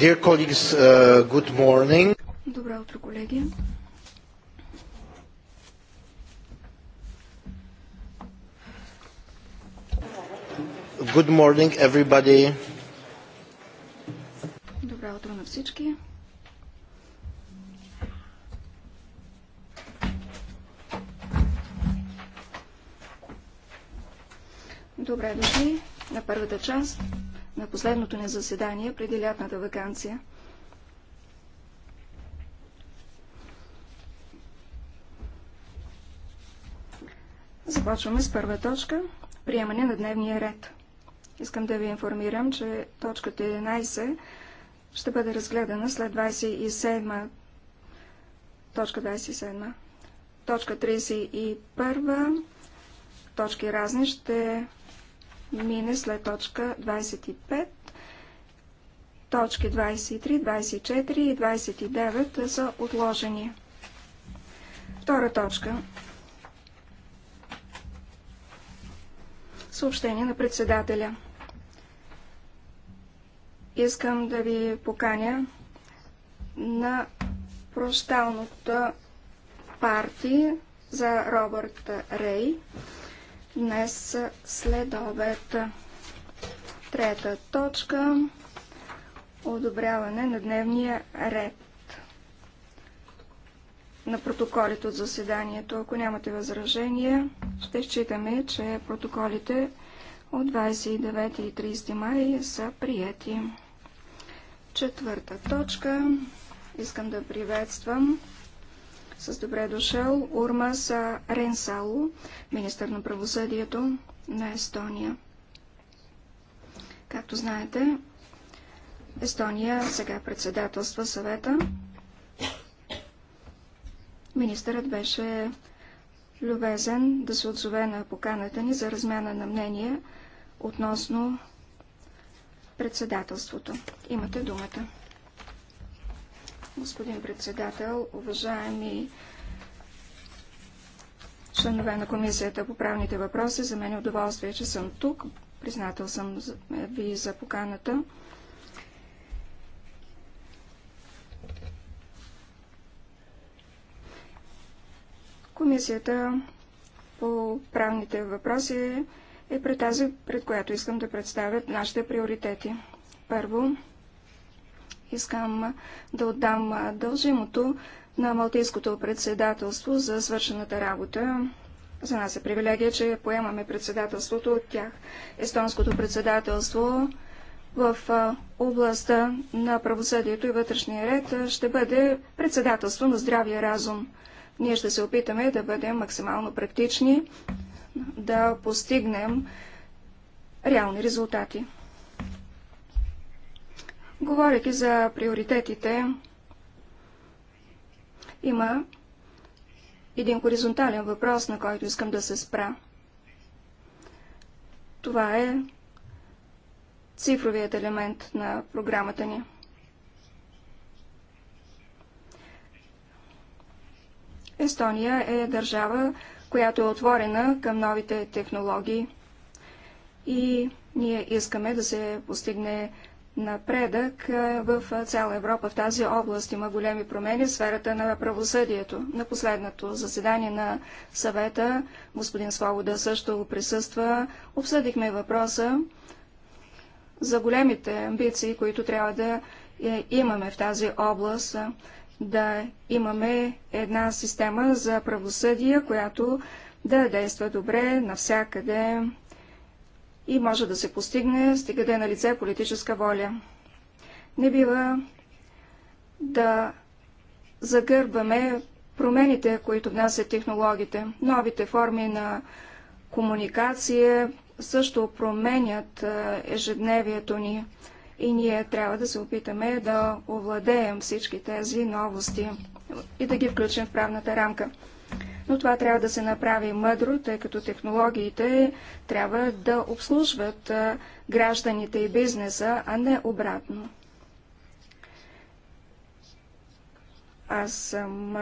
Dear colleagues, good morning. Добро утро, колеги. Good morning, everybody. Добро утро на всички. Добре дошли на първата част на последното ни заседание преди лятната вакансия. Започваме с първа точка – приемане на дневния ред. Искам да ви информирам, че точката 11 ще бъде разгледана след 27 точка 27. Точка 31, точки разни ще мине след точка 25. Точки 23, 24 и 29 са отложени. Втора точка. Съобщение на председателя. Искам да ви поканя на прощалната партия за Робърт Рей днес след обед. Трета точка – одобряване на дневния ред на протоколите от заседанието. Ако нямате възражения, ще считаме, че протоколите от 29 и 30 май са прияти. Четвърта точка. Искам да приветствам с добре дошъл Урмас Ренсало, министър на правосъдието на Естония. Както знаете, Естония сега председателства съвета. Министърът беше любезен да се отзове на поканата ни за размяна на мнение относно председателството. Имате думата господин председател, уважаеми членове на Комисията по правните въпроси. За мен е удоволствие, че съм тук. Признател съм е, ви за поканата. Комисията по правните въпроси е пред тази, пред която искам да представя нашите приоритети. Първо, Искам да отдам дължимото на Малтийското председателство за свършената работа. За нас е привилегия, че поемаме председателството от тях. Естонското председателство в областта на правосъдието и вътрешния ред ще бъде председателство на здравия разум. Ние ще се опитаме да бъдем максимално практични, да постигнем реални резултати. Говоряки за приоритетите, има един хоризонтален въпрос, на който искам да се спра. Това е цифровият елемент на програмата ни. Естония е държава, която е отворена към новите технологии и ние искаме да се постигне напредък е, в е, цяла Европа в тази област. Има големи промени в сферата на правосъдието. На последното заседание на съвета, господин Свобода също присъства, обсъдихме въпроса за големите амбиции, които трябва да е, имаме в тази област, да имаме една система за правосъдие, която да действа добре навсякъде и може да се постигне, стига да е на лице политическа воля. Не бива да загърбваме промените, които внасят технологиите. Новите форми на комуникация също променят ежедневието ни и ние трябва да се опитаме да овладеем всички тези новости и да ги включим в правната рамка но това трябва да се направи мъдро, тъй като технологиите трябва да обслужват гражданите и бизнеса, а не обратно. Аз съм...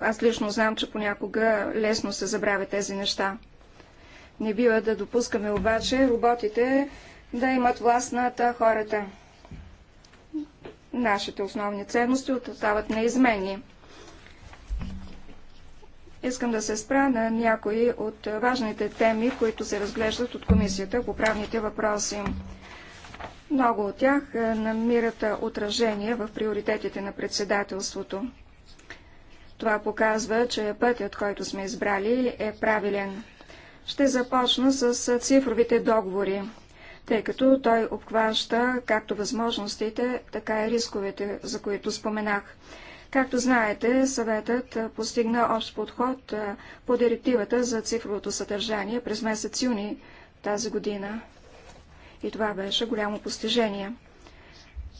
Аз лично знам, че понякога лесно се забравя тези неща. Не бива да допускаме обаче роботите да имат власт над хората. Нашите основни ценности остават неизменни. Искам да се спра на някои от важните теми, които се разглеждат от Комисията по правните въпроси. Много от тях е, намират отражение в приоритетите на председателството. Това показва, че пътят, който сме избрали, е правилен. Ще започна с е, цифровите договори, тъй като той обхваща както възможностите, така и рисковете, за които споменах. Както знаете, съветът постигна общ подход по директивата за цифровото съдържание през месец юни тази година. И това беше голямо постижение.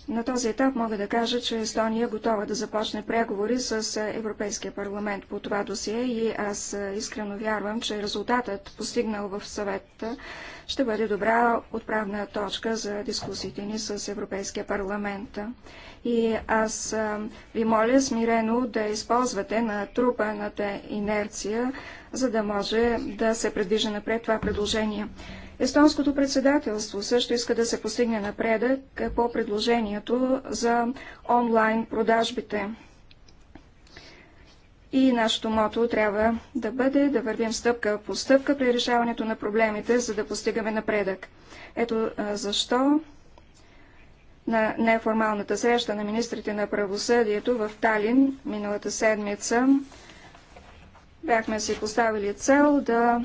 На този етап мога да кажа, че Естония е готова да започне преговори с Европейския парламент по това досие и аз искрено вярвам, че резултатът, постигнал в съвета, ще бъде добра отправна точка за дискусиите ни с Европейския парламент. И аз ви моля смирено да използвате на трупаната инерция, за да може да се предвижи напред това предложение. Естонското председателство също иска да се постигне напредък по предложението за онлайн продажбите. И нашето мото трябва да бъде да вървим стъпка по стъпка при решаването на проблемите, за да постигаме напредък. Ето защо на неформалната среща на министрите на правосъдието в Талин миналата седмица. Бяхме си поставили цел да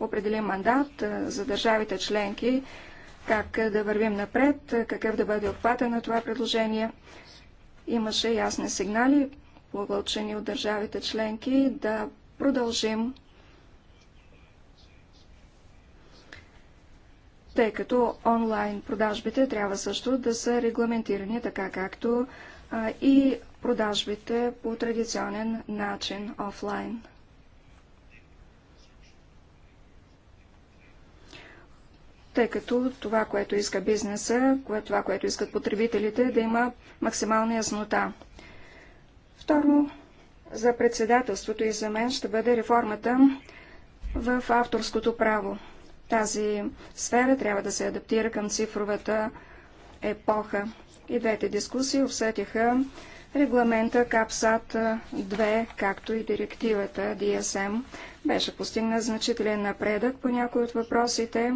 определим мандат за държавите членки, как да вървим напред, какъв да бъде обхвата на това предложение. Имаше ясни сигнали, повълчени от държавите членки, да продължим тъй като онлайн продажбите трябва също да са регламентирани така както а, и продажбите по традиционен начин офлайн. Тъй като това, което иска бизнеса, това, което искат потребителите, е да има максимална яснота. Второ, за председателството и за мен ще бъде реформата в авторското право. Тази сфера трябва да се адаптира към цифровата епоха. И двете дискусии усетиха регламента КАПСАТ 2, както и директивата DSM. Беше постигнат значителен напредък по някои от въпросите.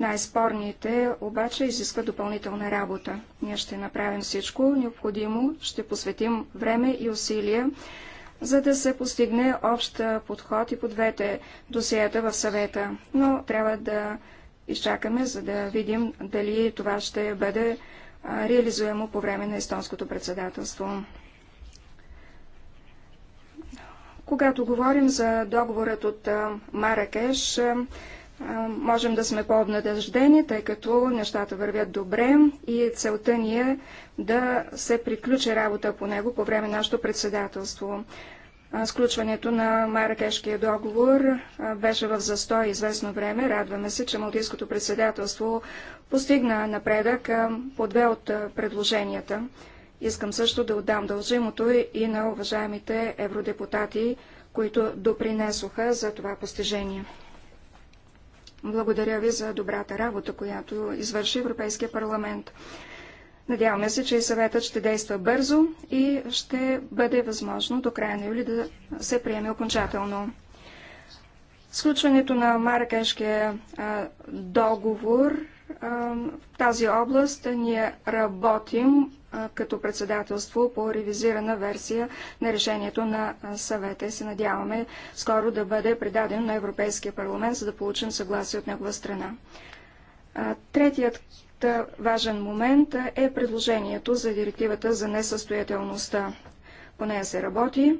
Най-спорните обаче изискват допълнителна работа. Ние ще направим всичко необходимо, ще посветим време и усилия за да се постигне общ подход и по двете досиета в съвета. Но трябва да изчакаме, за да видим дали това ще бъде реализуемо по време на естонското председателство. Когато говорим за договорът от Маракеш, можем да сме по-обнадеждени, тъй като нещата вървят добре и целта ни е да се приключи работа по него по време на нашето председателство. Сключването на Маракешкия договор беше в застой известно време. Радваме се, че Малтийското председателство постигна напредък по две от предложенията. Искам също да отдам дължимото и на уважаемите евродепутати, които допринесоха за това постижение. Благодаря ви за добрата работа, която извърши Европейския парламент. Надяваме се, че и съветът ще действа бързо и ще бъде възможно до края на юли да се приеме окончателно. Сключването на Маракешкия договор в тази област ние работим като председателство по ревизирана версия на решението на съвета и се надяваме скоро да бъде предадено на Европейския парламент, за да получим съгласие от негова страна. Третият важен момент е предложението за директивата за несъстоятелността. По нея се работи.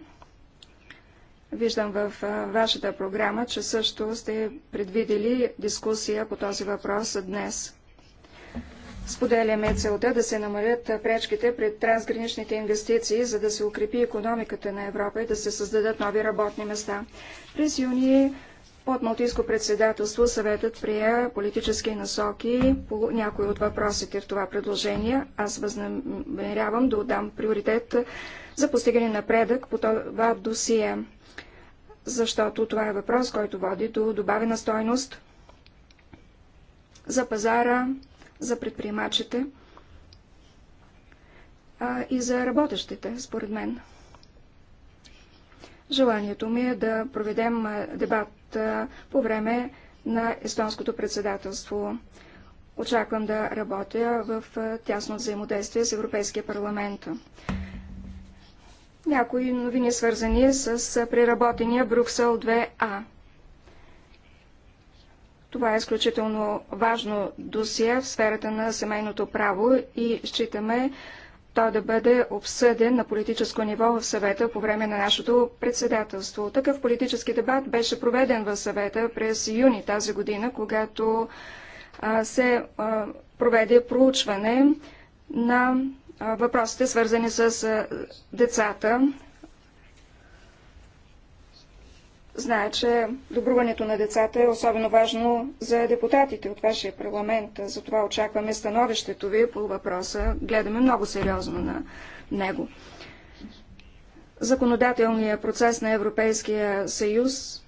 Виждам в вашата програма, че също сте предвидели дискусия по този въпрос днес. Споделяме целта да се намалят пречките пред трансграничните инвестиции, за да се укрепи економиката на Европа и да се създадат нови работни места. През юни под Малтийско председателство съветът прие политически насоки по някои от въпросите в това предложение. Аз възнамерявам да отдам приоритет за постигане напредък по това досие, защото това е въпрос, който води до добавена стойност за пазара, за предприемачите а и за работещите, според мен. Желанието ми е да проведем дебат по време на естонското председателство. Очаквам да работя в тясно взаимодействие с Европейския парламент. Някои новини свързани с преработения Бруксел 2А. Това е изключително важно досие в сферата на семейното право и считаме то да бъде обсъден на политическо ниво в съвета по време на нашето председателство. Такъв политически дебат беше проведен в съвета през юни тази година, когато а, се а, проведе проучване на а, въпросите, свързани с децата знае, че добруването на децата е особено важно за депутатите от вашия парламент. Затова очакваме становището ви по въпроса. Гледаме много сериозно на него. Законодателният процес на Европейския съюз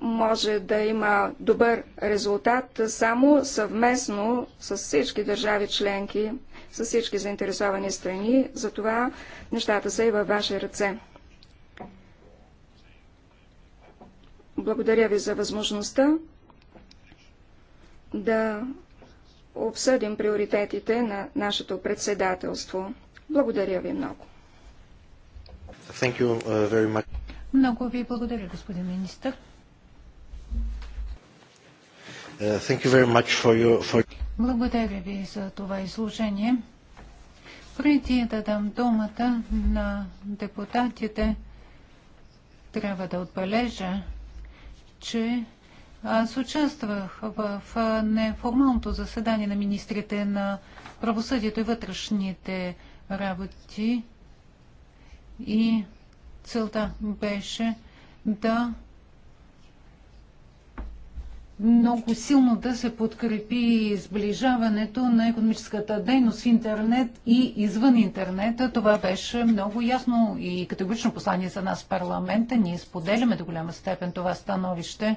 може да има добър резултат само съвместно с всички държави членки, с всички заинтересовани страни. Затова нещата са и във ваши ръце. Благодаря ви за възможността да обсъдим приоритетите на нашето председателство. Благодаря ви много. Thank you uh, very much. Много ви благодаря, господин министр. Uh, thank you very much for your, for... Благодаря ви за това изложение. Преди да дам думата на депутатите, трябва да отбележа, че аз участвах в неформалното заседание на министрите на правосъдието и вътрешните работи и целта беше да много силно да се подкрепи сближаването на економическата дейност в интернет и извън интернета. Това беше много ясно и категорично послание за нас в парламента. Ние споделяме до голяма степен това становище.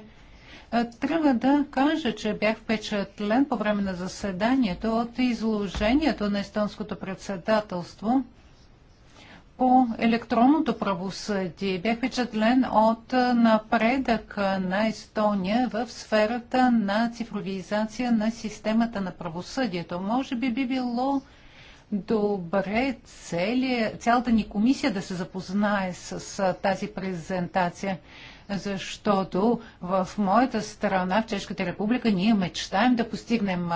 Трябва да кажа, че бях впечатлен по време на заседанието от изложението на естонското председателство – по електронното правосъдие. Бях впечатлен от напредък на Естония в сферата на цифровизация на системата на правосъдието. Може би би било добре цели, цялата ни комисия да се запознае с, с тази презентация, защото в моята страна, в Чешката република, ние мечтаем да постигнем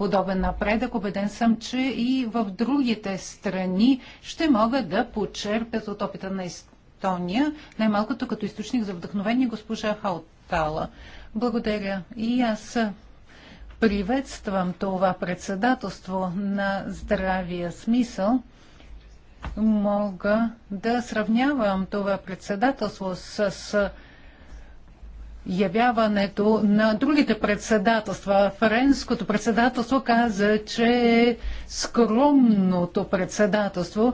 подобен напредък. Обеден съм, че и в другите страни ще могат да почерпят от опита на Естония, най-малкото като източник за вдъхновение госпожа Хаутала. Благодаря. И аз приветствам това председателство на здравия смисъл. Мога да сравнявам това председателство с, с явяването на другите председателства. Френското председателство каза, че е скромното председателство.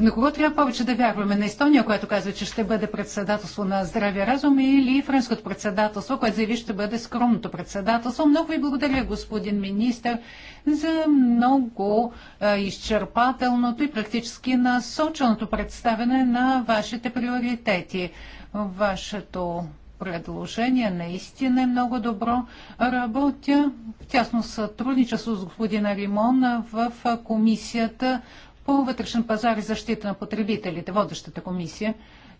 На кого трябва повече да вярваме? На Естония, която казва, че ще бъде председателство на здравия разум или френското председателство, което заяви, ще бъде скромното председателство. Много ви благодаря, господин министр, за много изчерпателното и практически насоченото представяне на вашите приоритети. Вашето предложение наистина е много добро. Работя в тясно сътрудничество с господина Римон в комисията по вътрешен пазар и защита на потребителите, водещата комисия.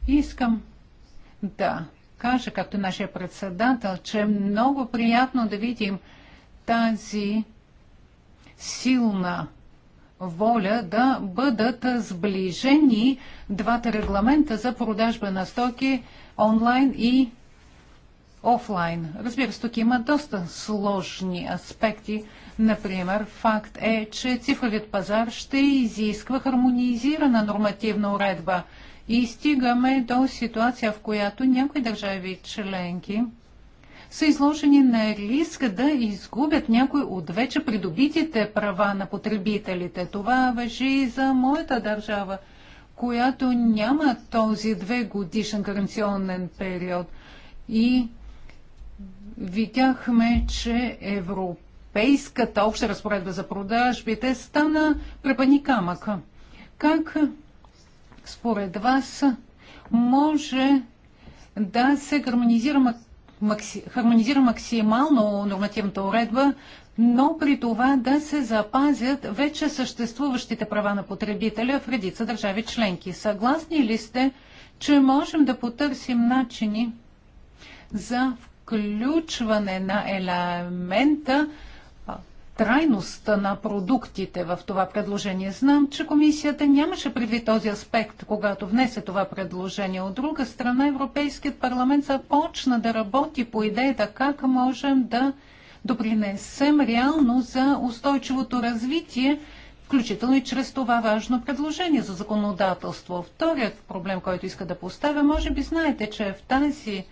Искам да кажа, както нашия председател, че е много приятно да видим тази силна воля да бъдат сближени двата регламента за продажба на стоки онлайн и офлайн. Разбира се, тук има доста сложни аспекти. Например, факт е, че цифровият пазар ще изисква хармонизирана нормативна уредба и стигаме до ситуация, в която някои държави членки са изложени на риска да изгубят някои от вече придобитите права на потребителите. Това въжи и за моята държава, която няма този две годишен гаранционен период. И видяхме, че европейската обща разпоредба за продажбите стана препани камък. Как според вас може да се хармонизира, макси, хармонизира максимално нормативната уредба, но при това да се запазят вече съществуващите права на потребителя в редица държави членки. Съгласни ли сте, че можем да потърсим начини за включване на елемента трайността на продуктите в това предложение. Знам, че комисията нямаше предвид този аспект, когато внесе това предложение. От друга страна, Европейският парламент започна да работи по идеята как можем да допринесем реално за устойчивото развитие, включително и чрез това важно предложение за законодателство. Вторият проблем, който иска да поставя, може би знаете, че в тази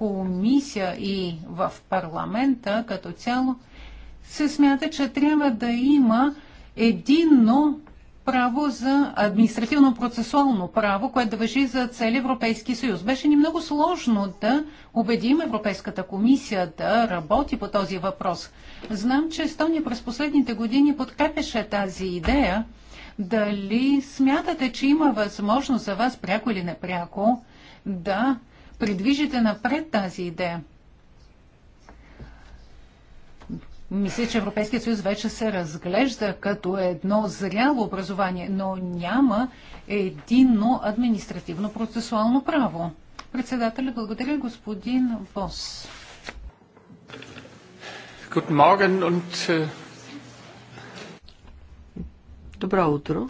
комисия и в парламента като цяло се смята, че трябва да има единно право за административно-процесуално право, което да въжи за цели Европейски съюз. Беше ни много сложно да убедим Европейската комисия да работи по този въпрос. Знам, че Естония през последните години подкрепеше тази идея. Дали смятате, че има възможност за вас, пряко или непряко, да придвижите напред тази идея? Мисля, че Европейския съюз вече се разглежда като едно зряло образование, но няма единно административно-процесуално право. Председателя, благодаря господин Бос. Uh, Добро утро.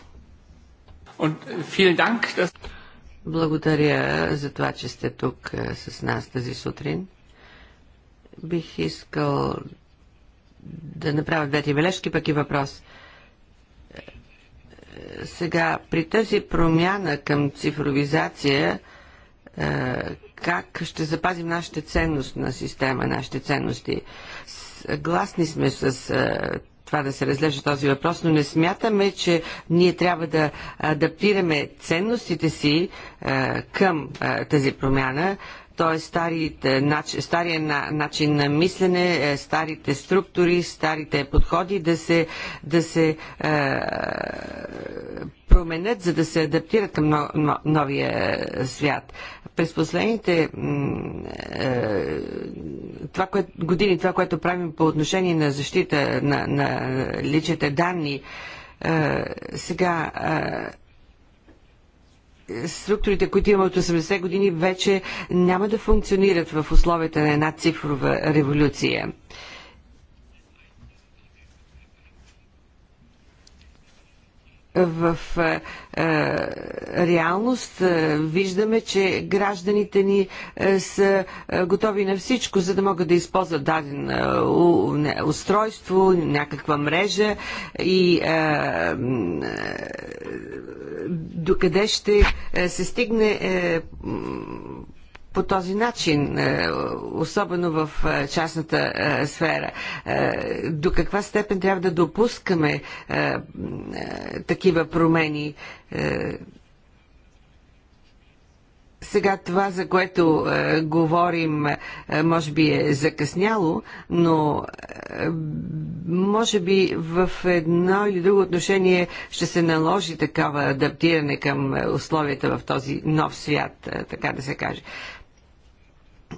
Uh, благодаря за това, че сте тук е, с нас тази сутрин. Бих искал да направя двете бележки, пък и въпрос. Е, сега, при тази промяна към цифровизация, е, как ще запазим нашите ценност на система, нашите ценности? Гласни сме с това да се разглежда този въпрос, но не смятаме, че ние трябва да адаптираме ценностите си е, към е, тази промяна, т.е. Е, стария начин на мислене, старите структури, старите подходи да се, да се е, променят, за да се адаптират към новия свят. През последните е, това, което, години, това, което правим по отношение на защита на, на личните данни, е, сега е, структурите, които имаме от 80 години, вече няма да функционират в условията на една цифрова революция. в е, е, реалност е, виждаме, че гражданите ни е, са е, готови на всичко, за да могат да използват даден е, у, не, устройство, някаква мрежа и докъде ще се стигне по този начин, е, особено в е, частната е, сфера. До каква степен трябва да допускаме такива промени? Сега това, за което е, говорим, е, може би е закъсняло, но е, може би в едно или друго отношение ще се наложи такава адаптиране към условията в този нов свят, е, така да се каже.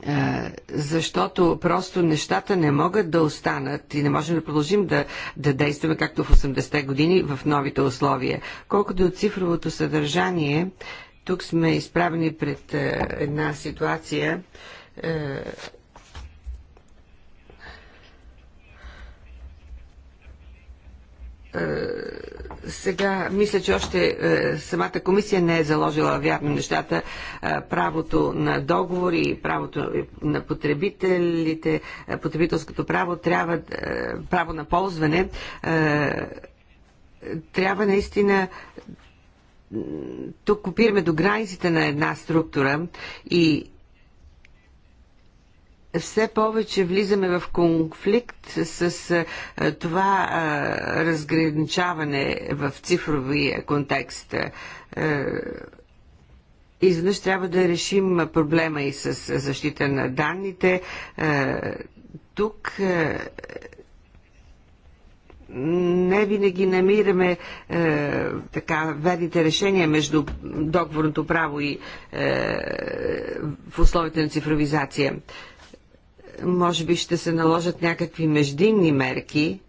Е, защото просто нещата не могат да останат и не можем да продължим да, да действаме както в 80-те години в новите условия. Колкото до цифровото съдържание, тук сме изправени пред е, една ситуация, е, Е, сега мисля, че още е, самата комисия не е заложила вярно нещата. Е, правото на договори и правото на потребителите, потребителското право, трябва, право на ползване, трябва наистина тук копираме до границите на една структура и все повече влизаме в конфликт с това разграничаване в цифровия контекст. Изведнъж трябва да решим проблема и с защита на данните. Тук не винаги намираме а, така верните решения между договорното право и а, в условията на цифровизация може би ще се наложат някакви междинни мерки,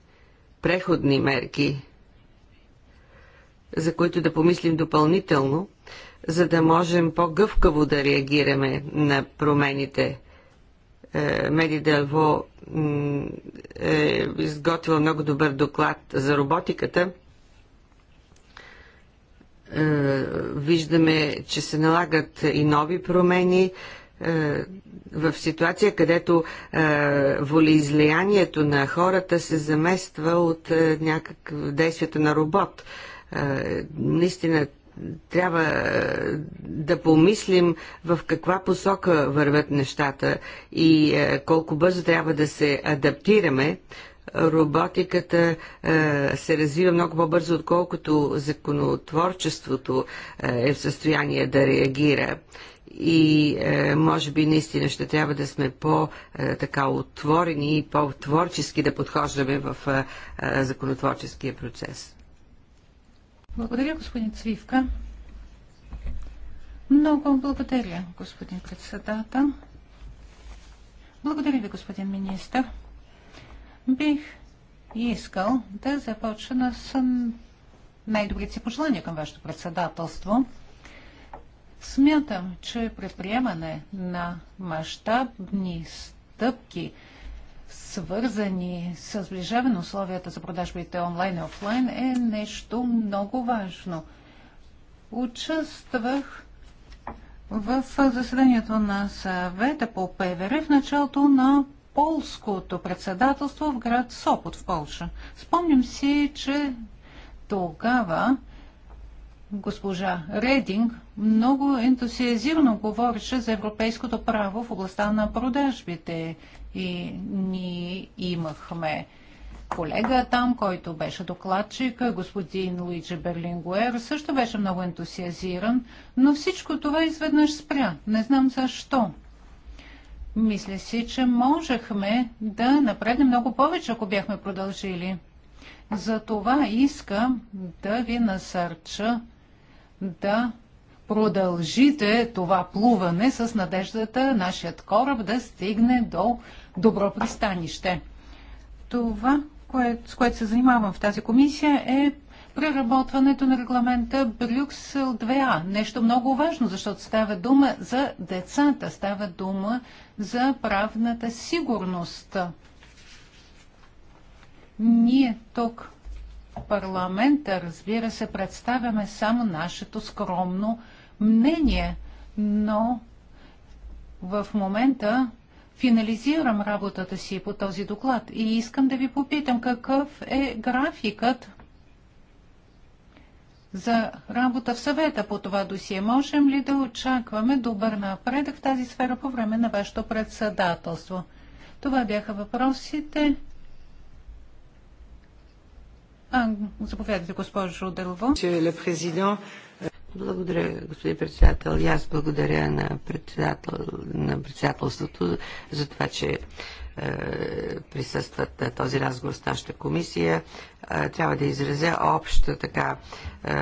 преходни мерки, за които да помислим допълнително, за да можем по-гъвкаво да реагираме на промените. Е, Меди Дълво е изготвила много добър доклад за роботиката. Е, виждаме, че се налагат и нови промени, е, в ситуация, където е, волеизлиянието на хората се замества от е, някакво действието на робот. Наистина трябва да помислим в каква посока върват нещата и колко бързо трябва да се адаптираме. Роботиката се развива много по-бързо, отколкото законотворчеството е в състояние да реагира и е, може би наистина ще трябва да сме по-така е, отворени и по-творчески да подхождаме в е, е, законотворческия процес. Благодаря, господин Цвивка. Много благодаря, господин председател. Благодаря ви, господин министр. Бих искал да започна с най-добрите пожелания към вашето председателство. Смятам, че предприемане на мащабни стъпки, свързани с сближаване условията за продажбите онлайн и офлайн, е нещо много важно. Участвах в заседанието на съвета по ПВР в началото на полското председателство в град Сопот в Полша. Спомням си, че тогава госпожа Рединг много ентусиазирано говореше за европейското право в областта на продажбите. И ние имахме колега там, който беше докладчик, господин Луиджи Берлингуер, също беше много ентусиазиран, но всичко това изведнъж спря. Не знам защо. Мисля си, че можехме да напреднем много повече, ако бяхме продължили. Затова искам да ви насърча да продължите това плуване с надеждата нашият кораб да стигне до добро пристанище. Това, кое, с което се занимавам в тази комисия е преработването на регламента Брюксел 2А. Нещо много важно, защото става дума за децата, става дума за правната сигурност. Ние тук парламента, разбира се, представяме само нашето скромно мнение, но в момента финализирам работата си по този доклад и искам да ви попитам какъв е графикът за работа в съвета по това досие. Можем ли да очакваме добър напредък в тази сфера по време на вашето председателство? Това бяха въпросите. А, заповядайте, госпожо Делво. Благодаря, господин председател. И аз благодаря на, председател, на председателството за това, че е, присъстват на този разговор с нашата комисия. Е, трябва да изразя общо така е,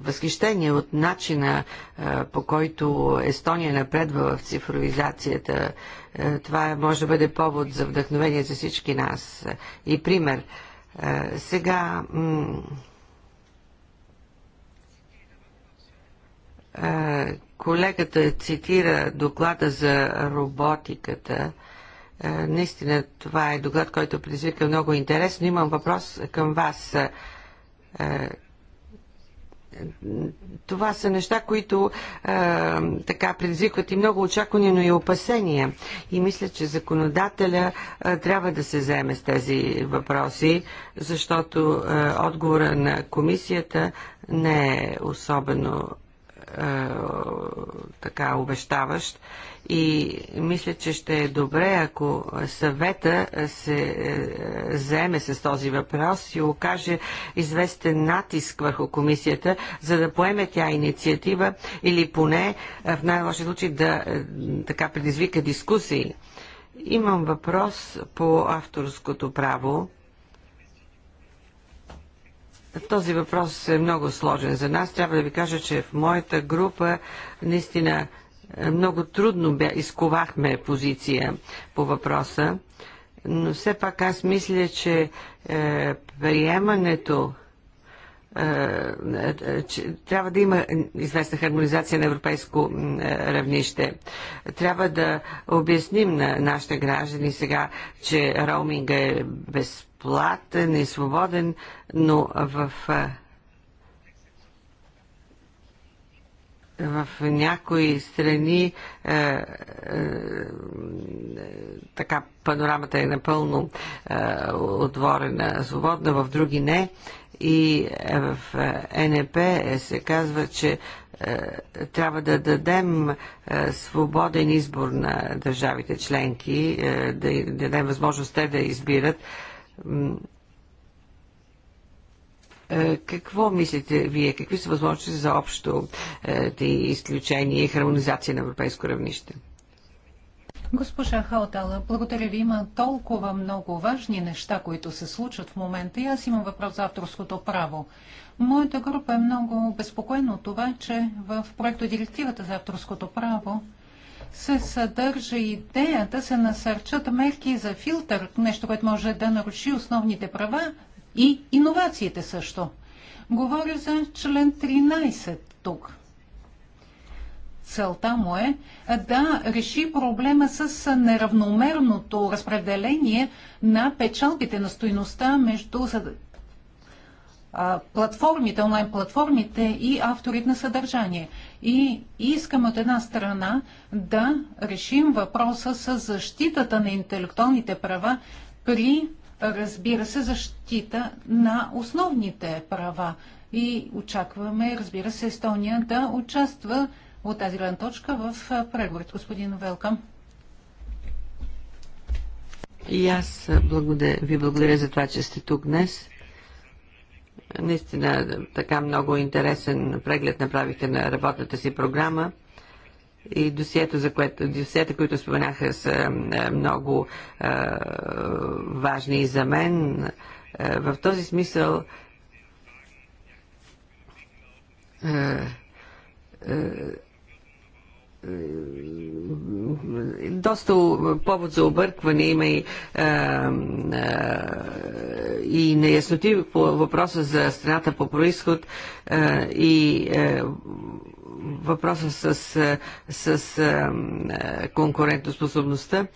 възхищение от начина по който Естония напредва в цифровизацията. Това може да бъде повод за вдъхновение за всички нас и пример. Сега Колегата цитира доклада за роботиката. Наистина това е доклад, който предизвика много интерес, но имам въпрос към вас. Това са неща, които така предизвикват и много очаквания, но и опасения. И мисля, че законодателя трябва да се заеме с тези въпроси, защото отговора на комисията не е особено е, така обещаващ и мисля, че ще е добре, ако съвета се е, заеме с този въпрос и окаже известен натиск върху комисията, за да поеме тя инициатива или поне е, в най-лоши случай да така предизвика дискусии. Имам въпрос по авторското право този въпрос е много сложен за нас. Трябва да ви кажа, че в моята група наистина е, много трудно бе, изковахме позиция по въпроса, но все пак аз мисля, че е, приемането че трябва да има известна хармонизация на европейско равнище. Трябва да обясним на нашите граждани сега, че роуминга е безплатен и свободен, но в в някои страни е, е, така панорамата е напълно е, отворена, свободна, в други не и е, в е, НП е, се казва, че трябва да дадем свободен избор на държавите членки, да дадем възможност те да избират. Какво мислите вие? Какви са възможности за общо изключение и хармонизация на европейско равнище? Госпожа Халтала, благодаря ви. Има толкова много важни неща, които се случват в момента и аз имам въпрос за авторското право. Моята група е много безпокоена от това, че в проекта Директивата за авторското право се съдържа идея да се насърчат мерки за филтър, нещо, което може да наруши основните права и иновациите също. Говоря за член 13 тук. Целта му е да реши проблема с неравномерното разпределение на печалбите на стоиността между платформите, онлайн платформите и авторите на съдържание. И искам от една страна да решим въпроса с защитата на интелектуалните права при, разбира се, защита на основните права. И очакваме, разбира се, Естония да участва от тази гледна точка в преговорите. Господин Велкам. И аз благодаря, ви благодаря за това, че сте тук днес. Наистина така много интересен преглед направихте на работната си програма и досията, за което, досиета, които споменаха, са много е, важни и за мен. Е, в този смисъл е, е, доста повод за объркване има и, а, и неясноти по въпроса за страната по происход а, и а, въпроса с, с, с конкурентоспособността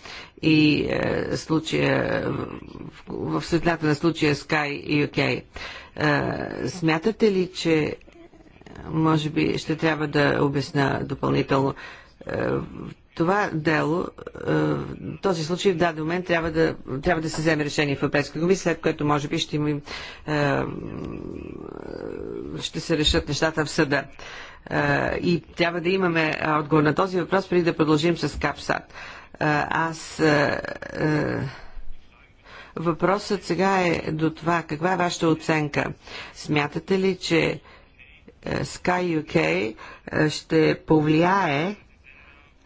и случая в, в светлята на случая Sky UK. Смятате ли, че може би ще трябва да обясна допълнително. Е, това дело, в е, този случай в даден момент трябва да, трябва да се вземе решение в Европейска комисия, след което може би ще, им, е, ще се решат нещата в съда. И трябва да имаме отговор на този въпрос, преди да продължим с КАПСАД. Аз въпросът сега е до това. Каква е вашата оценка? Смятате ли, че Sky UK ще повлияе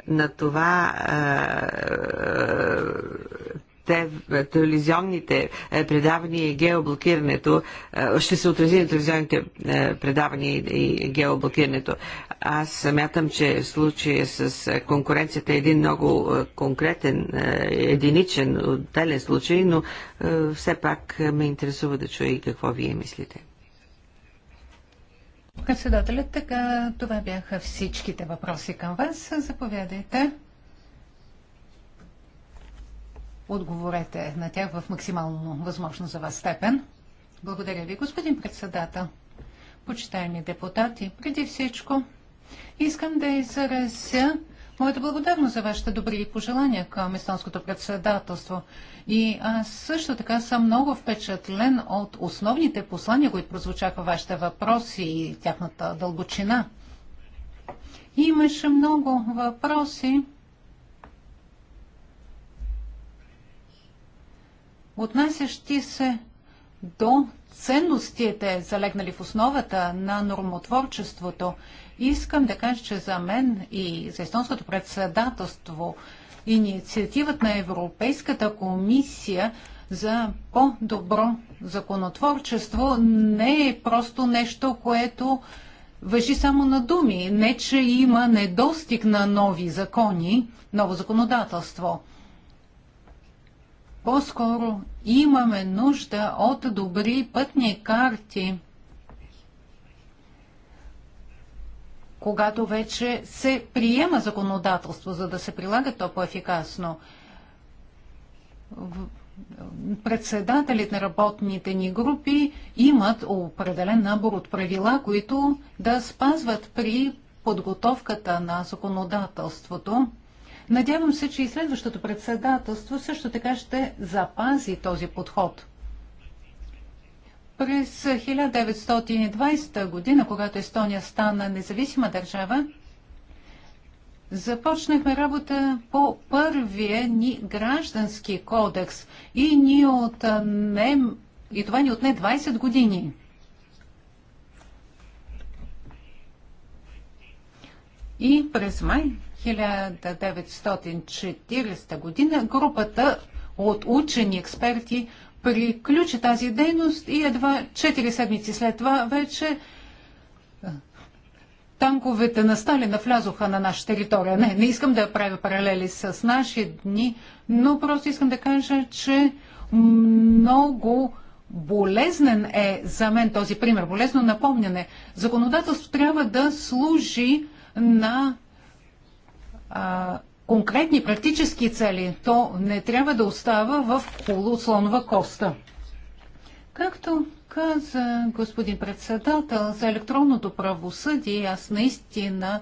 на това те, телевизионните предавания и геоблокирането ще се отрази на телевизионните предавания и геоблокирането. Аз смятам, че случая с конкуренцията е един много конкретен, единичен, отделен случай, но все пак ме интересува да чуя и какво вие мислите. Председателят, така това бяха всичките въпроси към вас. Заповядайте. Отговорете на тях в максимално възможно за вас степен. Благодаря ви, господин председател. Почитаеми депутати, преди всичко искам да изразя моята благодарност за вашите добри пожелания към естонското председателство. И аз също така съм много впечатлен от основните послания, които прозвучаха вашите въпроси и тяхната дълбочина. Имаше много въпроси, отнасящи се до ценностите, залегнали в основата на нормотворчеството Искам да кажа, че за мен и за естонското председателство инициативата на Европейската комисия за по-добро законотворчество не е просто нещо, което въжи само на думи. Не, че има недостиг на нови закони, ново законодателство. По-скоро имаме нужда от добри пътни карти когато вече се приема законодателство, за да се прилага то по-ефикасно. Председателите на работните ни групи имат определен набор от правила, които да спазват при подготовката на законодателството. Надявам се, че и следващото председателство също така ще запази този подход. През 1920 година, когато Естония стана независима държава, започнахме работа по първия ни граждански кодекс и, ни отне, и това ни отне 20 години. И през май 1940 година групата от учени експерти – приключи тази дейност и едва 4 седмици след това вече танковете на Сталина влязоха на наша територия. Не, не искам да правя паралели с наши дни, но просто искам да кажа, че много болезнен е за мен този пример, болезно напомняне. Законодателство трябва да служи на а, конкретни практически цели. То не трябва да остава в полуслонова коста. Както каза господин председател за електронното правосъдие, аз наистина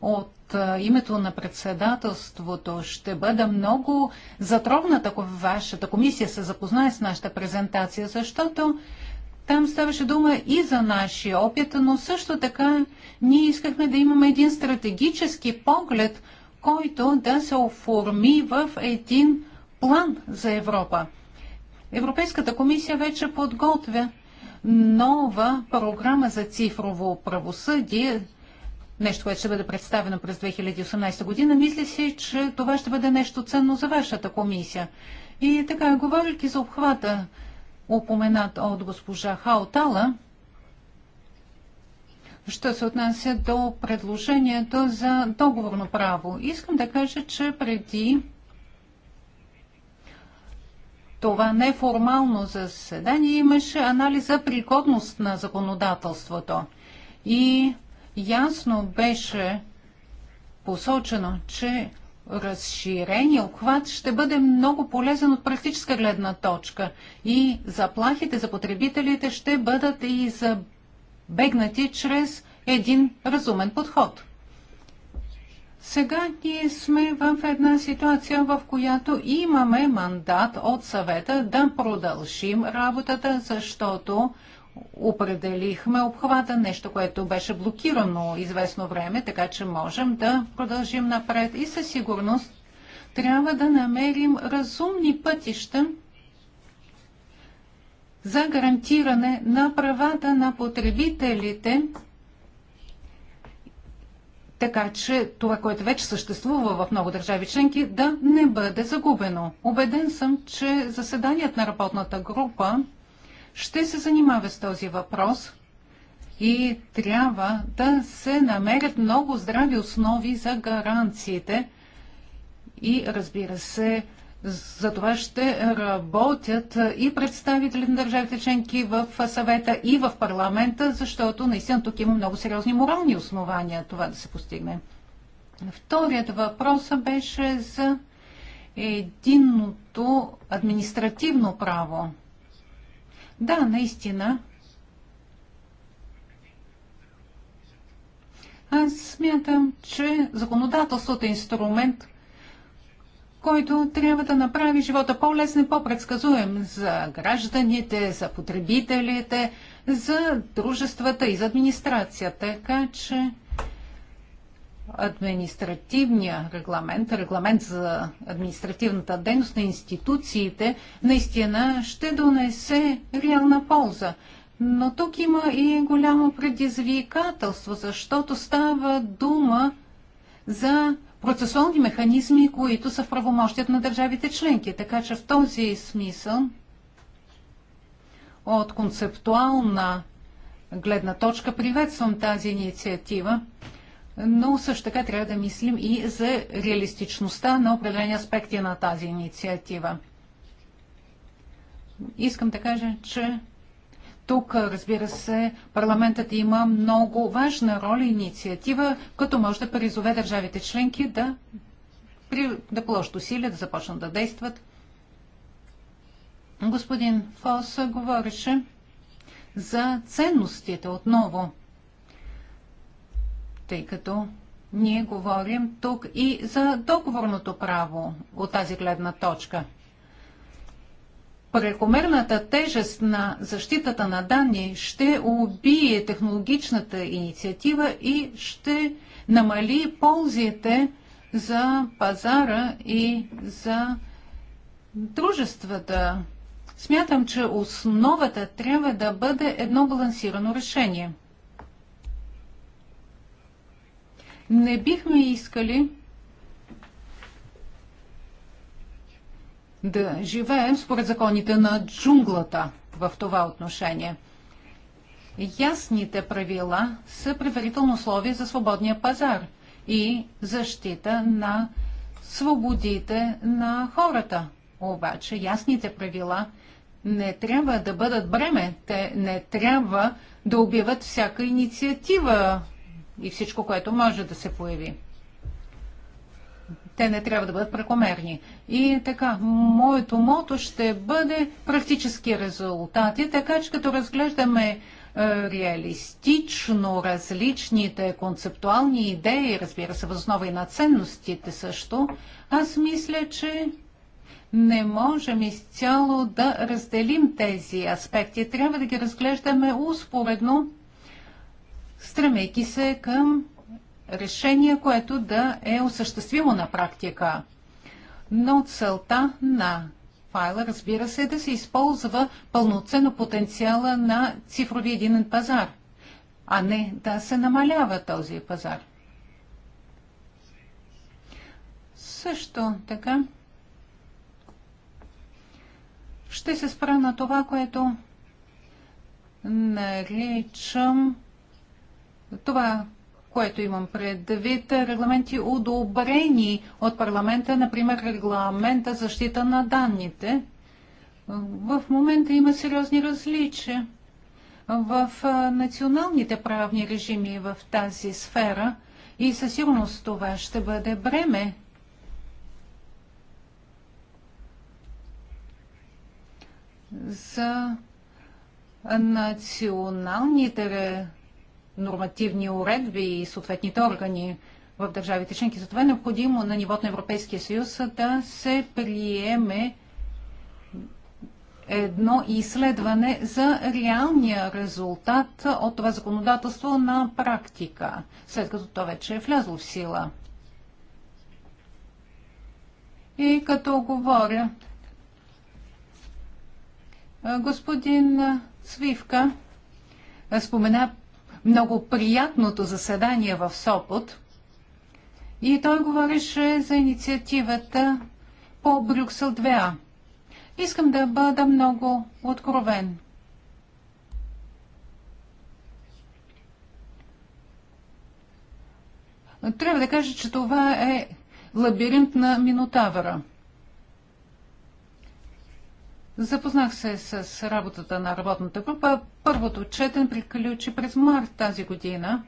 от името на председателството ще бъда много затрогната, ако вашата комисия се запознае с нашата презентация, защото там ставаше дума и за нашия опит, но също така ние искахме да имаме един стратегически поглед който да се оформи в един план за Европа. Европейската комисия вече подготвя нова програма за цифрово правосъдие, нещо, което ще бъде представено през 2018 година. Мисля си, че това ще бъде нещо ценно за вашата комисия. И така, говоряки за обхвата, упоменат от госпожа Хаотала, що се отнася до предложението за договорно право. Искам да кажа, че преди това неформално заседание имаше анализ за пригодност на законодателството. И ясно беше посочено, че разширение обхват ще бъде много полезен от практическа гледна точка и заплахите за потребителите ще бъдат и за избегнати чрез един разумен подход. Сега ние сме в една ситуация, в която имаме мандат от съвета да продължим работата, защото определихме обхвата, нещо, което беше блокирано известно време, така че можем да продължим напред и със сигурност трябва да намерим разумни пътища, за гарантиране на правата на потребителите, така че това, което вече съществува в много държави членки, да не бъде загубено. Обеден съм, че заседаният на работната група ще се занимава с този въпрос и трябва да се намерят много здрави основи за гаранциите и, разбира се, за това ще работят и представители на държавите членки в съвета и в парламента, защото наистина тук има много сериозни морални основания това да се постигне. Вторият въпрос беше за единното административно право. Да, наистина. Аз смятам, че законодателството е инструмент, който трябва да направи живота по-лесен, по-предсказуем за гражданите, за потребителите, за дружествата и за администрацията. Така че административния регламент, регламент за административната дейност на институциите, наистина ще донесе реална полза. Но тук има и голямо предизвикателство, защото става дума за процесуални механизми, които са в правомощият на държавите членки. Така че в този смисъл от концептуална гледна точка приветствам тази инициатива, но също така трябва да мислим и за реалистичността на определени аспекти на тази инициатива. Искам да кажа, че тук, разбира се, парламентът има много важна роля и инициатива, като може да призове държавите членки да, да положат усилия, да започнат да действат. Господин Фос говореше за ценностите отново, тъй като ние говорим тук и за договорното право от тази гледна точка – прекомерната тежест на защитата на данни ще убие технологичната инициатива и ще намали ползите за пазара и за дружествата. Смятам, че основата трябва да бъде едно балансирано решение. Не бихме искали да живеем според законите на джунглата в това отношение. Ясните правила са предварително условие за свободния пазар и защита на свободите на хората. Обаче ясните правила не трябва да бъдат бреме, те не трябва да убиват всяка инициатива и всичко, което може да се появи те не трябва да бъдат прекомерни. И така, моето мото ще бъде практически резултати, така че като разглеждаме е, реалистично различните концептуални идеи, разбира се, възнова и на ценностите също, аз мисля, че не можем изцяло да разделим тези аспекти. Трябва да ги разглеждаме успоредно, стремейки се към решение, което да е осъществимо на практика. Но целта на файла, разбира се, е да се използва пълноценно потенциала на цифрови единен пазар, а не да се намалява този пазар. Също така ще се спра на това, което наричам това, което имам предвид, регламенти одобрени от парламента, например регламента защита на данните. В момента има сериозни различия в националните правни режими в тази сфера и със сигурност това ще бъде бреме за националните нормативни уредби и съответните органи в държавите членки. Затова е необходимо на нивото на Европейския съюз да се приеме едно изследване за реалния резултат от това законодателство на практика, след като то вече е влязло в сила. И като говоря, господин Свивка спомена много приятното заседание в Сопот. И той говореше за инициативата по Брюксел 2А. Искам да бъда много откровен. Трябва да кажа, че това е лабиринт на Минотавъра – Запознах се с работата на работната група. Първото четен приключи през март тази година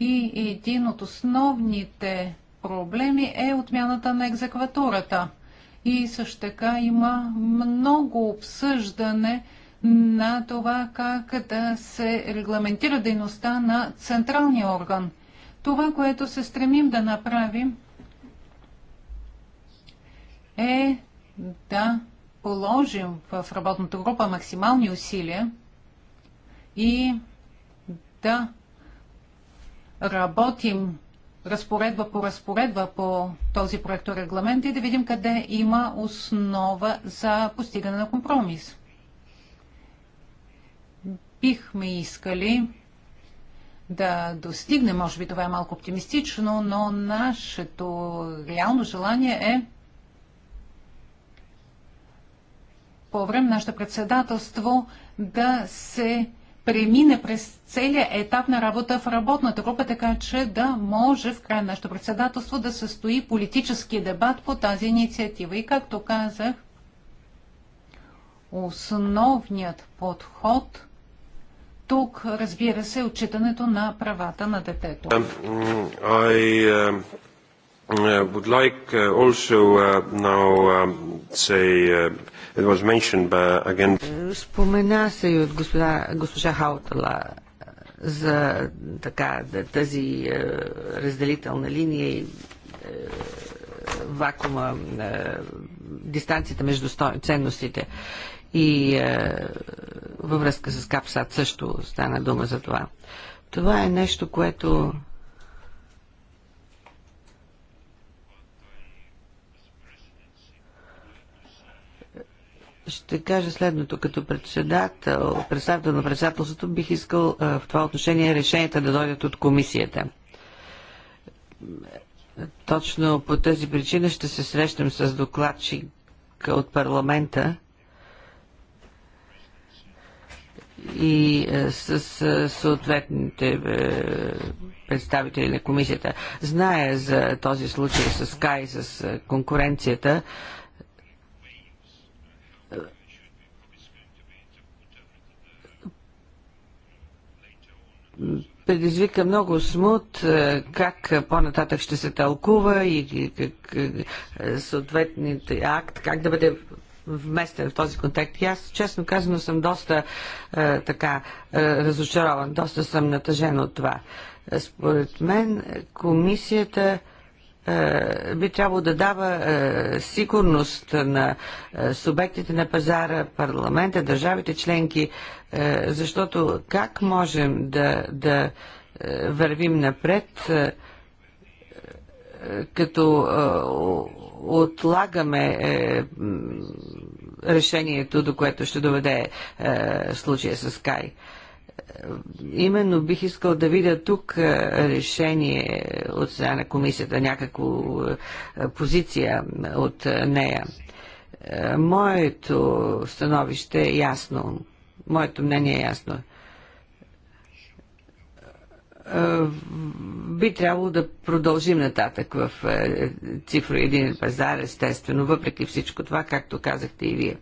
и един от основните проблеми е отмяната на екзекватурата. И също така има много обсъждане на това как да се регламентира дейността на централния орган. Това, което се стремим да направим е да положим в работната група максимални усилия и да работим разпоредба по разпоредба по този регламент и да видим къде има основа за постигане на компромис. Бихме искали да достигне, може би това е малко оптимистично, но нашето реално желание е по време на нашето председателство да се премине през целия етап на работа в работната група, така че да може в края на нашето председателство да състои политически дебат по тази инициатива. И както казах, основният подход тук, разбира се, е отчитането на правата на детето. Um, I, um, uh, would like uh, also uh, now uh, say uh, Again... Спомена се и от госпожа Хаутала за така, тази разделителна линия и вакуума, на дистанцията между ценностите. И във връзка с Капсат също стана дума за това. Това е нещо, което ще кажа следното. Като председател, представител на председателството, бих искал в това отношение решенията да дойдат от комисията. Точно по тази причина ще се срещам с докладчик от парламента и с съответните представители на комисията. Зная за този случай с Кай, с конкуренцията, предизвика много смут е, как по-нататък ще се тълкува и как е, съответният акт, как да бъде вместен в този контекст. И аз, честно казано, съм доста е, така е, разочарован, доста съм натъжен от това. Е, според мен комисията е, би трябвало да дава е, сигурност на е, субектите на пазара, парламента, държавите членки, защото как можем да, да вървим напред, като отлагаме решението, до което ще доведе случая с Кай именно бих искал да видя тук е, решение от страна на комисията, някаква е, позиция от е, нея. Моето становище е ясно. Моето мнение е ясно би трябвало да продължим нататък в цифро един пазар, естествено, въпреки всичко това, както казахте и вие.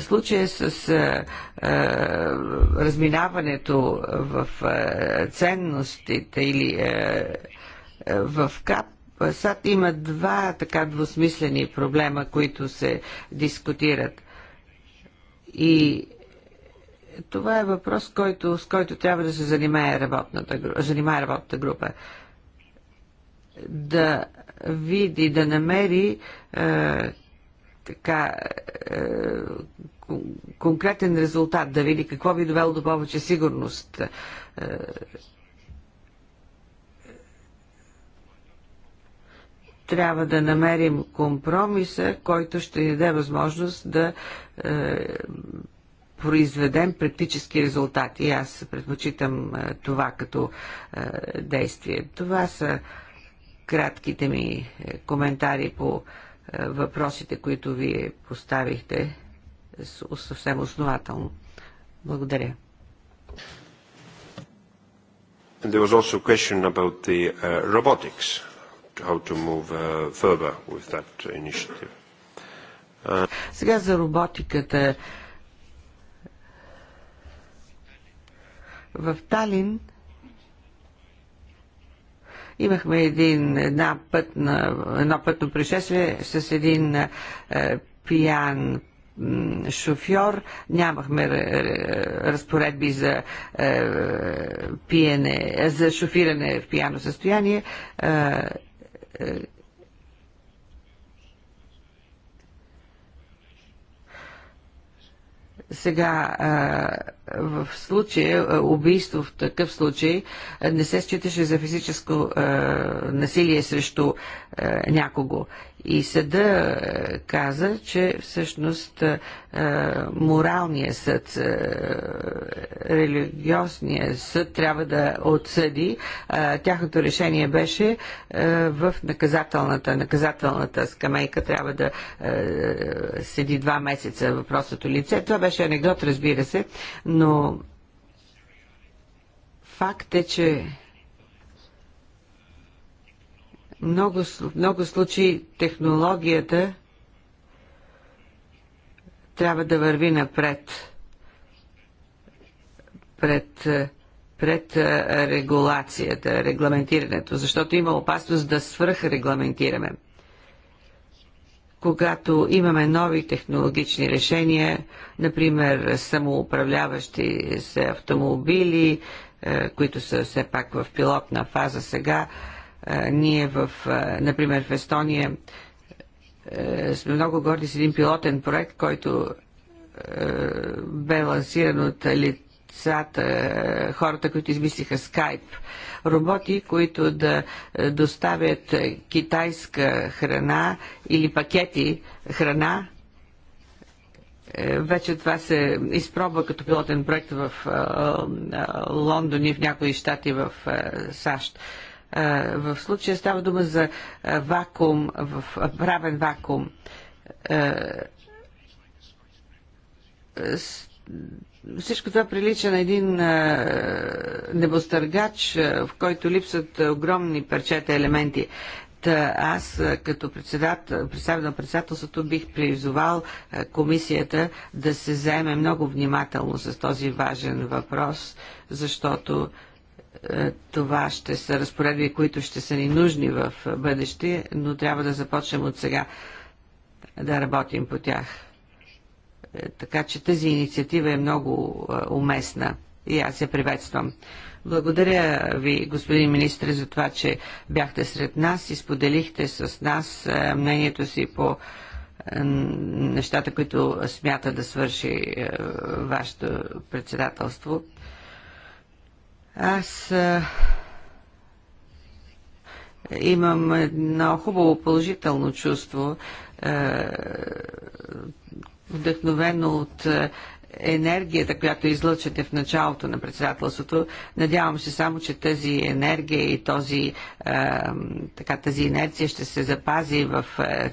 Случая с а, разминаването в а, ценностите или а, в КАП САД има два така двусмислени проблема, които се дискутират. И това е въпрос, който, с който трябва да се занимае работната, занимае работната група. Да види, да намери така е, конкретен резултат, да види какво би довело до повече сигурност. Е, трябва да намерим компромиса, който ще ни даде възможност да е, произведем практически резултати. Аз предпочитам е, това като е, действие. Това са кратките ми е, коментари по е, въпросите, които вие поставихте съвсем основателно. Благодаря. there was also a question about the uh, robotics, how to move uh, further with that initiative. Uh... Сега за роботиката. В Талин Имахме един, една на едно пътно пришествие с един е, пиян шофьор, нямахме е, разпоредби за е, пиене, за шофиране в пияно състояние. Е, е, сега е, в случая, е, убийство в такъв случай е, не се считаше за физическо е, насилие срещу някого. И съда е, каза, че всъщност е, е, моралният съд, религиозният съд трябва да отсъди. Тяхното решение беше в наказателната, наказателната скамейка трябва да седи два месеца въпросното лице. Това беше анекдот, разбира се, но факт е, че много, много случаи технологията трябва да върви напред пред, пред регулацията, регламентирането, защото има опасност да свръхрегламентираме. Когато имаме нови технологични решения, например самоуправляващи се автомобили, които са все пак в пилотна фаза сега, ние, в, например, в Естония е, сме много горди с един пилотен проект, който е, бе лансиран от лицата, хората, които измислиха Skype. Роботи, които да е, доставят китайска храна или пакети храна вече това се изпробва като пилотен проект в Лондон и в някои щати в САЩ. В случая става дума за вакуум, в правен вакуум всичко това прилича на един небостъргач, в който липсват огромни парчета елементи. Та аз като председател, представител на председателството бих призовал комисията да се заеме много внимателно с този важен въпрос, защото е, това ще са разпоредби, които ще са ни нужни в бъдеще, но трябва да започнем от сега да работим по тях. Е, така че тази инициатива е много е, уместна и аз я приветствам. Благодаря ви, господин министр, за това, че бяхте сред нас и споделихте с нас мнението си по нещата, които смята да свърши вашето председателство. Аз а, имам едно хубаво положително чувство, а, вдъхновено от енергията, която излъчате в началото на председателството. Надявам се само, че тази енергия и този, а, така, тази инерция ще се запази в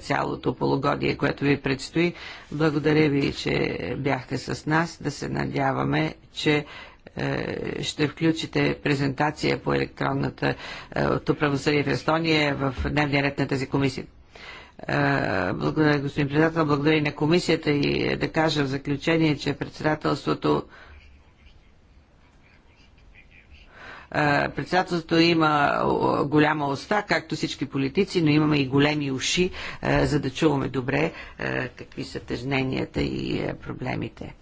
цялото полугодие, което ви предстои. Благодаря ви, че бяхте с нас. Да се надяваме, че е, ще включите презентация по електронната е, от правосъдие в Естония в дневния ред на тази комисия. Е, благодаря, господин председател. Благодаря и на комисията и да кажа в заключение, че председателството председателството има голяма уста, както всички политици, но имаме и големи уши, за да чуваме добре какви са тежненията и проблемите.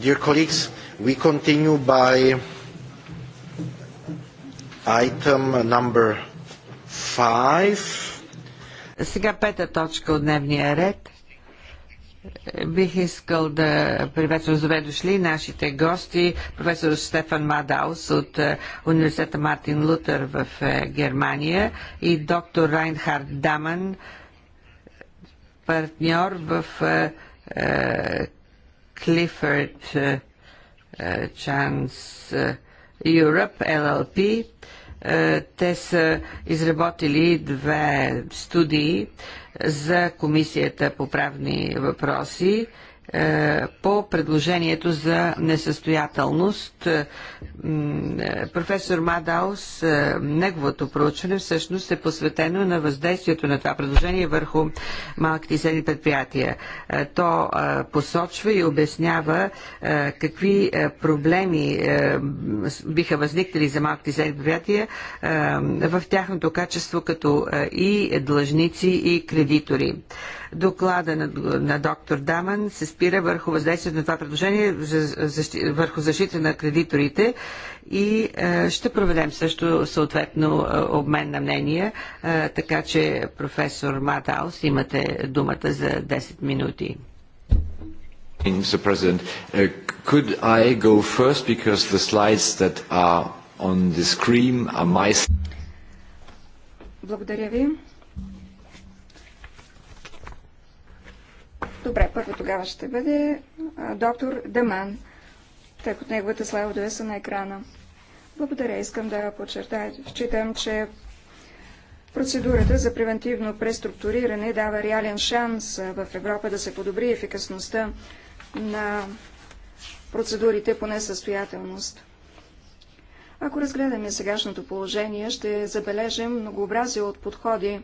Dear colleagues, we continue by item number five. Сега пета точка от дневния ред. Бих искал да приветствам с добре дошли нашите гости, професор Стефан Мадаус от е, университета Мартин Лутер в е, Германия и доктор Райнхард Даман, партньор в е, Clifford uh, uh, Chance uh, Europe LLP. Те са изработили две студии за Комисията по правни въпроси е, по предложението за несъстоятелност. Е, професор Мадаус, е, неговото проучване всъщност е посветено на въздействието на това предложение върху малките и средни предприятия. То посочва и обяснява какви проблеми биха възникнали за малките и средни предприятия в тяхното качество като и длъжници и кредитори. Доклада на, на доктор Даман се спира върху въздействието на това предложение за защита, върху защита на кредиторите и а, е, ще проведем също съответно е, обмен на мнения, а, е, така че професор Матаус имате думата за 10 минути. Mr. President, uh, could I go first because the slides that are on the screen are my... Благодаря ви. Добре, първо тогава ще бъде а, доктор Даман, тъй като слава да са на екрана. Благодаря, искам да подчертая. Считам, че процедурата за превентивно преструктуриране дава реален шанс в Европа да се подобри ефикасността на процедурите по несъстоятелност. Ако разгледаме сегашното положение, ще забележим многообразие от подходи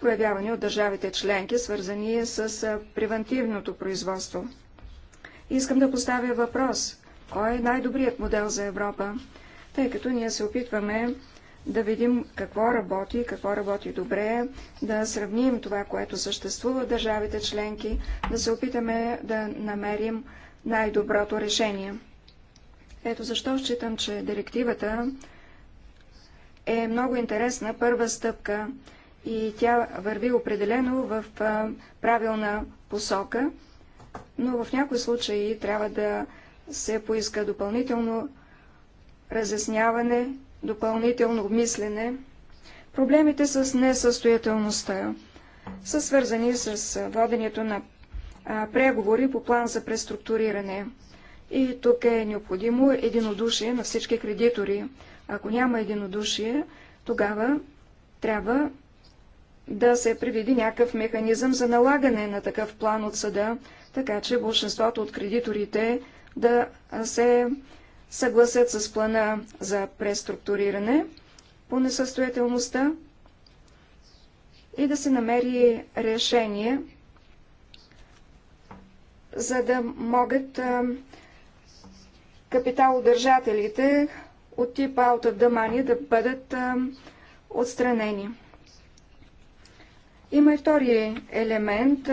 проявявани от държавите членки, свързани с превентивното производство. Искам да поставя въпрос. Кой е най-добрият модел за Европа? Тъй като ние се опитваме да видим какво работи, какво работи добре, да сравним това, което съществува в държавите членки, да се опитаме да намерим най-доброто решение. Ето защо считам, че директивата е много интересна първа стъпка и тя върви определено в правилна посока, но в някои случаи трябва да се поиска допълнително разясняване, допълнително обмислене. Проблемите с несъстоятелността са свързани с воденето на преговори по план за преструктуриране. И тук е необходимо единодушие на всички кредитори. Ако няма единодушие, тогава трябва да се приведи някакъв механизъм за налагане на такъв план от съда, така че большинството от кредиторите да се съгласят с плана за преструктуриране по несъстоятелността и да се намери решение, за да могат капиталодържателите от типа out of the money да бъдат отстранени. Има и втори елемент,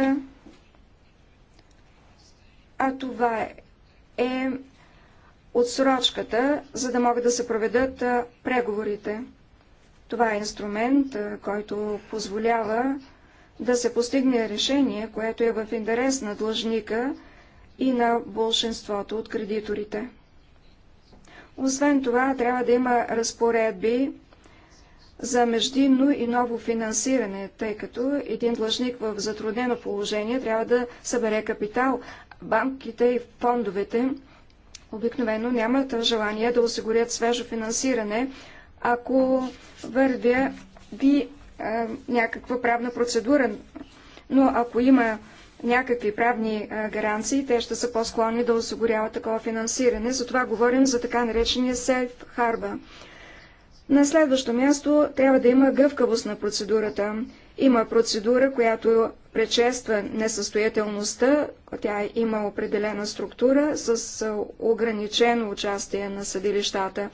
а това е отсрочката, за да могат да се проведат преговорите. Това е инструмент, който позволява да се постигне решение, което е в интерес на длъжника и на большинството от кредиторите. Освен това, трябва да има разпоредби за междинно и ново финансиране, тъй като един длъжник в затруднено положение трябва да събере капитал. Банките и фондовете обикновено нямат желание да осигурят свежо финансиране, ако вървя ви а, е, някаква правна процедура. Но ако има някакви правни а, е, гаранции, те ще са по-склонни да осигуряват такова финансиране. Затова говорим за така наречения сейф харба. На следващо място трябва да има гъвкавост на процедурата. Има процедура, която предшества несъстоятелността, тя има определена структура с ограничено участие на съдилищата.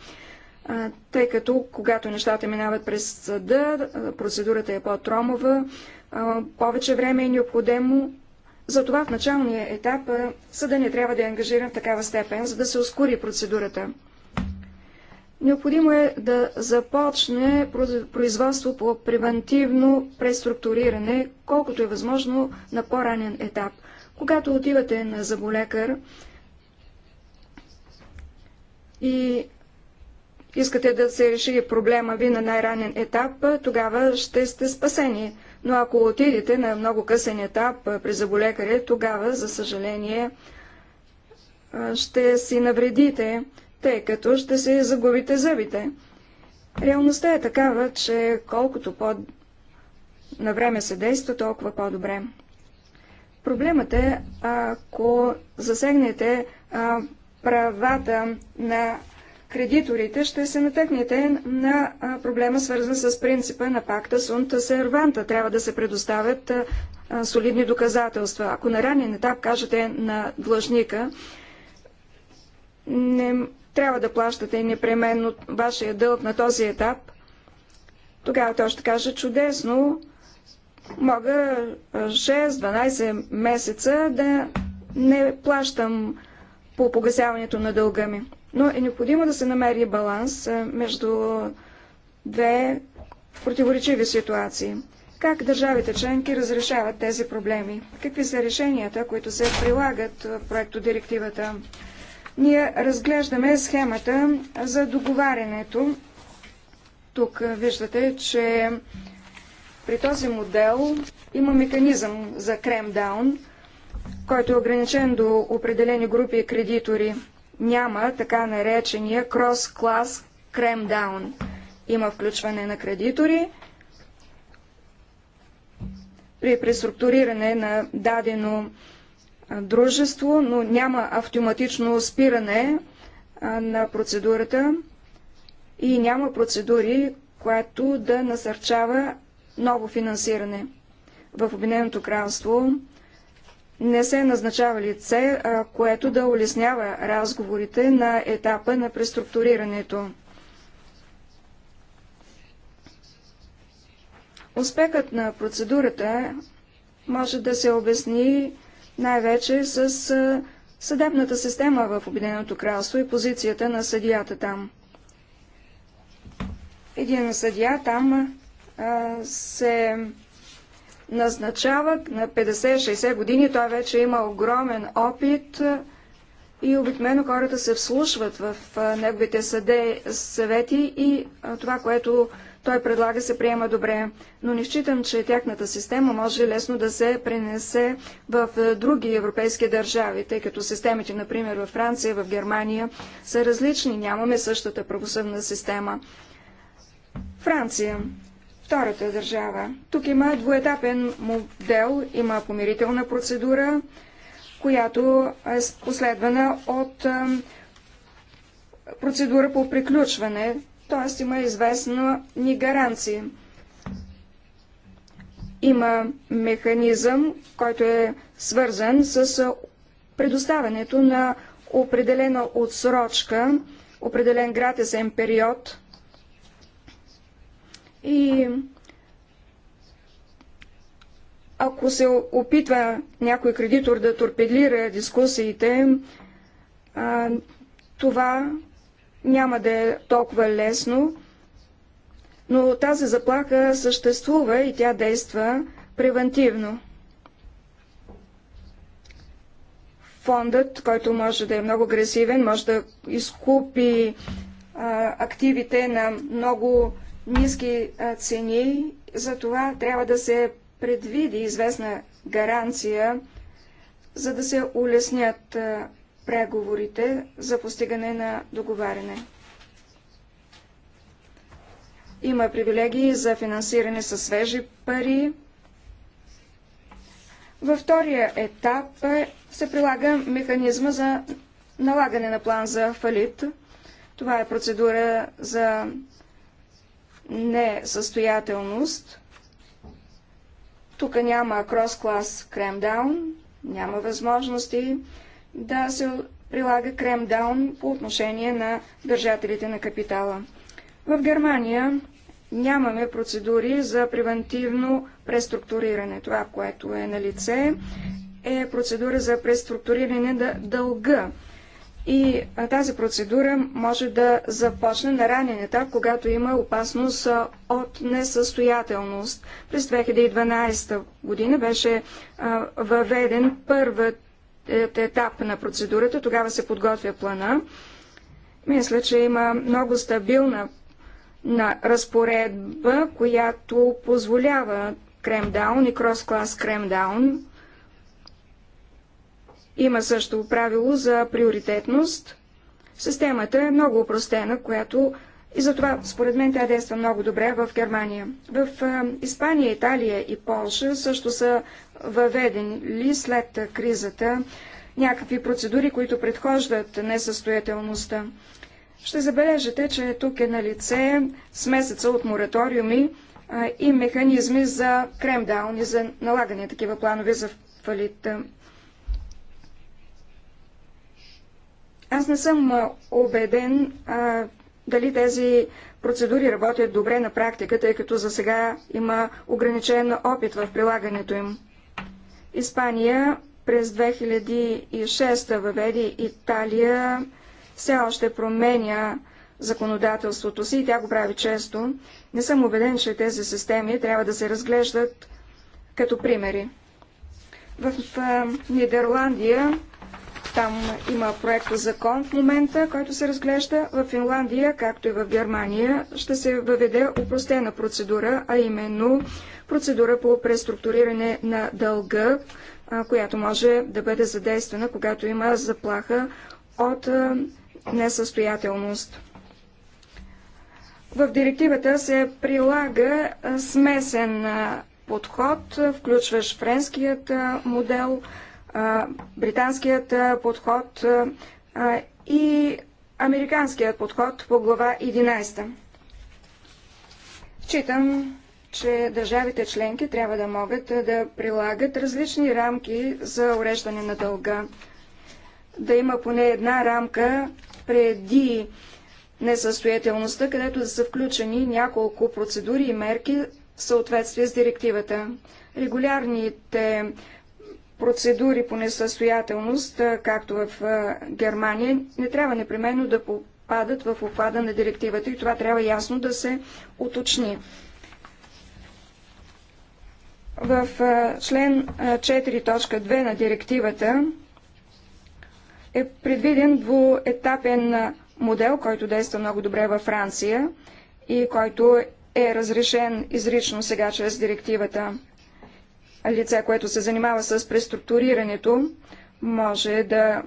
Тъй като, когато нещата минават през съда, процедурата е по-тромова, повече време е необходимо. Затова в началния етап съда не трябва да е ангажиран в такава степен, за да се ускори процедурата. Необходимо е да започне производство по превентивно преструктуриране, колкото е възможно на по-ранен етап. Когато отивате на заболекар и искате да се реши проблема ви на най-ранен етап, тогава ще сте спасени. Но ако отидете на много късен етап при заболекаре, тогава, за съжаление, ще си навредите тъй като ще се загубите зъбите. Реалността е такава, че колкото по на време се действа, толкова по-добре. Проблемът е, ако засегнете а, правата на кредиторите, ще се натъкнете на проблема, свързан с принципа на пакта Сунта Серванта. Трябва да се предоставят а, солидни доказателства. Ако на ранен етап кажете на длъжника, не трябва да плащате непременно вашия дълг на този етап, тогава той ще каже чудесно, мога 6-12 месеца да не плащам по погасяването на дълга ми. Но е необходимо да се намери баланс между две противоречиви ситуации. Как държавите членки разрешават тези проблеми? Какви са решенията, които се прилагат в проекто директивата? ние разглеждаме схемата за договарянето. Тук виждате, че при този модел има механизъм за кремдаун, който е ограничен до определени групи кредитори. Няма така наречения крос-клас кремдаун. Има включване на кредитори. При преструктуриране на дадено дружество, но няма автоматично спиране на процедурата и няма процедури, което да насърчава ново финансиране. В Обединеното кралство не се назначава лице, което да улеснява разговорите на етапа на преструктурирането. Успехът на процедурата може да се обясни най-вече с съдебната система в Обединеното кралство и позицията на съдията там. Един съдия там а, се назначава на 50-60 години. Той вече има огромен опит и обикновено хората се вслушват в неговите съде, съвети и това, което той предлага, се приема добре, но не считам, че тяхната система може лесно да се пренесе в е, други европейски държави, тъй като системите, например, във Франция, в Германия са различни, нямаме същата правосъдна система. Франция втората държава. Тук има двуетапен модел, има помирителна процедура, която е последвана от е, процедура по приключване т.е. има известна ни гаранции. Има механизъм, който е свързан с предоставянето на определена отсрочка, определен гратесен период и ако се опитва някой кредитор да торпедлира дискусиите, това няма да е толкова лесно, но тази заплаха съществува и тя действа превентивно. Фондът, който може да е много агресивен, може да изкупи а, активите на много ниски а, цени, затова трябва да се предвиди известна гаранция, за да се улеснят а, преговорите за постигане на договаряне. Има привилегии за финансиране със свежи пари. Във втория етап се прилага механизма за налагане на план за фалит. Това е процедура за несъстоятелност. Тук няма крос-клас кремдаун, няма възможности да се прилага кремдаун по отношение на държателите на капитала. В Германия нямаме процедури за превентивно преструктуриране. Това, което е на лице, е процедура за преструктуриране на дълга. И тази процедура може да започне на ранен етап, когато има опасност от несъстоятелност. През 2012 година беше въведен първата. Е, етап на процедурата, тогава се подготвя плана. Мисля, че има много стабилна на разпоредба, която позволява кремдаун и крос-клас кремдаун. Има също правило за приоритетност. Системата е много упростена, която и затова, според мен, тя действа много добре в Германия. В Испания, Италия и Полша също са въведени след кризата някакви процедури, които предхождат несъстоятелността. Ще забележите, че тук е на лице смесеца от мораториуми и механизми за кремдаун и за налагане такива планове за фалит. Аз не съм убеден, дали тези процедури работят добре на практика, тъй като за сега има ограничен опит в прилагането им. Испания през 2006 въведе Италия все още променя законодателството си и тя го прави често. Не съм убеден, че тези системи трябва да се разглеждат като примери. В Нидерландия там има проект закон в момента, който се разглежда в Финландия, както и в Германия. Ще се въведе упростена процедура, а именно процедура по преструктуриране на дълга, която може да бъде задействана, когато има заплаха от несъстоятелност. В директивата се прилага смесен подход, включващ френският модел – британският подход и американският подход по глава 11. Читам, че държавите членки трябва да могат да прилагат различни рамки за уреждане на дълга. Да има поне една рамка преди несъстоятелността, където да са включени няколко процедури и мерки в съответствие с директивата. Регулярните процедури по несъстоятелност, както в Германия, не трябва непременно да попадат в обхвата на директивата и това трябва ясно да се уточни. В член 4.2 на директивата е предвиден двуетапен модел, който действа много добре във Франция и който е разрешен изрично сега чрез директивата лице, което се занимава с преструктурирането, може да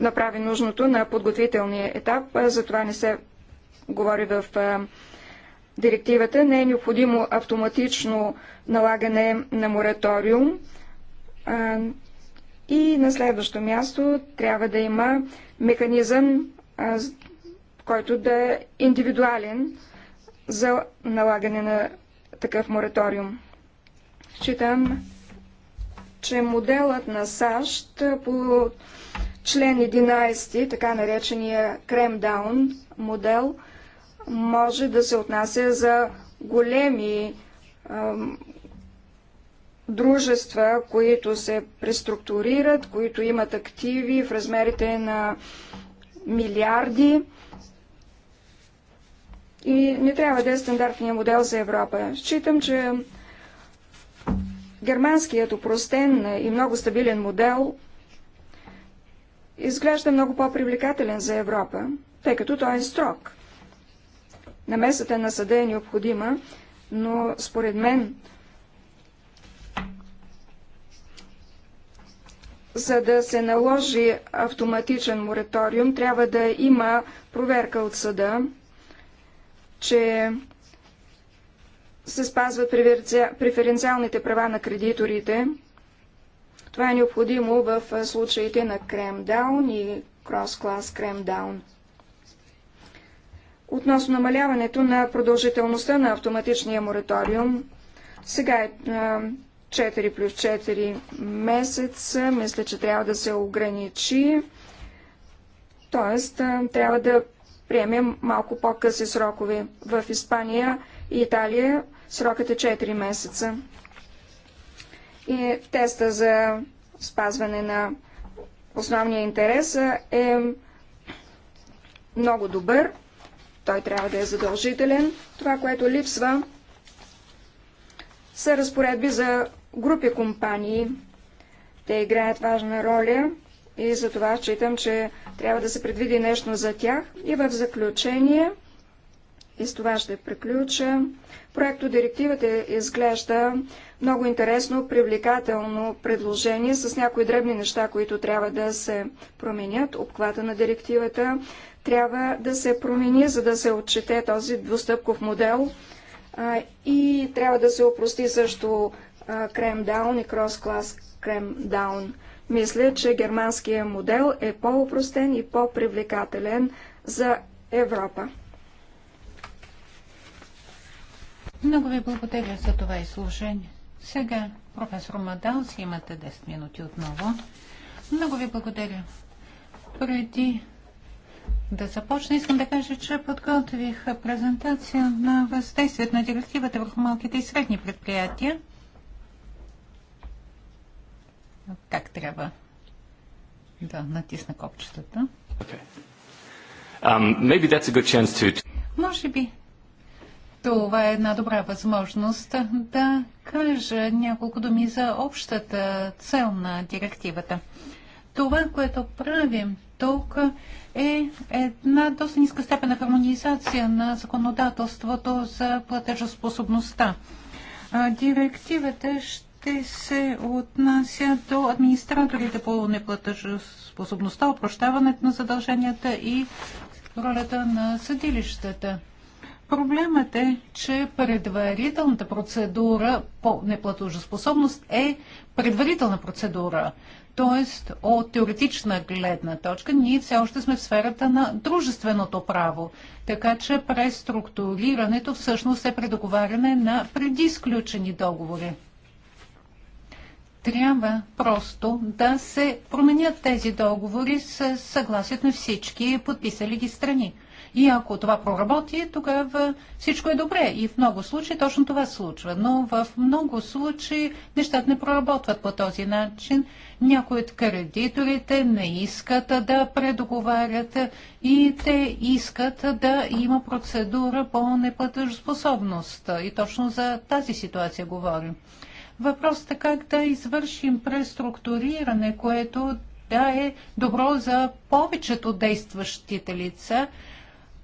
направи нужното на подготвителния етап. За това не се говори в директивата. Не е необходимо автоматично налагане на мораториум. И на следващо място трябва да има механизъм, който да е индивидуален за налагане на такъв мораториум. Считам, че моделът на САЩ по член 11, така наречения кремдаун модел, може да се отнася за големи а, дружества, които се преструктурират, които имат активи в размерите на милиарди. И не трябва да е стандартния модел за Европа. Считам, че Германският упростен и много стабилен модел изглежда много по-привлекателен за Европа, тъй като той е строг. Намесата на съда е необходима, но според мен, за да се наложи автоматичен мораториум, трябва да има проверка от съда, че се спазват преференциалните права на кредиторите. Това е необходимо в случаите на кремдаун и крос-клас кремдаун. Относно намаляването на продължителността на автоматичния мораториум, сега е 4 плюс 4 месеца, мисля, че трябва да се ограничи, т.е. трябва да приемем малко по-къси срокове. В Испания и Италия срокът е 4 месеца. И теста за спазване на основния интерес е много добър. Той трябва да е задължителен. Това, което липсва, са разпоредби за групи компании. Те играят важна роля и за това считам, че трябва да се предвиди нещо за тях. И в заключение – и с това ще приключа. Проекто директивата изглежда много интересно, привлекателно предложение с някои дребни неща, които трябва да се променят. Обхвата на директивата трябва да се промени, за да се отчете този двустъпков модел. И трябва да се опрости също крем-даун и крос-клас крем-даун. Мисля, че германският модел е по-опростен и по-привлекателен за Европа. Много ви благодаря за това изслушение. Сега, професор Мадал, си имате 10 минути отново. Много ви благодаря. Преди да започна, искам да кажа, че подготвих презентация на въздействието на директивата върху малките и средни предприятия. Как трябва да натисна копчетата? Okay. Um, maybe that's a good chance to... Може би това е една добра възможност да кажа няколко думи за общата цел на директивата. Това, което правим тук е една доста ниска степен на хармонизация на законодателството за платежоспособността. Директивата ще се отнася до администраторите по неплатежоспособността, опрощаването на задълженията и ролята на съдилищата. Проблемът е, че предварителната процедура по неплатежоспособност е предварителна процедура. Тоест, от теоретична гледна точка, ние все още сме в сферата на дружественото право. Така че преструктурирането всъщност е предоговаряне на преди сключени договори. Трябва просто да се променят тези договори с съгласието на всички подписали ги страни. И ако това проработи, тогава всичко е добре. И в много случаи точно това случва. Но в много случаи нещата не проработват по този начин. Някои от кредиторите не искат да предоговарят и те искат да има процедура по неплатежоспособност. И точно за тази ситуация говорим. Въпросът е как да извършим преструктуриране, което да е добро за повечето действащите лица,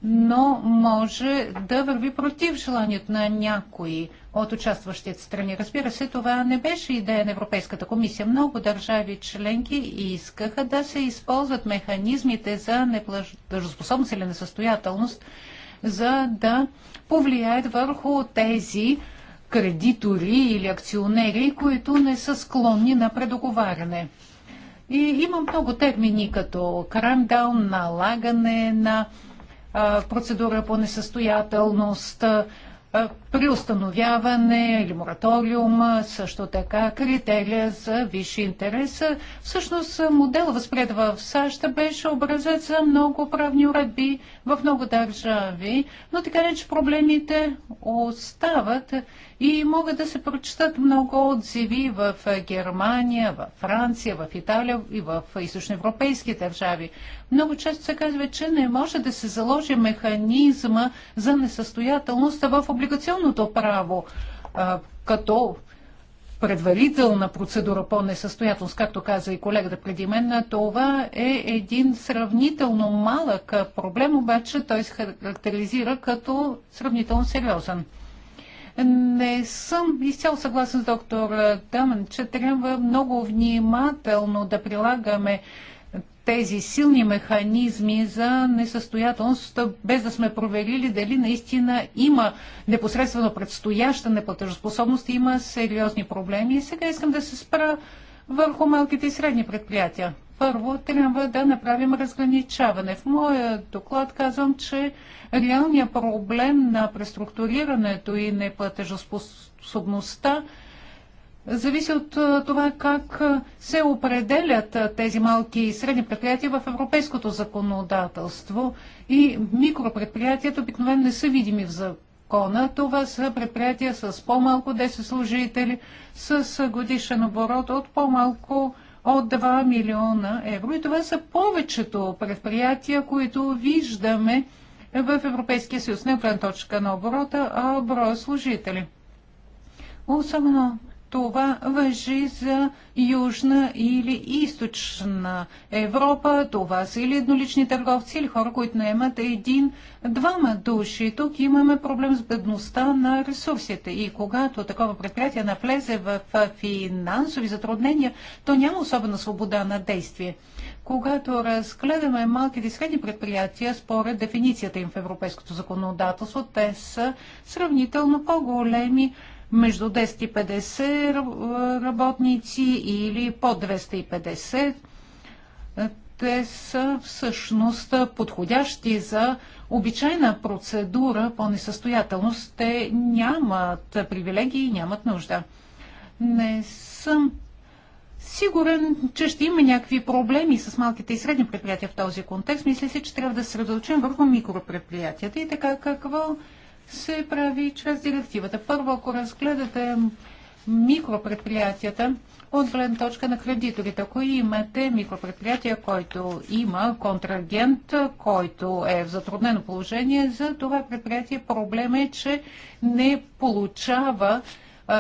но може да върви против желанието на някои от участващите страни. Разбира се, това не беше идея на Европейската комисия. Много държави членки искаха да се използват механизмите за неплатежоспособност или несъстоятелност, за да повлияят върху тези кредитори или акционери, които не са склонни на предоговаряне. И има много термини, като краймдаун, налагане на процедура по несъстоятелност, при установяване или мораториум, също така критерия за висши интерес. Всъщност модел възпред в САЩ беше образец за много правни уредби в много държави, но така не, че проблемите остават и могат да се прочитат много отзиви в Германия, в Франция, в Италия и в източноевропейски държави. Много често се казва, че не може да се заложи механизма за несъстоятелност в облигационно конституционното право а, като предварителна процедура по несъстоятелност, както каза и колегата преди мен, това е един сравнително малък проблем, обаче той се характеризира като сравнително сериозен. Не съм изцяло съгласен с доктор Дамен, че трябва много внимателно да прилагаме тези силни механизми за несъстоятелност, без да сме проверили дали наистина има непосредствено предстояща неплатежоспособност и има сериозни проблеми. И сега искам да се спра върху малките и средни предприятия. Първо трябва да направим разграничаване. В моя доклад казвам, че реалният проблем на преструктурирането и неплатежоспособността зависи от това как се определят тези малки и средни предприятия в европейското законодателство и микропредприятията обикновено не са видими в закона. Това са предприятия с по-малко 10 служители, с годишен оборот от по-малко от 2 милиона евро. И това са повечето предприятия, които виждаме в Европейския съюз, не точка на оборота, а броя служители. Особено това въжи за Южна или Източна Европа. Това са или еднолични търговци, или хора, които наемат един-двама души. Тук имаме проблем с бедността на ресурсите. И когато такова предприятие навлезе в финансови затруднения, то няма особена свобода на действие. Когато разгледаме малките и средни предприятия, според дефиницията им в европейското законодателство, те са сравнително по-големи между 250 работници или под 250. Те са всъщност подходящи за обичайна процедура по несъстоятелност. Те нямат привилегии и нямат нужда. Не съм сигурен, че ще има някакви проблеми с малките и средни предприятия в този контекст. Мисля си, че трябва да се средоточим върху микропредприятията и така какво се прави чрез директивата. Първо, ако разгледате микропредприятията от гледна точка на кредиторите. Ако имате микропредприятие, който има контрагент, който е в затруднено положение, за това предприятие проблем е, че не получава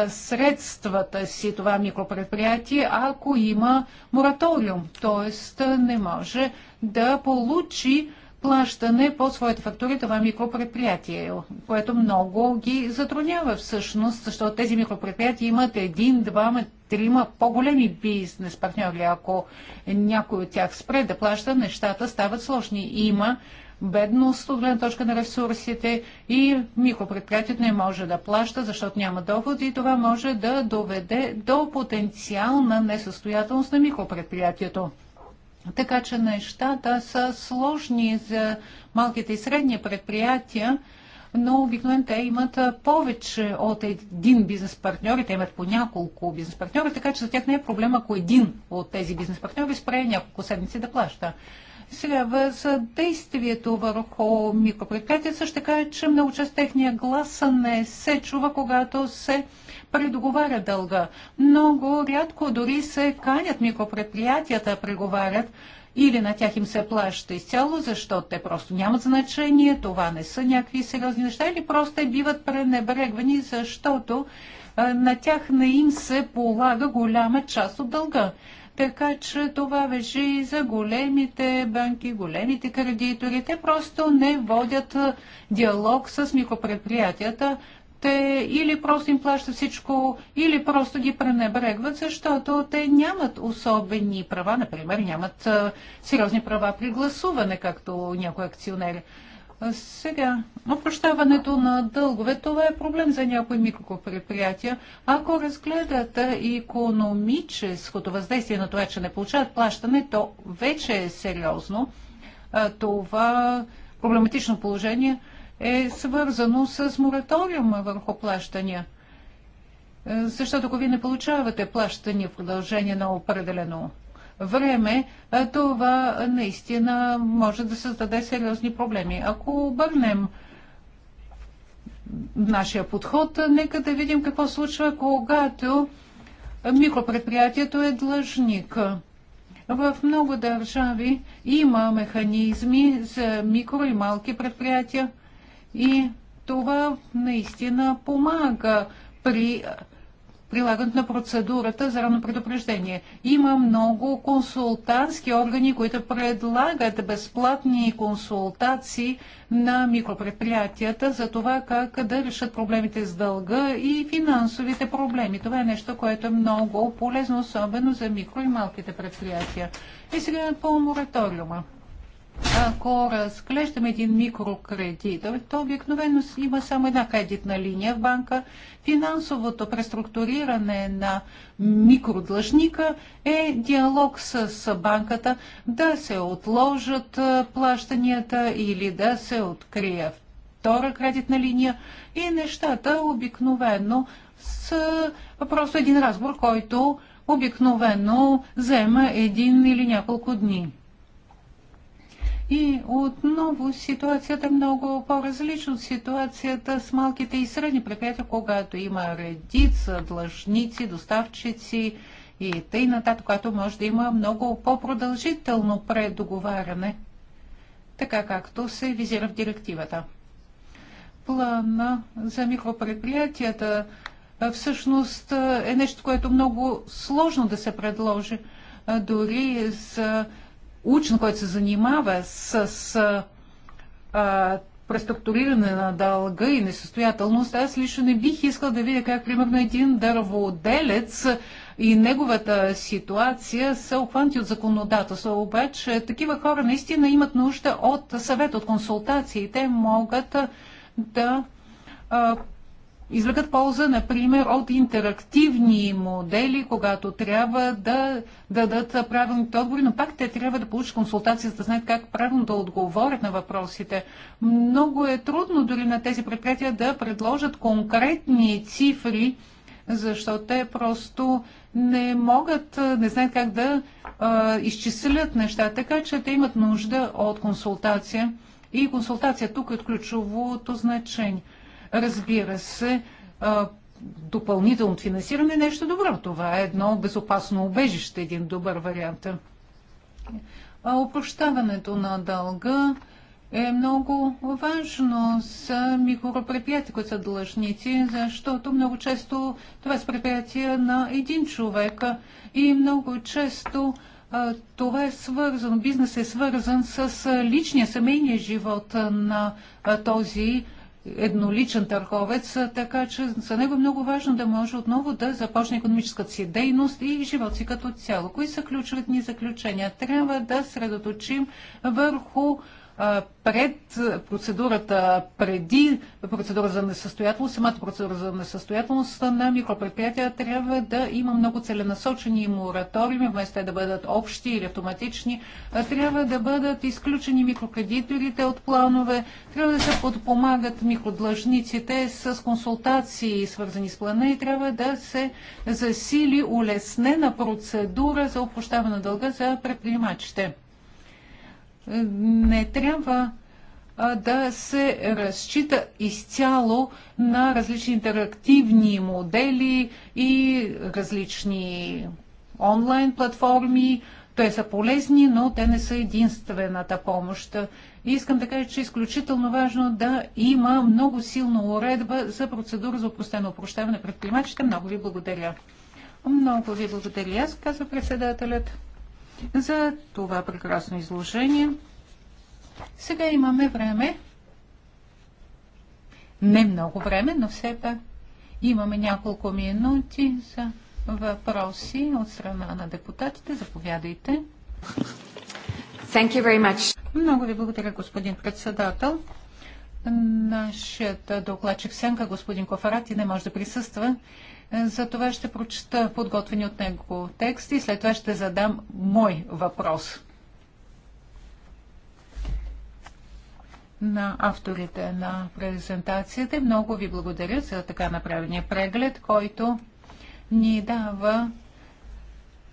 средствата си това микропредприятие, ако има мораториум, т.е. не може да получи плащане по своите фактури това микропредприятие, което много ги затруднява всъщност, защото тези микропредприятия имат един, двама, трима по-големи бизнес партньори. Ако някой от тях спре да плаща, нещата стават сложни. Има бедност от гледна точка на ресурсите и микропредприятието не може да плаща, защото няма доход и това може да доведе до потенциална несъстоятелност на микропредприятието. Така че нещата са сложни за малките и средни предприятия, но обикновено те имат повече от един бизнес партньор, и те имат по няколко бизнес партньори, така че за тях не е проблема, ако един от тези бизнес партньори спре няколко седмици да плаща. Сега за действието върху микропредприятия, също така, е, че много част техния глас не се чува, когато се предоговаря дълга. Много рядко дори се канят микропредприятията, преговарят или на тях им се плаща изцяло, защото те просто нямат значение, това не са някакви сериозни неща, или просто те биват пренебрегвани, защото на тях не им се полага голяма част от дълга. Така че това вежи и за големите банки, големите кредитори. Те просто не водят диалог с микропредприятията. Те или просто им плащат всичко, или просто ги пренебрегват, защото те нямат особени права, например, нямат сериозни права при гласуване, както някои акционери. Сега, опрощаването на дългове, това е проблем за някои микропредприятия. Ако разгледате економическото въздействие на това, че не получават плащане, то вече е сериозно. Това проблематично положение е свързано с мораториума върху плащания. Защото ако ви не получавате плащания в продължение на определено време, това наистина може да създаде сериозни проблеми. Ако обърнем нашия подход, нека да видим какво случва, когато микропредприятието е длъжник. В много държави има механизми за микро и малки предприятия и това наистина помага при прилагането на процедурата за ранно предупреждение. Има много консултантски органи, които предлагат безплатни консултации на микропредприятията за това как да решат проблемите с дълга и финансовите проблеми. Това е нещо, което е много полезно, особено за микро и малките предприятия. И сега по мораториума ако разглеждаме един микрокредит, то обикновено има само една кредитна линия в банка. Финансовото преструктуриране на микродлъжника е диалог с банката да се отложат плащанията или да се открие втора кредитна линия и нещата обикновено с просто един разбор, който обикновено взема един или няколко дни. И отново ситуацията е много по-различна от ситуацията с малките и средни предприятия, когато има редица длъжници, доставчици и тъй нататък, когато може да има много по-продължително предоговаряне, така както се визира в директивата. Плана за микропредприятията всъщност е нещо, което е много сложно да се предложи дори за учен, който се занимава с, с а, преструктуриране на дълга и несъстоятелност, аз лично не бих искал да видя как, примерно, един дърводелец и неговата ситуация са охванти от законодателство. Обаче такива хора наистина имат нужда от съвет, от консултации. Те могат да а, извлекат полза, например, от интерактивни модели, когато трябва да дадат правилните отговори, но пак те трябва да получат консултация, за да знаят как правилно да отговорят на въпросите. Много е трудно дори на тези предприятия да предложат конкретни цифри, защото те просто не могат, не знаят как да а, изчислят неща, така че те имат нужда от консултация. И консултация тук е от ключовото значение. Разбира се, допълнително финансиране е нещо добро. Това е едно безопасно убежище, един добър вариант. А опрощаването на дълга е много важно за микропредприятия, които са длъжници, защото много често това е предприятие на един човек и много често това е свързано, бизнес е свързан с личния семейния живот на този едноличен търговец, така че за него е много важно да може отново да започне економическата си дейност и живот си като цяло. Кои са ключовите ни заключения? Трябва да средоточим върху пред процедурата, преди процедура за несъстоятелност, самата процедура за несъстоятелност на микропредприятия трябва да има много целенасочени мораториуми, вместо те да бъдат общи или автоматични, трябва да бъдат изключени микрокредиторите от планове, трябва да се подпомагат микродлъжниците с консултации, свързани с плана и трябва да се засили улеснена процедура за опрощаване на дълга за предприемачите не трябва да се разчита изцяло на различни интерактивни модели и различни онлайн платформи. Те са полезни, но те не са единствената помощ. И искам да кажа, че е изключително важно да има много силна уредба за процедура за упростено опрощаване пред Много ви благодаря. Много ви благодаря, аз казва председателят за това прекрасно изложение. Сега имаме време. Не много време, но все пак имаме няколко минути за въпроси от страна на депутатите. Заповядайте. Thank you very much. Много ви благодаря, господин председател. Нашият докладчик Сянка, господин Кофарати, не може да присъства. За това ще прочета подготвени от него текст и след това ще задам мой въпрос на авторите на презентацията. Много ви благодаря за така направения преглед, който ни дава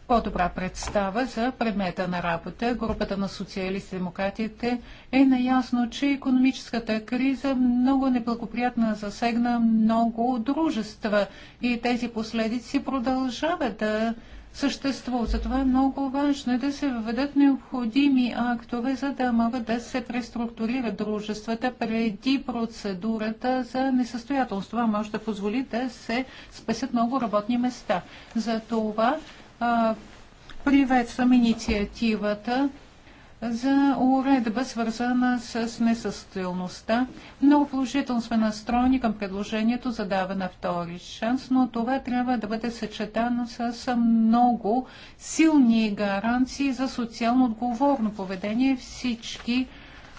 по-добра представа за предмета на работа. Групата на социалисти и демократите е наясно, че економическата криза много неблагоприятна засегна много дружества и тези последици продължават да съществуват. Затова е много важно да се въведат необходими актове, за да могат да се преструктурират дружествата преди процедурата за несъстоятелност. Това може да позволи да се спасят много работни места. За това приветствам инициативата за уредба, свързана с несъстоятелността. Много положително сме настроени към предложението за даване на втори шанс, но това трябва да бъде съчетано с много силни гаранции за социално отговорно поведение. Всички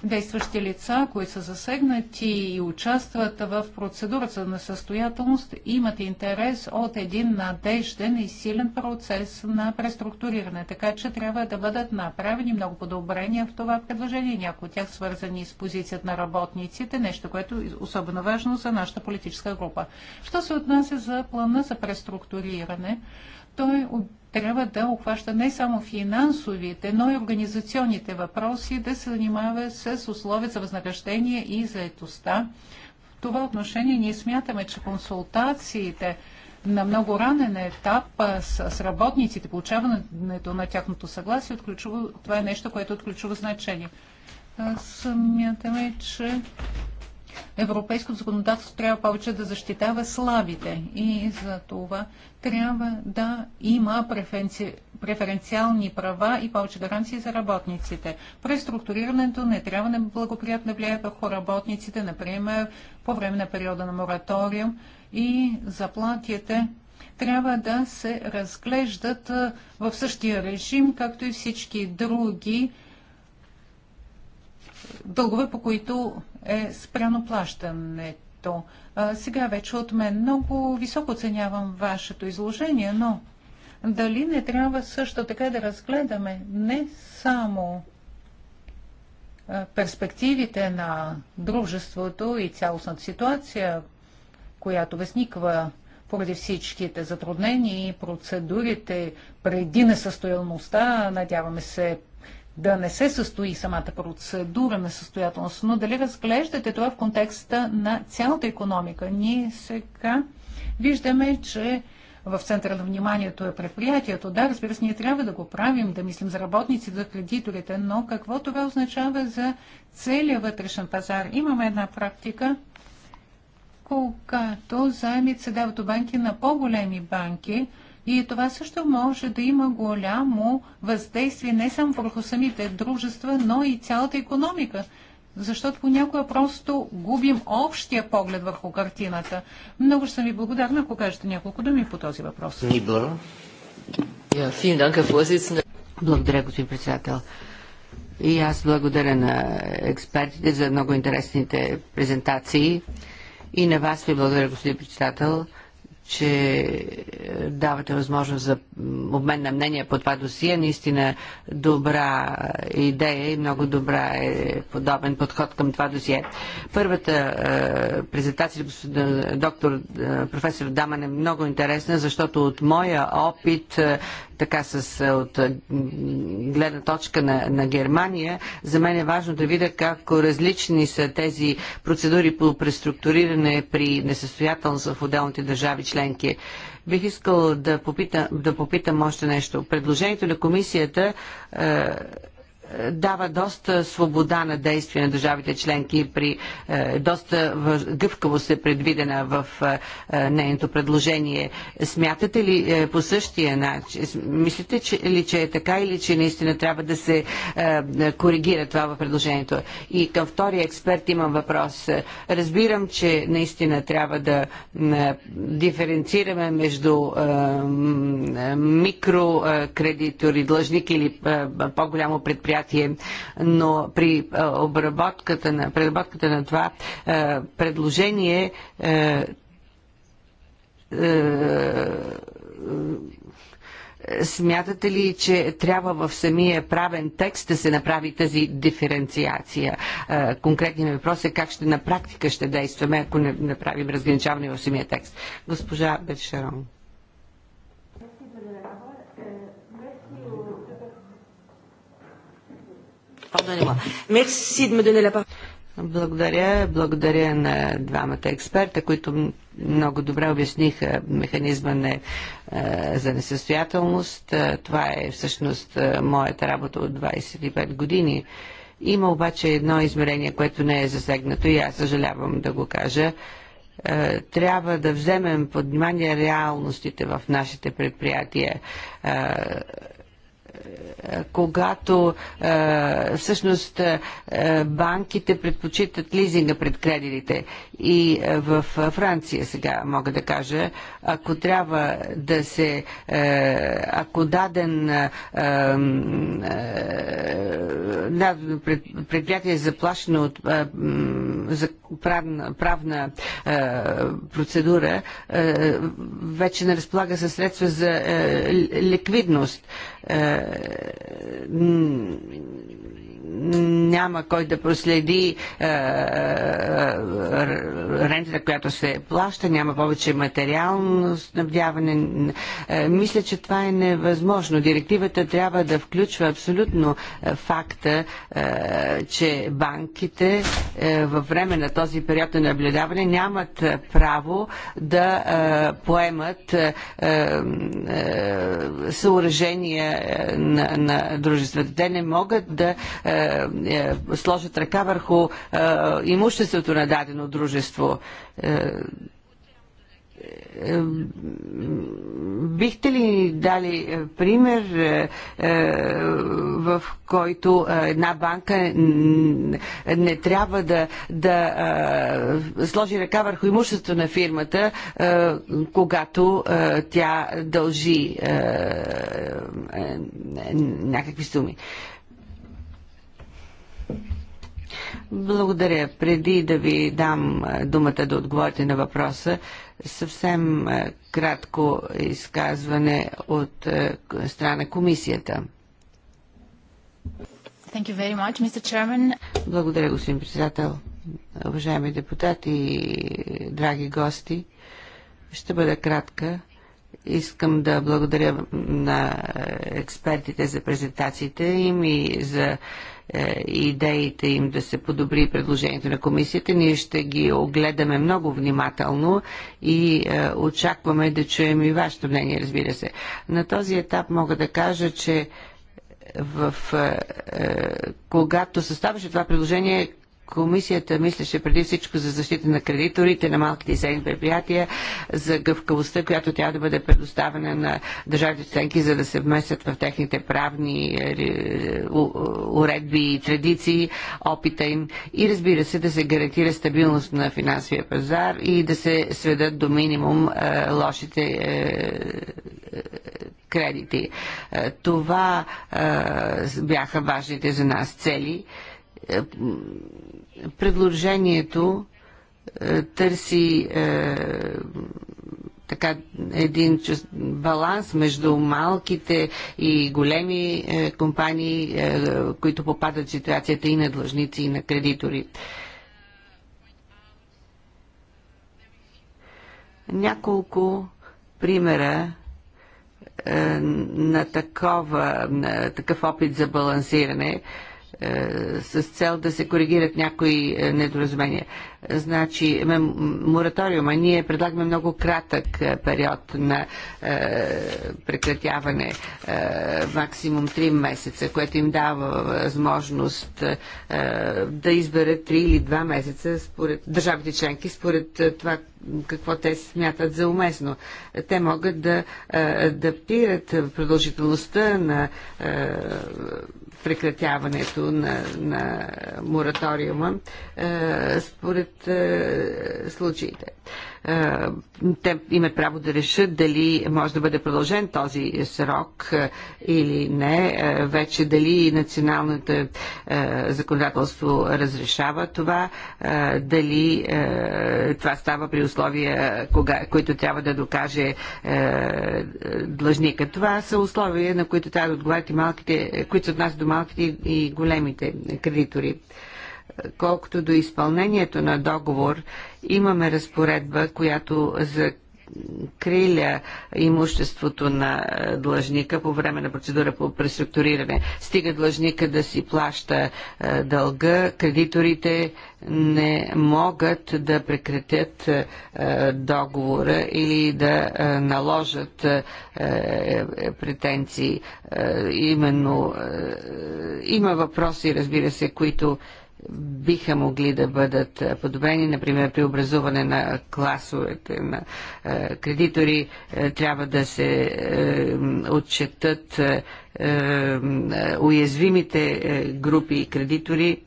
действащи лица, които са засегнати и участват в процедурата за несъстоятелност, имат интерес от един надежден и силен процес на преструктуриране. Така че трябва да бъдат направени много подобрения в това предложение, някои от тях свързани с позицията на работниците, нещо, което е особено важно за нашата политическа група. Що се отнася за плана за преструктуриране, той трябва да обхваща не само финансовите, но и организационните въпроси, да се занимава с условия за възнаграждение и заетостта. В това отношение ние смятаме, че консултациите на много ранен етап с работниците, получаването на тяхното съгласие, това е нещо, което отключва е от ключово значение. Смятаме, че Европейското законодателство трябва повече да защитава слабите и за това трябва да има преференци... преференциални права и повече гаранции за работниците. Преструктурирането не трябва да благоприятно влияе върху работниците, например, по време на периода на мораториум и заплатите трябва да се разглеждат в същия режим, както и всички други дългове, по които е спряно плащането. Сега вече от мен много високо оценявам вашето изложение, но дали не трябва също така да разгледаме не само перспективите на дружеството и цялостната ситуация, която възниква поради всичките затруднения и процедурите преди несъстоялността, надяваме се да не се състои самата процедура на състоятелност, но дали разглеждате това в контекста на цялата економика? Ние сега виждаме, че в центъра на вниманието е предприятието. Да, разбира се, ние трябва да го правим, да мислим за работници, за кредиторите, но какво това означава за целия вътрешен пазар? Имаме една практика, когато заемите се дават от банки на по-големи банки, и това също може да има голямо въздействие не само върху самите дружества, но и цялата економика. Защото понякога просто губим общия поглед върху картината. Много ще съм ви благодарна, ако кажете няколко думи по този въпрос. Благодаря, господин председател. И аз благодаря на експертите за много интересните презентации. И на вас ви благодаря, господин председател че е, давате възможност за обмен на мнения по това досие. Наистина добра идея и много добра е подобен подход към това досие. Първата е, презентация е, доктор е, професор Даман е много интересна, защото от моя опит е, така с, от гледна точка на, на Германия, за мен е важно да видя как различни са тези процедури по преструктуриране при несъстоятелност в отделните държави членки. Бих искал да попитам, да попитам още нещо. Предложението на комисията е, дава доста свобода на действие на държавите членки при е, доста гъвкавост е предвидена в е, нейното предложение. Смятате ли е, по същия начин? Мислите ли, че е така или че наистина трябва да се коригира това в предложението? И към втория експерт имам въпрос. Разбирам, че наистина трябва да диференцираме между микрокредитори, длъжник или по-голямо предприятие предприятие, но при обработката на, преработката на това предложение Смятате ли, че трябва в самия правен текст да се направи тази диференциация? Конкретният въпрос е как ще на практика ще действаме, ако не направим разграничаване в самия текст. Госпожа Бешарон. Благодаря. Благодаря на двамата експерта, които много добре обясниха механизма не, за несъстоятелност. Е, това е всъщност е, моята работа от 25 години. Има обаче едно измерение, което не е засегнато и аз съжалявам да го кажа. Е, трябва да вземем под внимание реалностите в нашите предприятия когато а, е, всъщност а, е, банките предпочитат лизинга пред кредитите. И а, е, в Франция сега мога да кажа, ако трябва да се, ако даден предприятие е заплашено от за правна, правна процедура, вече не разполага със средства за ликвидност Mm, няма кой да проследи е, е, е, рентата, която се плаща, няма повече материално снабдяване. Е, мисля, че това е невъзможно. Директивата трябва да включва абсолютно е, факта, че банките във време на този период на наблюдаване нямат право да поемат съоръжения на, на дружествата. Те не могат да е, е, сложат ръка върху е, имуществото на дадено дружество. Бихте ли дали пример, в който една банка не трябва да, да сложи ръка върху имущество на фирмата, когато тя дължи някакви суми? Благодаря. Преди да ви дам е, думата да отговорите на въпроса, съвсем е, кратко изказване от е, страна комисията. Thank you very much, Mr. Chairman. Благодаря, господин председател. Уважаеми депутати и драги гости, ще бъда кратка. Искам да благодаря на експертите за презентациите им и за е, идеите им да се подобри предложението на комисията. Ние ще ги огледаме много внимателно и е, очакваме да чуем и вашето мнение, разбира се. На този етап мога да кажа, че в, е, е когато съставаше това предложение, Комисията мислеше преди всичко за защита на кредиторите, на малките и средни предприятия, за гъвкавостта, която трябва да бъде предоставена на държавите членки, за да се вместят в техните правни е, е, е, уредби и традиции, опита им и разбира се да се гарантира стабилност на финансовия пазар и да се сведат до минимум е, лошите е, кредити. Това е, бяха важните за нас цели предложението е, търси е, така един баланс между малките и големи е, компании, е, които попадат в ситуацията и на длъжници, и на кредитори. Няколко примера е, на такова, на такъв опит за балансиране. Е, е, с цел да се коригират някои е, недоразумения. Значи, мораториума ние предлагаме много кратък е, период на е, прекратяване, е, максимум 3 месеца, което им дава възможност да изберат 3 или 2 месеца според държавите членки, според това какво те смятат за уместно. Те могат да адаптират продължителността на прекратяването на, на мораториума. Според решат е, случаите. Е, те имат право да решат дали може да бъде продължен този срок е, или не. Вече дали националното законодателство разрешава това, дали това става при условия, кога, които трябва да докаже длъжника. Това са условия, на които трябва да отговарят и малките, които се отнасят до малките и големите кредитори. Колкото до изпълнението на договор, имаме разпоредба, която за криля имуществото на е, длъжника по време на процедура по преструктуриране. Стига длъжника да си плаща е, дълга, кредиторите не могат да прекратят е, договора или да наложат претенции. Именно има въпроси, разбира се, които биха могли да бъдат подобрени, например при образуване на класовете на е, кредитори, е, трябва да се е, отчетат е, уязвимите е, групи и кредитори. Е,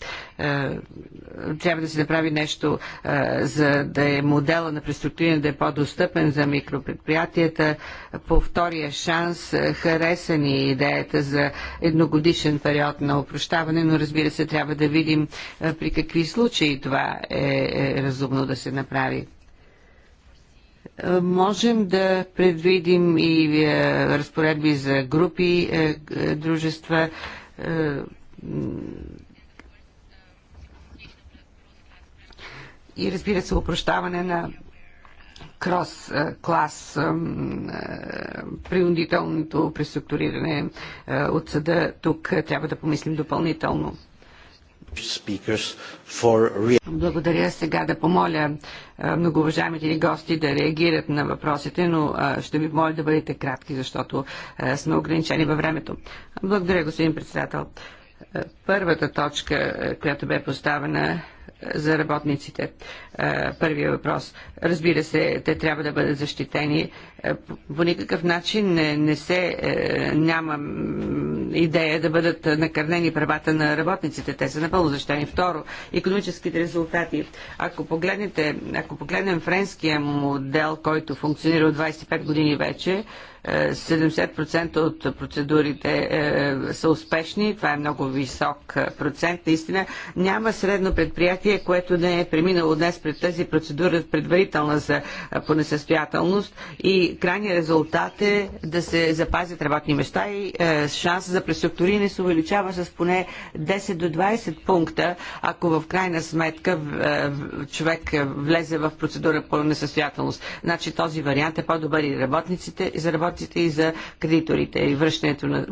трябва да се направи нещо, за да е модела на преструктуриране да е по-достъпен за микропредприятията. По втория шанс хареса ни идеята за едногодишен период на опрощаване, но разбира се, трябва да видим при какви случаи това е разумно да се направи. Можем да предвидим и е, разпоредби за групи е, е, дружества. И разбира се, упрощаване на крос клас принудителното преструктуриране от съда. Тук трябва да помислим допълнително. Благодаря сега да помоля многоуважаемите ни гости да реагират на въпросите, но ще ви моля да бъдете кратки, защото сме ограничени във времето. Благодаря, господин председател. Първата точка, която бе поставена за работниците. Първия въпрос. Разбира се, те трябва да бъдат защитени. Е, по никакъв начин не, не се, е, няма идея да бъдат накърнени правата на работниците. Те са напълно защитени. Второ, економическите резултати. Ако погледнете, ако погледнем френския модел, който функционира от 25 години вече, 70% е, от процедурите е, са успешни. Това е много висок процент. Наистина няма средно предприятие, което не е преминало днес пред тази процедура предварително действителна за, по несъстоятелност и крайният резултат е да се запазят работни места и е, шанса за преструктуриране се увеличава с поне 10 до 20 пункта, ако в крайна сметка е, човек влезе в процедура по несъстоятелност. Значи този вариант е по-добър и работниците, и за работниците и за кредиторите и връщането на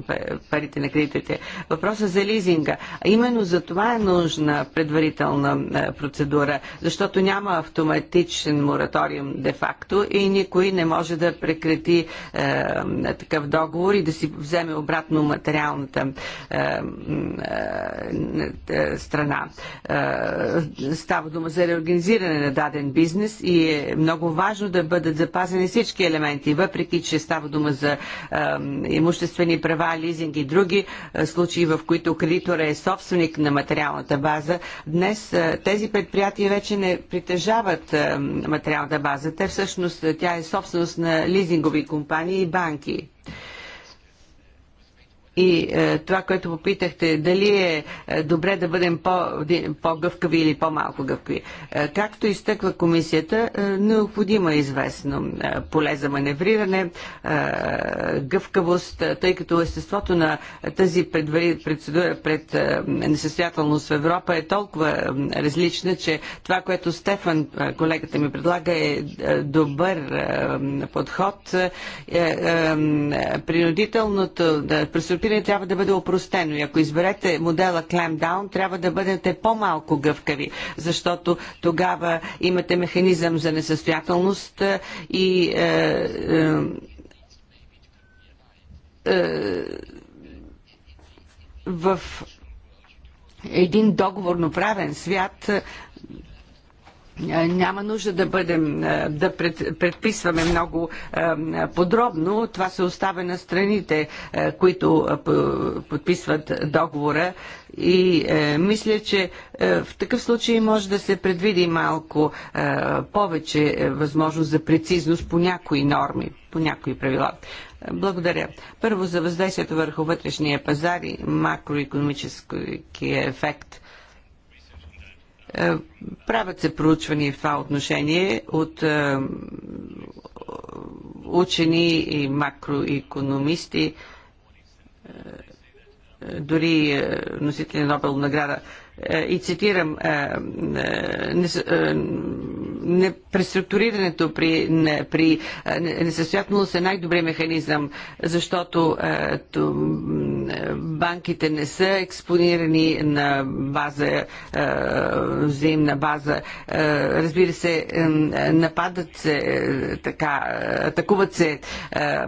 парите на кредиторите. Въпросът за лизинга. Именно за това е нужна предварителна процедура, защото няма автоматичен мораториум де-факто и никой не може да прекрати е, такъв договор и да си вземе обратно материалната е, е, е, страна. Е, става дума за реорганизиране на даден бизнес и е много важно да бъдат запазени всички елементи, въпреки че става дума за е, имуществени права, лизинг и други е, случаи, в които кредитора е собственик на материалната база. Днес е, тези предприятия вече не притежават е, материалната база. Те всъщност, тя е собственост на лизингови компании и банки. И е, това, което попитахте, дали е, е добре да бъдем по, по-гъвкави или по-малко гъвкави. Е, както изтъква комисията, е, необходимо е известно е, поле за маневриране, е, гъвкавост, е, тъй като естеството на тази процедура пред е, несъстоятелност в Европа е толкова е, различна, че това, което Стефан, е, колегата ми предлага, е, е добър е, подход. Е, е, е принудителното, да, финансиране трябва да бъде опростено и ако изберете модела Clam Down, трябва да бъдете по-малко гъвкави, защото тогава имате механизъм за несъстоятелност е, и е, е, е, в един договорно правен свят е, няма нужда да бъдем, е, да предписваме много е, подробно. Това се оставя на страните, които подписват договора. И мисля, че в такъв случай може да се предвиди малко повече възможност за прецизност по някои норми, по някои правила. Благодаря. Първо за въздействието върху вътрешния пазар и макроекономическия ефект – е, правят се проучвания в това отношение от е, учени и макроекономисти, е, дори носители на Нобел награда. И цитирам, преструктурирането при, при несъстоятелност е най-добрият механизъм, защото банките не са експонирани на база, е, взаимна база. Е, разбира се, е, нападат се, така, атакуват се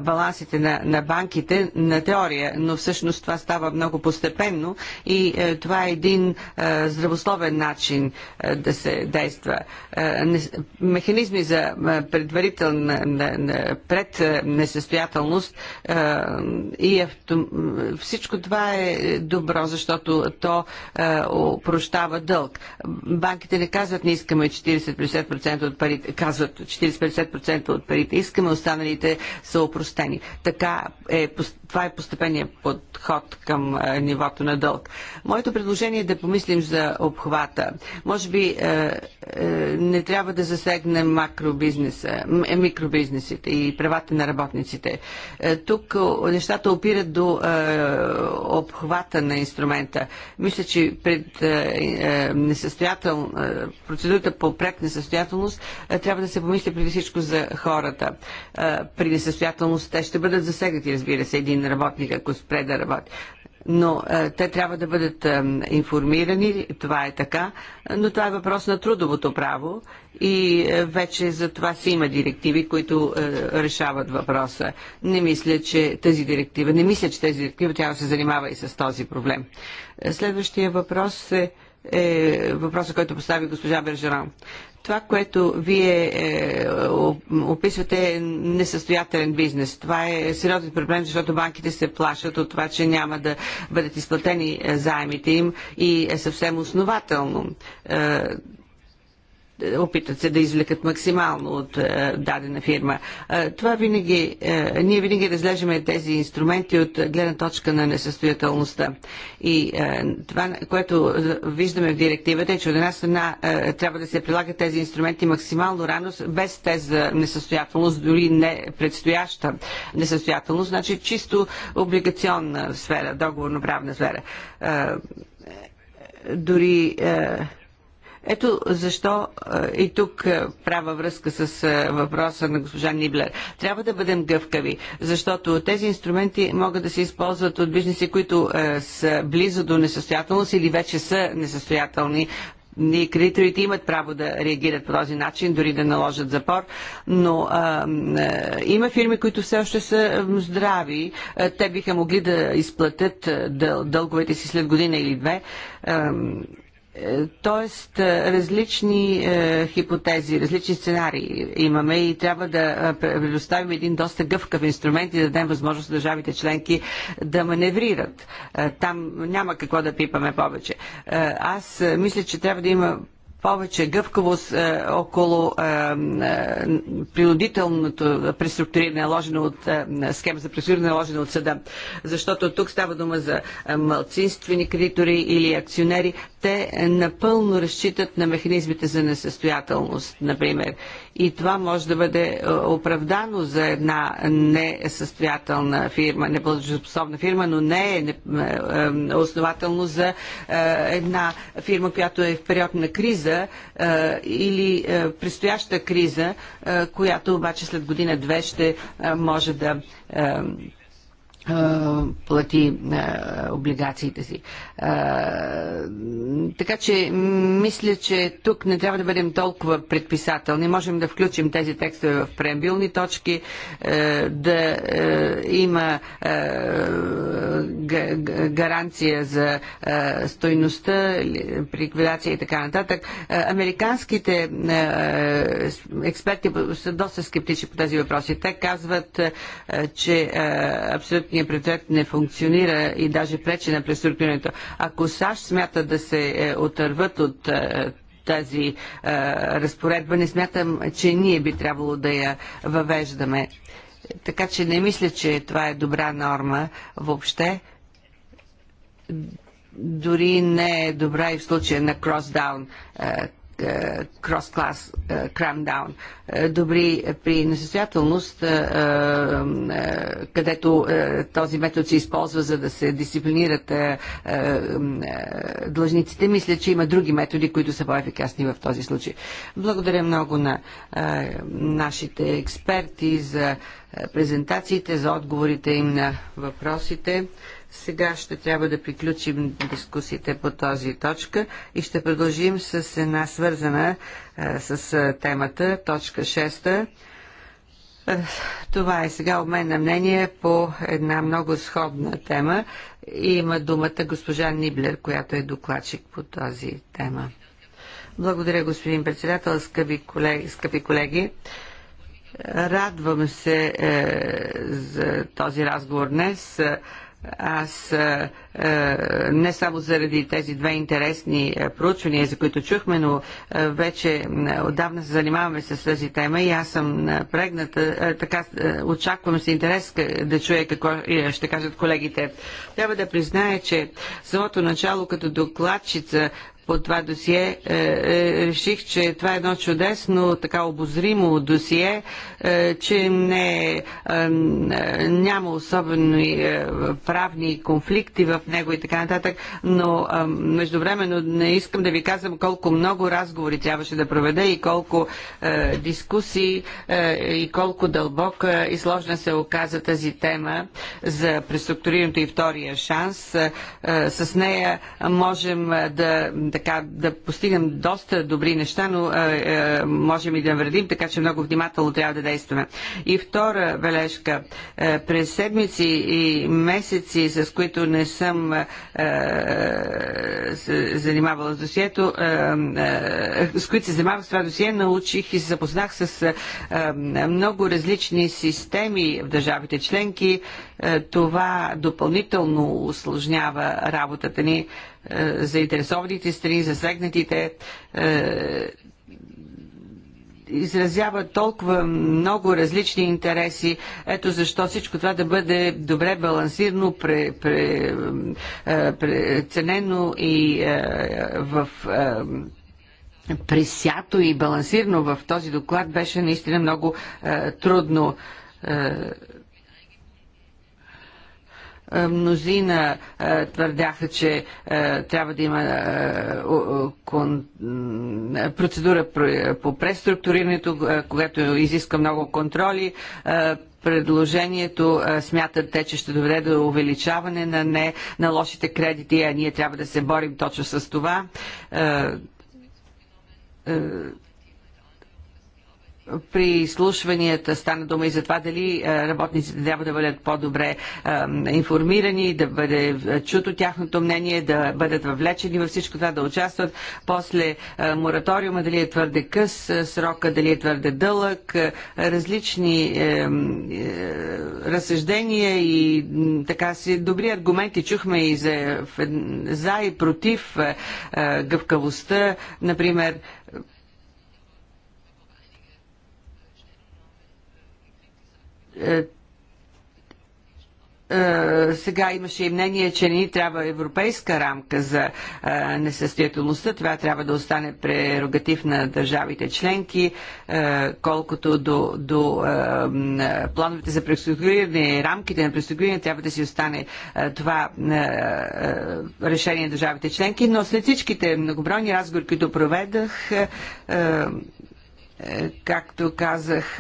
балансите на, на банките на теория, но всъщност това става много постепенно и това е един здравословен начин да се действа. Механизми за предварителна пред несъстоятелност и авто, всичко това е добро, защото то е, прощава дълг. Банките не казват, не искаме 40-50% от парите, казват 40-50% от парите, искаме останалите са опростени. Така е, това е постепенният подход към е, нивото на дълг. Моето предложение е да помислим за обхвата. Може би е, е, не трябва да засегнем макробизнеса, е, микробизнесите и правата на работниците. Е, тук е, нещата опират до е, е, обхвата на инструмента. Мисля, че пред е, е, несъстоятел, процедурата по пред несъстоятелност трябва да се помисли преди всичко за хората. при несъстоятелност те ще бъдат засегнати, разбира се, един работник, ако спре да работи но е, те трябва да бъдат е, информирани, това е така, но това е въпрос на трудовото право и е, вече за това си има директиви, които е, решават въпроса. Не мисля, че тази директива, не мисля, че тази директива трябва да се занимава и с този проблем. Следващия въпрос е, е въпроса, който постави госпожа Бержеран. Това, което вие е, описвате е несъстоятелен бизнес. Това е сериозен проблем, защото банките се плашат от това, че няма да бъдат изплатени е, заемите им и е съвсем основателно. Е, опитат се да извлекат максимално от е, дадена фирма. Е, това винаги, е, ние винаги разглеждаме тези инструменти от гледна точка на несъстоятелността. И това, което виждаме в директивата е, че от една страна трябва да се прилагат тези инструменти максимално рано, без тези за несъстоятелност, дори не предстояща несъстоятелност, значи чисто облигационна сфера, договорно-правна сфера. Дори ето защо и тук права връзка с въпроса на госпожа Ниблер. Трябва да бъдем гъвкави, защото тези инструменти могат да се използват от бизнеси, които са близо до несъстоятелност или вече са несъстоятелни ние кредиторите имат право да реагират по този начин, дори да наложат запор, но а, а, има фирми, които все още са здрави. А, те биха могли да изплатят дъл, дълговете си след година или две. А, Тоест, е, различни е, хипотези, различни сценарии имаме и трябва да е, предоставим един доста гъвкав инструмент и да дадем възможност държавите членки да маневрират. Е, там няма какво да пипаме повече. Аз мисля, че трябва да има повече гъвкавост е, около е, е, принудителното преструктуриране, наложено от е, схема за преструктуриране, наложено от съда. Защото тук става дума за е, малцинствени кредитори или акционери. Те напълно разчитат на механизмите за несъстоятелност, например и това може да бъде е, оправдано за една несъстоятелна фирма, неплатежоспособна фирма, но не е, е, е основателно за една фирма, която е в период на криза или предстояща криза, която обаче след година-две ще може да плати облигациите си. Така че мисля, че тук не трябва да бъдем толкова предписателни. Можем да включим тези текстове в преамбилни точки, да има гаранция за стойността при ликвидация и така нататък. Американските експерти са доста скептични по тези въпроси. Те казват, че абсолютно бюджетният приоритет не функционира и даже пречи на преструктурирането. Ако САЩ смята да се е, отърват от е, тази е, разпоредба, не смятам, че ние би трябвало да я въвеждаме. Така че не мисля, че това е добра норма въобще. Дори не е добра и в случая на кросдаун крос е, class крамдаун. Е, е, добри при несъстоятелност, където този метод се използва за да се дисциплинират длъжниците, мисля, че има други методи, които са по-ефикасни в този случай. Благодаря много на нашите експерти за презентациите, за отговорите им на въпросите. Сега ще трябва да приключим дискусиите по този точка и ще продължим с една свързана а, с темата, точка 6. това е сега мен на мнение по една много сходна тема. И има думата госпожа Ниблер, която е докладчик по тази тема. Благодаря, господин председател, скъпи колеги. Скъпи колеги. Радвам се е, за този разговор днес. Е, аз е, е, не само заради тези две интересни е, проучвания, за които чухме, но вече отдавна се занимаваме с тази тема и аз съм прегната. Така очаквам с интерес да чуя какво ще кажат колегите. Трябва да призная, че самото начало като докладчица от това досие. Е, е, реших, че това е едно чудесно, така обозримо досие, е, че не, няма особено правни конфликти в него и така нататък, но междувременно не искам да ви казвам колко много разговори трябваше да проведе и колко дискусии и колко дълбока и сложна се оказа тази тема за преструктурирането и втория шанс. С нея можем да, да така да постигнем доста добри неща, но а, е, а, е, можем и да вредим, така че много внимателно трябва да действаме. И втора бележка. Е, през седмици и месеци, с които не съм а, занимавала с досието, а, с които се занимавах с това досие, научих и се запознах с а, много различни системи в държавите членки. А, това допълнително усложнява работата ни. Е, заинтересованите страни, засегнатите е, изразява толкова много различни интереси. Ето защо всичко това да бъде добре балансирано, е, преценено и в пресято и балансирано в този доклад беше наистина много трудно е, мнозина е, твърдяха, че е, трябва да има процедура по преструктурирането, когато изиска много контроли предложението смятат те, че ще доведе до увеличаване на, не, на лошите кредити, а ние трябва да се борим точно с това при изслушванията стана дума и за това дали е, работниците трябва да бъдат по-добре информирани, да бъде е, чуто тяхното мнение, да бъдат въвлечени във всичко това, да участват. После е, мораториума, дали е твърде къс, срока дали е твърде дълъг, различни разсъждения и така си добри аргументи чухме и за, за и против гъвкавостта, например Е, е, сега имаше и мнение, че ни трябва европейска рамка за е, несъстоятелността. Това трябва да остане прерогатив на държавите членки, колкото до, до плановете за преструктуриране, рамките на преструктуриране трябва да си остане това решение на държавите членки. Но след всичките многобройни разговори, които проведах, както казах,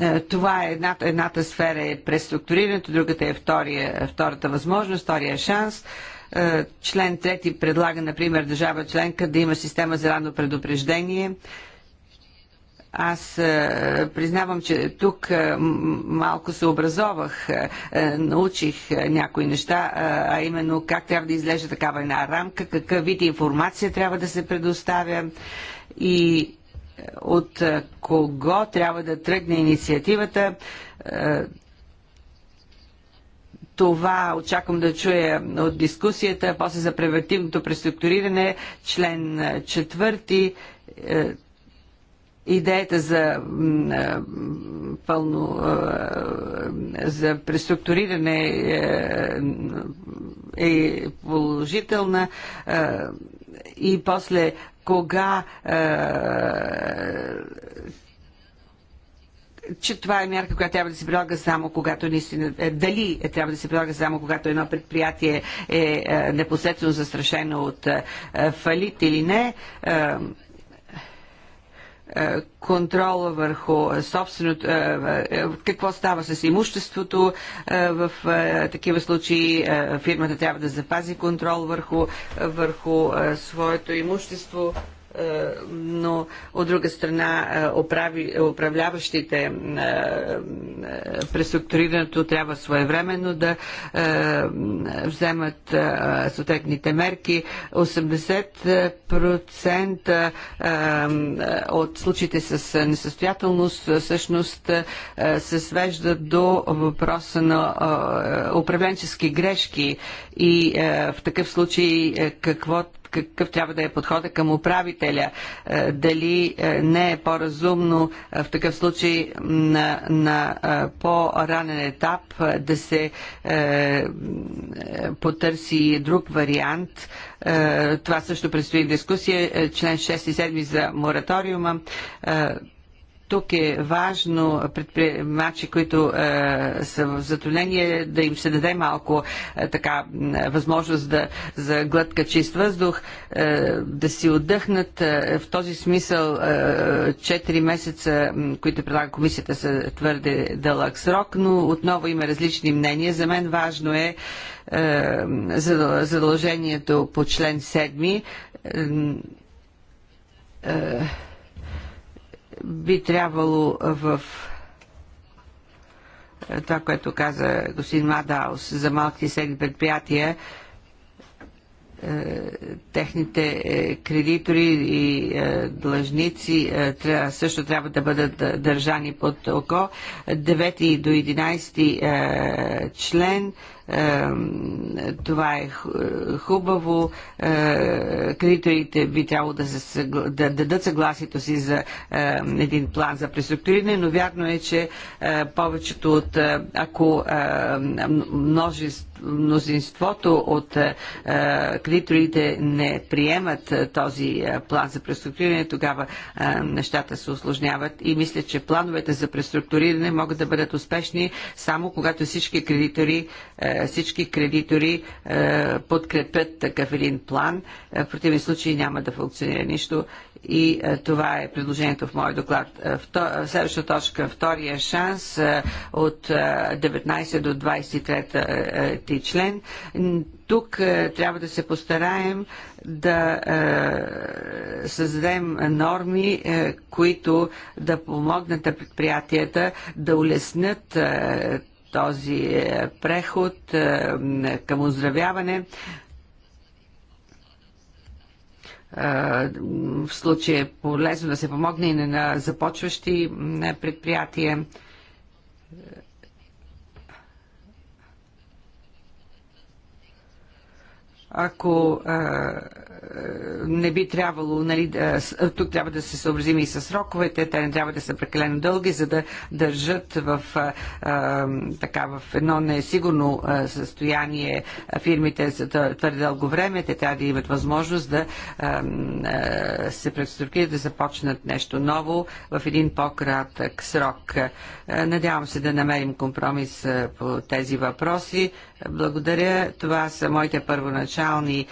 е, това е едната, едната сфера е преструктурирането, другата е втория, втората възможност, втория шанс. Е, член трети предлага, например, държава членка да има система за ранно предупреждение. Аз е, признавам, че тук малко се образовах, научих някои неща, а именно как трябва да излежа такава една рамка, какъв вид информация трябва да се предоставя и от е, кого трябва да тръгне инициативата. Е, това очаквам да чуя от дискусията, после за превентивното преструктуриране, член е, четвърти, идеята за пълно за преструктуриране е положителна и после кога е, че това е мярка, която трябва да се прилага само когато наистина, е, дали е, трябва да се прилага само когато едно предприятие е непосредствено застрашено от фалит или не. Е, контрола върху е, собственото, е, какво става с имуществото в такива случаи. Фирмата трябва да запази контрол върху, върху своето имущество. Е, но от друга страна управи, е, управляващите е, преструктурирането трябва своевременно да вземат съответните мерки. 80% от случаите с несъстоятелност всъщност се свеждат до въпроса на управленчески грешки и в такъв случай каквото какъв трябва да е подхода към управителя. Е, дали е, не е по-разумно е, в такъв случай на, на по-ранен етап да се потърси друг вариант. това също предстои дискусия. Член 6 и 7 за мораториума. Тук е важно предприемачи, които е, са в затруднение, да им се даде малко е, така възможност да, за глътка чист въздух, е, да си отдъхнат. Е, в този смисъл е, 4 месеца, които предлага комисията, са твърде дълъг срок, но отново има различни мнения. За мен важно е, е задължението по член 7 би трябвало в е, това, което каза господин Мадаус за малки и средни предприятия, е, техните е, кредитори и длъжници също трябва да бъдат държани под око. 9 до 11 член това е хубаво. Е, кредиторите би трябвало да, се, да дадат съгласието си за един план за преструктуриране, но вярно е, че е, повечето от, е, ако множество мнозинството от кредиторите не приемат този план за преструктуриране, тогава нещата се осложняват и мисля, че плановете за преструктуриране могат да бъдат успешни само когато всички кредитори е, всички кредитори е, подкрепят такъв един план. Е, в противен случай няма да функционира нищо и това е предложението в моя доклад. Следваща точка, втория шанс от 19 до 23 член. Тук трябва да се постараем да създадем норми, които да помогнат на предприятията да улеснят този е, преход е, към оздравяване. Е, в случая е полезно да се помогне и на започващи предприятия. Ако а, не би трябвало, нали, да, тук трябва да се съобразим и с сроковете, те не трябва да са прекалено дълги, за да държат в, а, така, в едно несигурно състояние фирмите за твърде дълго време, те трябва да имат възможност да а, а, се преструктурират, да започнат нещо ново в един по-кратък срок. Надявам се да намерим компромис по тези въпроси. Благодаря. Това са моите първоначални е,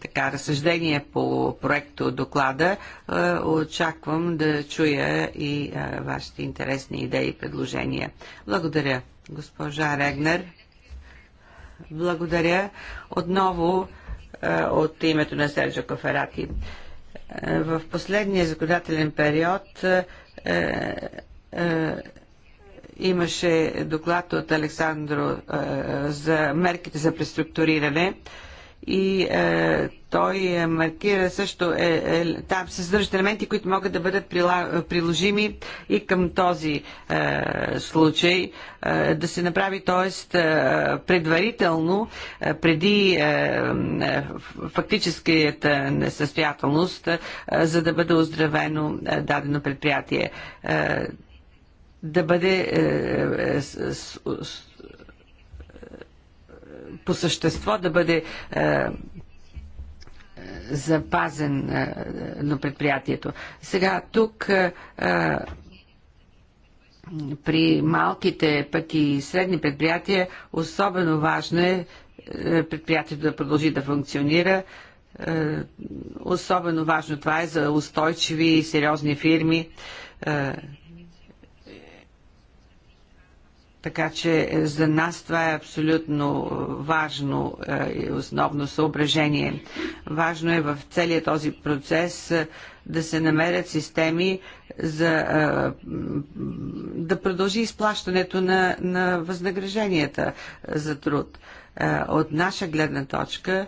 така, разсъждения по проекто доклада. Е, очаквам да чуя и е, вашите интересни идеи и предложения. Благодаря, госпожа Регнер. Благодаря отново е, от името на Серджо Каферати. Е, в последния законодателен период е, е, Имаше доклад от Александро е, за мерките за преструктуриране и е, той е, маркира също, е, е, там се съдържат елементи, които могат да бъдат прила, приложими и към този е, случай, е, да се направи, т.е. Е, предварително, е, преди е, е, фактическата несъстоятелност, е, за да бъде оздравено е, дадено предприятие. Е, да бъде е, е, по същество да бъде е, запазен на предприятието. Сега тук при малките пък и средни предприятия особено важно е предприятието да продължи да функционира. Особено важно това е за устойчиви и сериозни фирми така че е, за нас това е абсолютно е, важно е, и основно съображение. Важно е в целият този процес да се намерят системи за да продължи изплащането на, на възнагражденията за труд. От наша гледна точка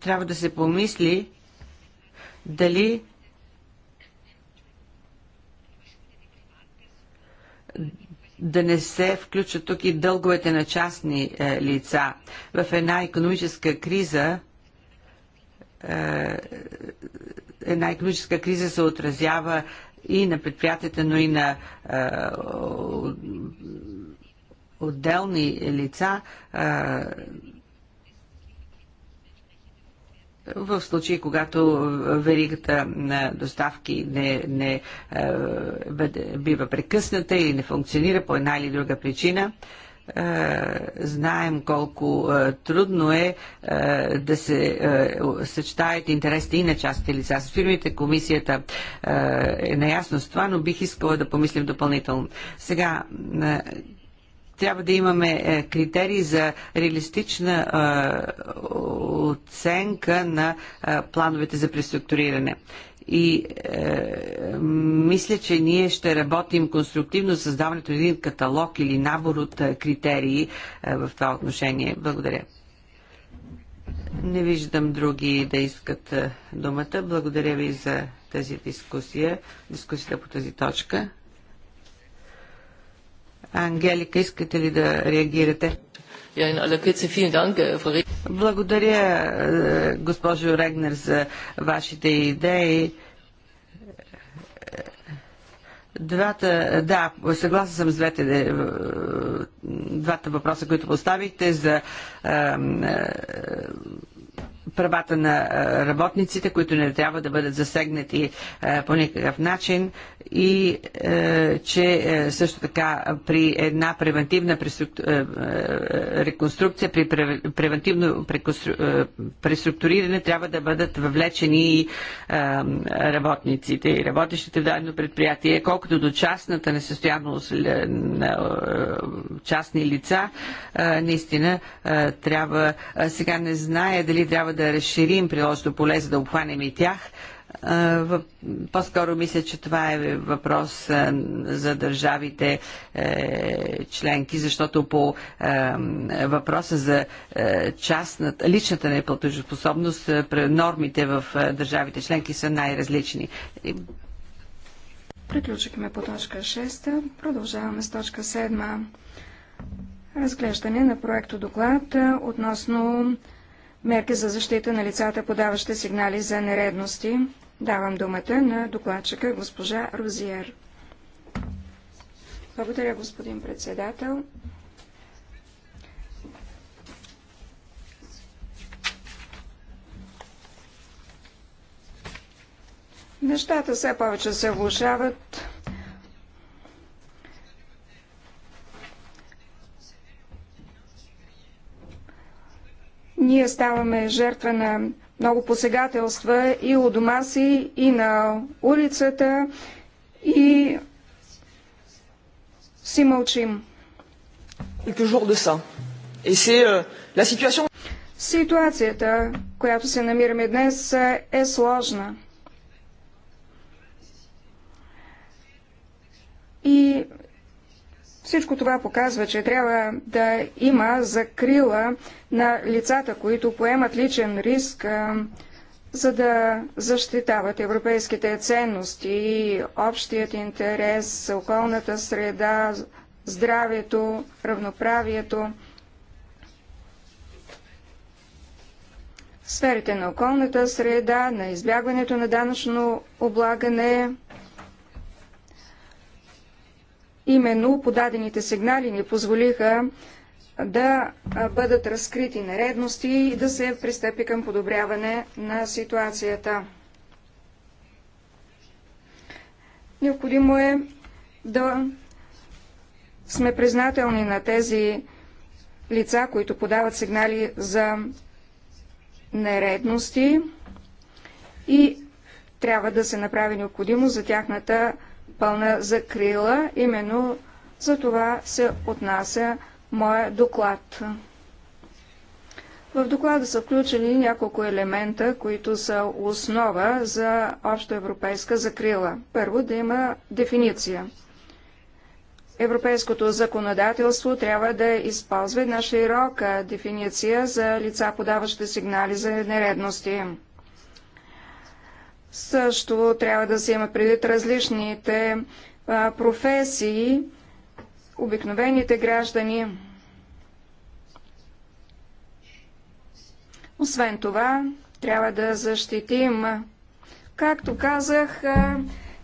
трябва да се помисли дали да не се включат тук и дълговете на частни е, лица. В една економическа криза е, една економическа криза се отразява и на предприятията, но и на е, отделни лица. Е, в случай, когато веригата на доставки не, не е, бива прекъсната или не функционира по една или друга причина е, знаем колко е, трудно е да се съчетаят интересите и на частите лица с фирмите. Комисията е наясно с това, но бих искала да помислим допълнително. Сега, трябва да имаме е, критерии за реалистична е, оценка на е, плановете за преструктуриране и е, мисля, че ние ще работим конструктивно с създаването на един каталог или набор от критерии е, в това отношение. Благодаря. Не виждам други да искат думата. Благодаря ви за тази дискусия, дискусията по тази точка. Ангелика, искате ли да реагирате? Äh, Благодаря, э, госпожо Регнер, за вашите идеи. Двата, да, съгласен съм с двете, двата въпроса, които поставихте за правата на работниците, които не трябва да бъдат засегнати по никакъв начин и че също така при една превентивна реконструкция, при превентивно преструктуриране трябва да бъдат въвлечени и работниците и работещите в дадено предприятие. Колкото до частната несъстоянност на частни лица, наистина трябва, сега не зная дали трябва да да разширим приложно поле, за да обхванем и тях. По-скоро мисля, че това е въпрос за държавите е, членки, защото по е, въпроса за е, частната, личната неплатежоспособност, нормите в държавите членки са най-различни. Приключихме по точка 6. Продължаваме с точка 7. Разглеждане на проекто доклад относно мерки за защита на лицата, подаващи сигнали за нередности. Давам думата на докладчика госпожа Розиер. Благодаря, господин председател. Нещата все повече се влушават. Ние ставаме жертва на много посегателства и у дома си, и на улицата, и си мълчим. Euh, Ситуацията, която се намираме днес, е сложна. И всичко това показва, че трябва да има закрила на лицата, които поемат личен риск, за да защитават европейските ценности, общият интерес, околната среда, здравето, равноправието. сферите на околната среда, на избягването на данъчно облагане, Именно подадените сигнали ни позволиха да бъдат разкрити нередности и да се пристъпи към подобряване на ситуацията. Необходимо е да сме признателни на тези лица, които подават сигнали за нередности и трябва да се направи необходимо за тяхната пълна закрила. Именно за това се отнася моя доклад. В доклада са включени няколко елемента, които са основа за общо европейска закрила. Първо да има дефиниция. Европейското законодателство трябва да използва една широка дефиниция за лица, подаващи сигнали за нередности. Също трябва да се има предвид различните професии, обикновените граждани. Освен това, трябва да защитим, както казах,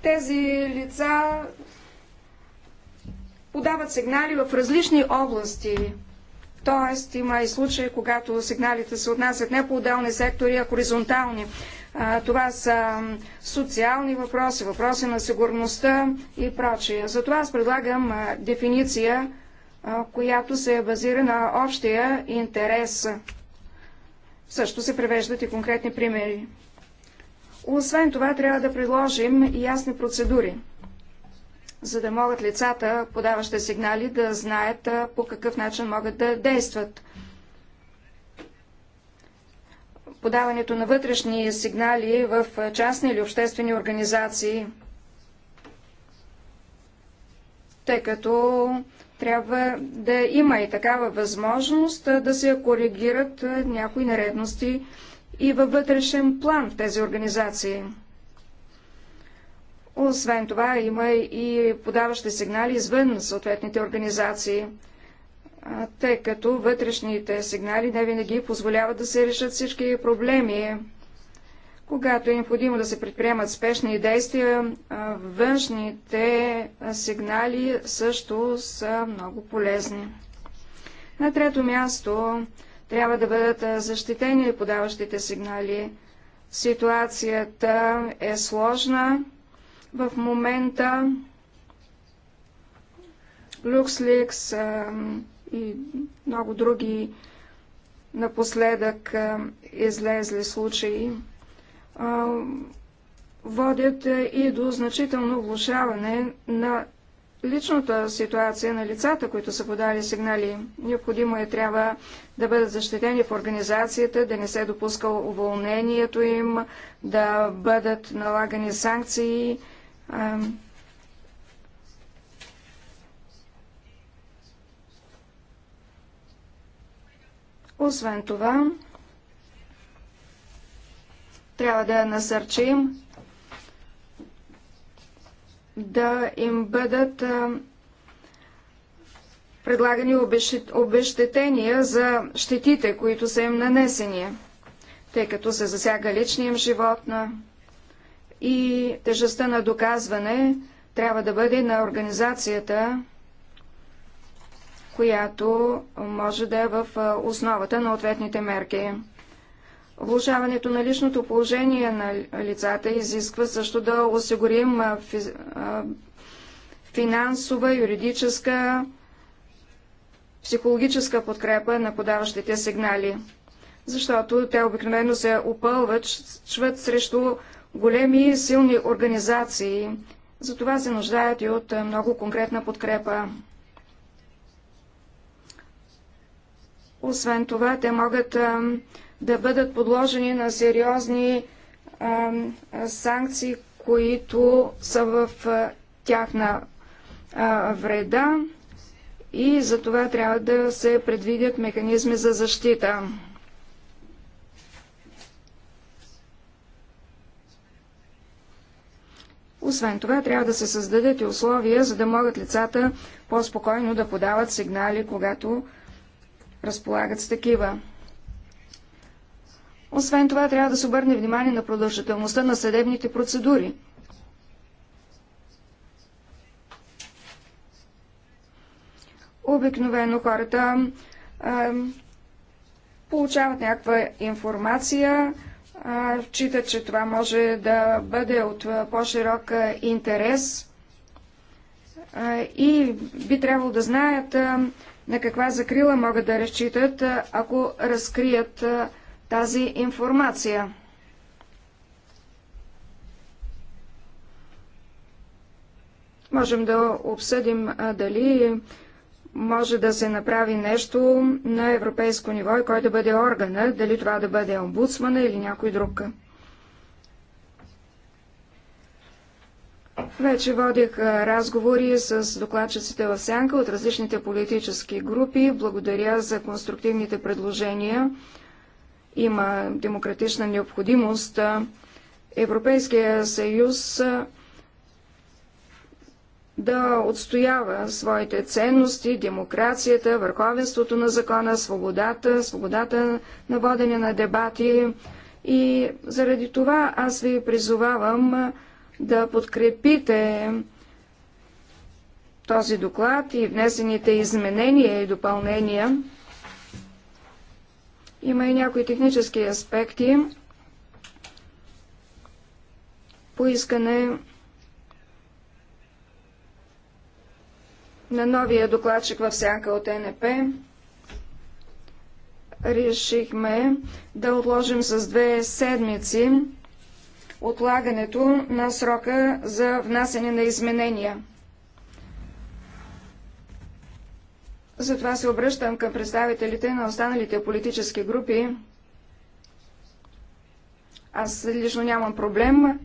тези лица подават сигнали в различни области. Тоест има и случаи, когато сигналите се отнасят не по отделни сектори, а хоризонтални това са социални въпроси, въпроси на сигурността и прочие. Затова аз предлагам дефиниция, която се базира на общия интерес. Също се превеждат и конкретни примери. Освен това, трябва да предложим и ясни процедури, за да могат лицата, подаващи сигнали, да знаят по какъв начин могат да действат подаването на вътрешни сигнали в частни или обществени организации, тъй като трябва да има и такава възможност да се коригират някои наредности и във вътрешен план в тези организации. Освен това има и подаващи сигнали извън съответните организации тъй като вътрешните сигнали не винаги позволяват да се решат всички проблеми. Когато е необходимо да се предприемат спешни действия, външните сигнали също са много полезни. На трето място трябва да бъдат защитени подаващите сигнали. Ситуацията е сложна. В момента LuxLeaks, и много други напоследък излезли случаи водят и до значително влушаване на личната ситуация на лицата, които са подали сигнали. Необходимо е трябва да бъдат защитени в организацията, да не се допуска уволнението им, да бъдат налагани санкции. Освен това, трябва да я насърчим да им бъдат предлагани обещетения за щетите, които са им нанесени, тъй като се засяга личния им живот на и тежестта на доказване трябва да бъде на организацията, която може да е в основата на ответните мерки. Влушаването на личното положение на лицата изисква също да осигурим финансова, юридическа, психологическа подкрепа на подаващите сигнали, защото те обикновено се опълват, чват срещу големи и силни организации, затова се нуждаят и от много конкретна подкрепа. Освен това, те могат да бъдат подложени на сериозни санкции, които са в тяхна вреда и за това трябва да се предвидят механизми за защита. Освен това, трябва да се създадат и условия, за да могат лицата по-спокойно да подават сигнали, когато разполагат с такива. Освен това, трябва да се обърне внимание на продължителността на съдебните процедури. Обикновено хората а, получават някаква информация, а, читат, че това може да бъде от по-широк интерес а, и би трябвало да знаят на каква закрила могат да разчитат, ако разкрият тази информация. Можем да обсъдим дали може да се направи нещо на европейско ниво и кой да бъде органа, дали това да бъде омбудсмана или някой друг. Вече водих разговори с докладчиците в Сянка от различните политически групи. Благодаря за конструктивните предложения. Има демократична необходимост Европейския съюз да отстоява своите ценности, демокрацията, върховенството на закона, свободата, свободата на водене на дебати. И заради това аз ви призовавам да подкрепите този доклад и внесените изменения и допълнения. Има и някои технически аспекти. Поискане на новия докладчик в сянка от НП решихме да отложим с две седмици отлагането на срока за внасене на изменения. Затова се обръщам към представителите на останалите политически групи. Аз лично нямам проблем,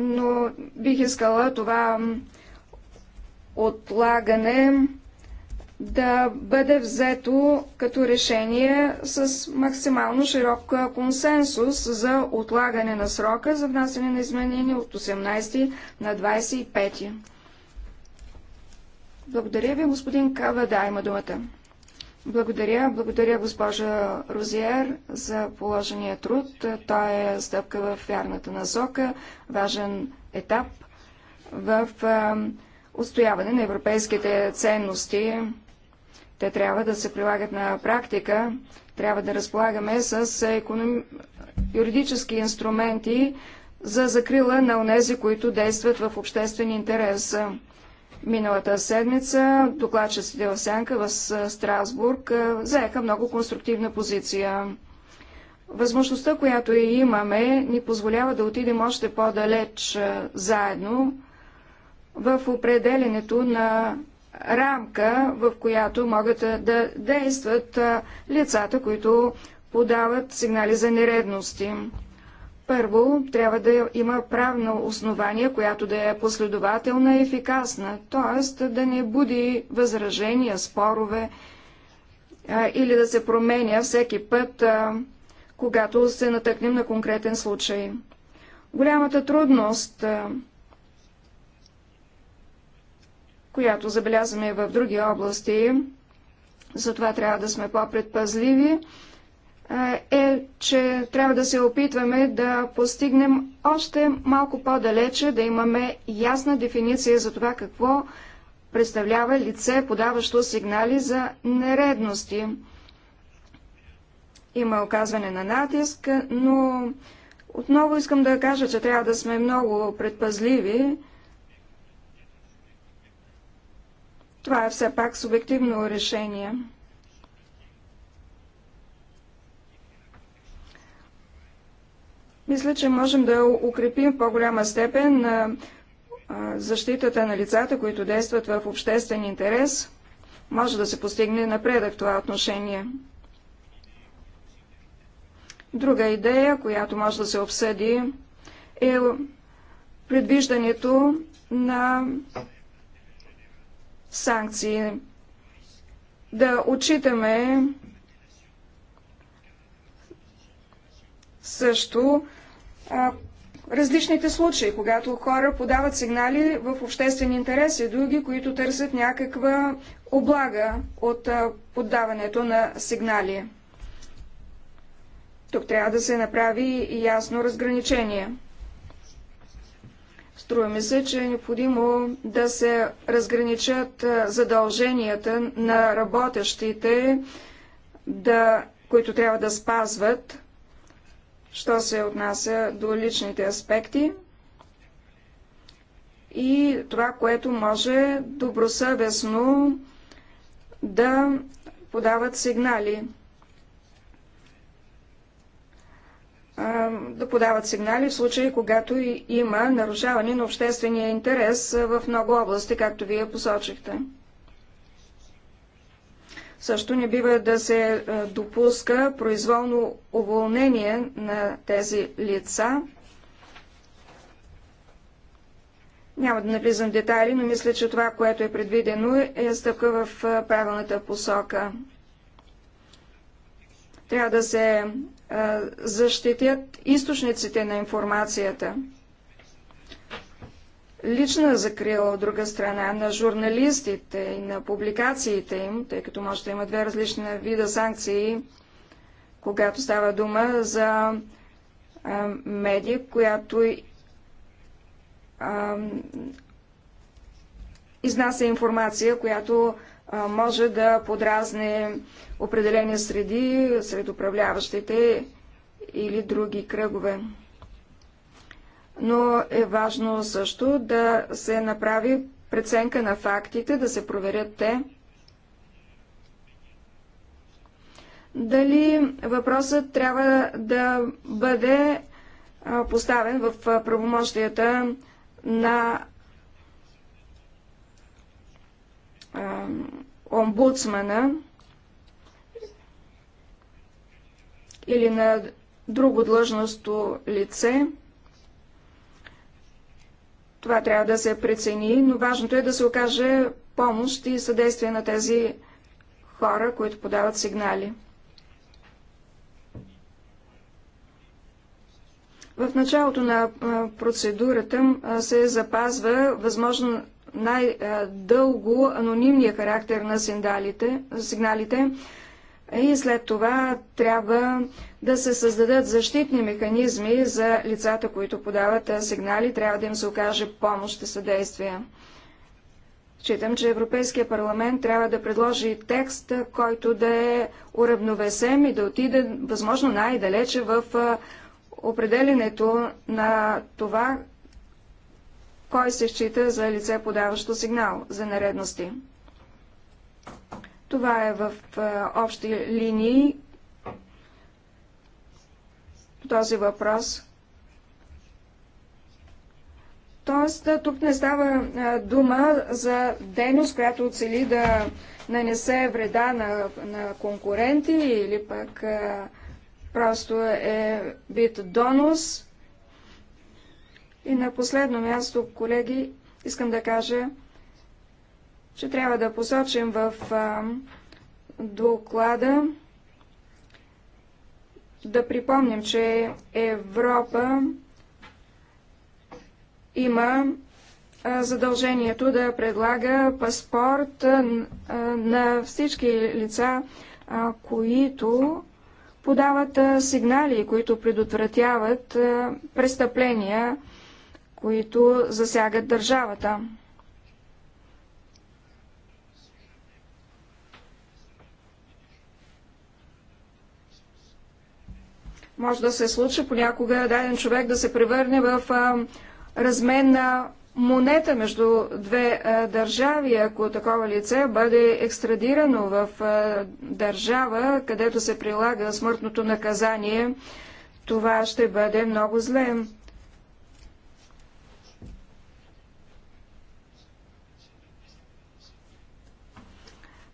но бих искала това отлагане да бъде взето като решение с максимално широк консенсус за отлагане на срока за внасяне на изменения от 18 на 25. Благодаря ви, господин Кава, да, има думата. Благодаря, благодаря госпожа Розиер за положения труд. Той е стъпка в вярната насока, важен етап в устояване на европейските ценности те трябва да се прилагат на практика, трябва да разполагаме с економ... юридически инструменти за закрила на онези, които действат в обществен интерес. Миналата седмица докладчиците в Сянка в Страсбург заеха много конструктивна позиция. Възможността, която и имаме, ни позволява да отидем още по-далеч заедно в определенето на рамка, в която могат да действат лицата, които подават сигнали за нередности. Първо, трябва да има правно основание, която да е последователна и ефикасна, т.е. да не буди възражения, спорове а, или да се променя всеки път, а, когато се натъкнем на конкретен случай. Голямата трудност а, която забелязваме в други области, затова трябва да сме по-предпазливи, е, че трябва да се опитваме да постигнем още малко по-далече, да имаме ясна дефиниция за това какво представлява лице, подаващо сигнали за нередности. Има оказване на натиск, но отново искам да кажа, че трябва да сме много предпазливи, Това е все пак субективно решение. Мисля, че можем да укрепим в по-голяма степен на защитата на лицата, които действат в обществен интерес. Може да се постигне напредък в това отношение. Друга идея, която може да се обсъди, е предвиждането на санкции, да отчитаме също а, различните случаи, когато хора подават сигнали в обществен интерес и други, които търсят някаква облага от а, поддаването на сигнали. Тук трябва да се направи ясно разграничение. Струва ми се, че е необходимо да се разграничат задълженията на работещите, да, които трябва да спазват, що се отнася до личните аспекти и това, което може добросъвестно да подават сигнали. да подават сигнали в случаи, когато има нарушаване на обществения интерес в много области, както вие посочихте. Също не бива да се допуска произволно уволнение на тези лица. Няма да навлизам детайли, но мисля, че това, което е предвидено, е стъпка в правилната посока. Трябва да се защитят източниците на информацията. Лична закрила от друга страна на журналистите и на публикациите им, тъй като може да има две различни вида санкции, когато става дума за а, медия, която а, изнася информация, която може да подразне определени среди, сред управляващите или други кръгове. Но е важно също да се направи преценка на фактите, да се проверят те. Дали въпросът трябва да бъде поставен в правомощията на омбудсмана или на друго длъжностно лице. Това трябва да се прецени, но важното е да се окаже помощ и съдействие на тези хора, които подават сигнали. В началото на процедурата се запазва възможно най-дълго анонимния характер на сигналите и след това трябва да се създадат защитни механизми за лицата, които подават сигнали, трябва да им се окаже помощ и съдействие. Считам, че Европейския парламент трябва да предложи текст, който да е уравновесен и да отиде възможно най-далече в определенето на това, кой се счита за лице подаващо сигнал за нередности. Това е в общи линии този въпрос. Тоест, тук не става дума за дейност, която цели да нанесе вреда на, на конкуренти или пък просто е бит донос. И на последно място, колеги, искам да кажа, че трябва да посочим в а, доклада, да припомним, че Европа има задължението да предлага паспорт на всички лица, които подават сигнали, които предотвратяват престъпления които засягат държавата. Може да се случи понякога даден човек да се превърне в размен на монета между две държави, ако такова лице бъде екстрадирано в държава, където се прилага смъртното наказание, това ще бъде много зле.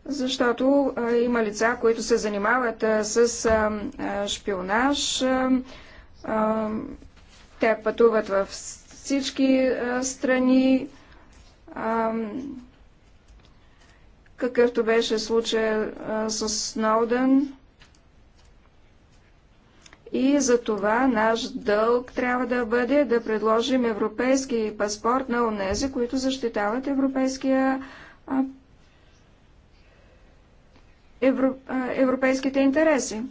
защото има лица, които се занимават с шпионаж. Те пътуват в всички страни. Какъвто беше случай с Сноуден. И за това наш дълг трябва да бъде да предложим европейски паспорт на онези, които защитават европейския евро, европейските интереси.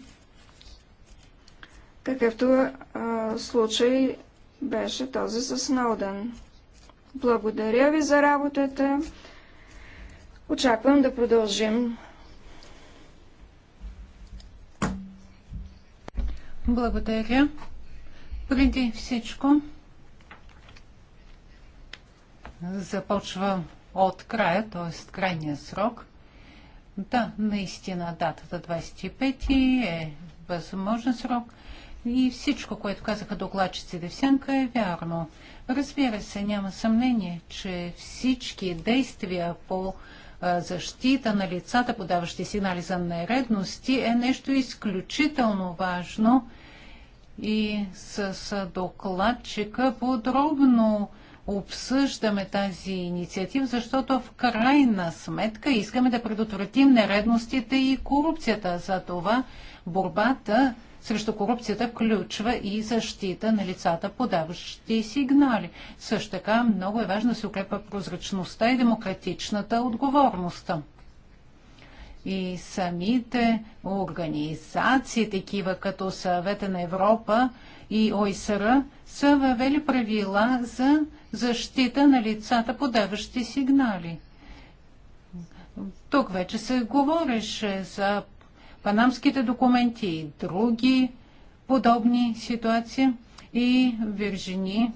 Какъвто а, случай беше този с Сноудън. Благодаря ви за работата. Очаквам да продължим. Благодаря. Преди всичко започва от края, т.е. крайния срок. Да, наистина датата 25 е възможен срок и всичко, което казаха докладчиците в сянка е вярно. Разбира се, няма съмнение, че всички действия по защита на лицата, подаващи сигнали за нередности, е нещо изключително важно и с докладчика подробно обсъждаме тази инициатива, защото в крайна сметка искаме да предотвратим нередностите и корупцията. За това борбата срещу корупцията включва и защита на лицата, подаващи сигнали. Също така много е важно да се укрепва прозрачността и демократичната отговорност и самите организации, такива като Съвета на Европа и ОИСР, са въвели правила за защита на лицата, подаващи сигнали. Тук вече се говореше за панамските документи и други подобни ситуации. И Виржини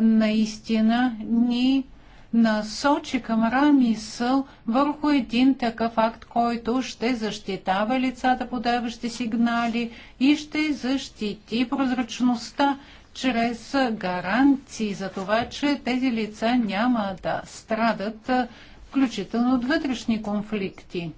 наистина ни насочи към рамисъл върху един такъв акт, който ще защитава лицата, подаващи сигнали и ще защити прозрачността чрез гаранции за това, че тези лица няма да страдат, включително от вътрешни конфликти.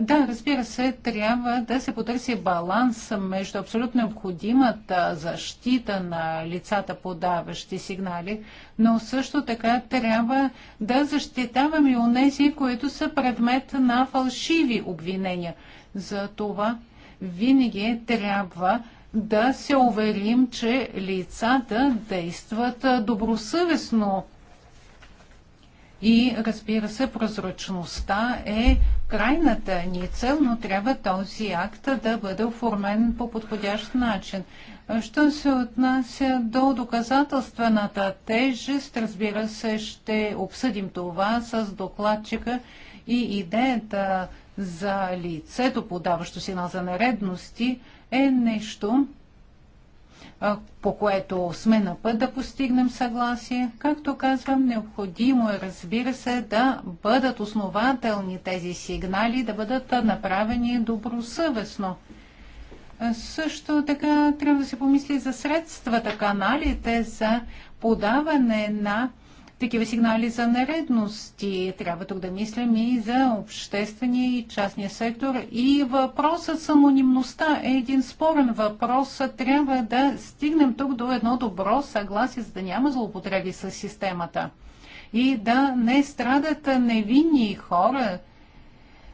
Да, разбира се, трябва да се потърси баланс между абсолютно необходимата защита на лицата, подаващи сигнали, но също така трябва да защитаваме и унези, които са предмет на фалшиви обвинения. За това винаги трябва да се уверим, че лицата действат добросъвестно и разбира се, прозрачността е крайната ни цел, но трябва този акт да бъде оформен по подходящ начин. Що се отнася до доказателствената тежест, разбира се, ще обсъдим това с докладчика и идеята за лицето, подаващо сигнал за наредности, е нещо, по което сме на път да постигнем съгласие. Както казвам, необходимо е, разбира се, да бъдат основателни тези сигнали, да бъдат направени добросъвестно. Също така трябва да се помисли за средствата, каналите за подаване на такива сигнали за нередности. Трябва тук да мислим и за обществения и частния сектор. И въпросът с анонимността е един спорен въпрос. Трябва да стигнем тук до едно добро съгласие, за да няма злоупотреби с системата. И да не страдат невинни хора.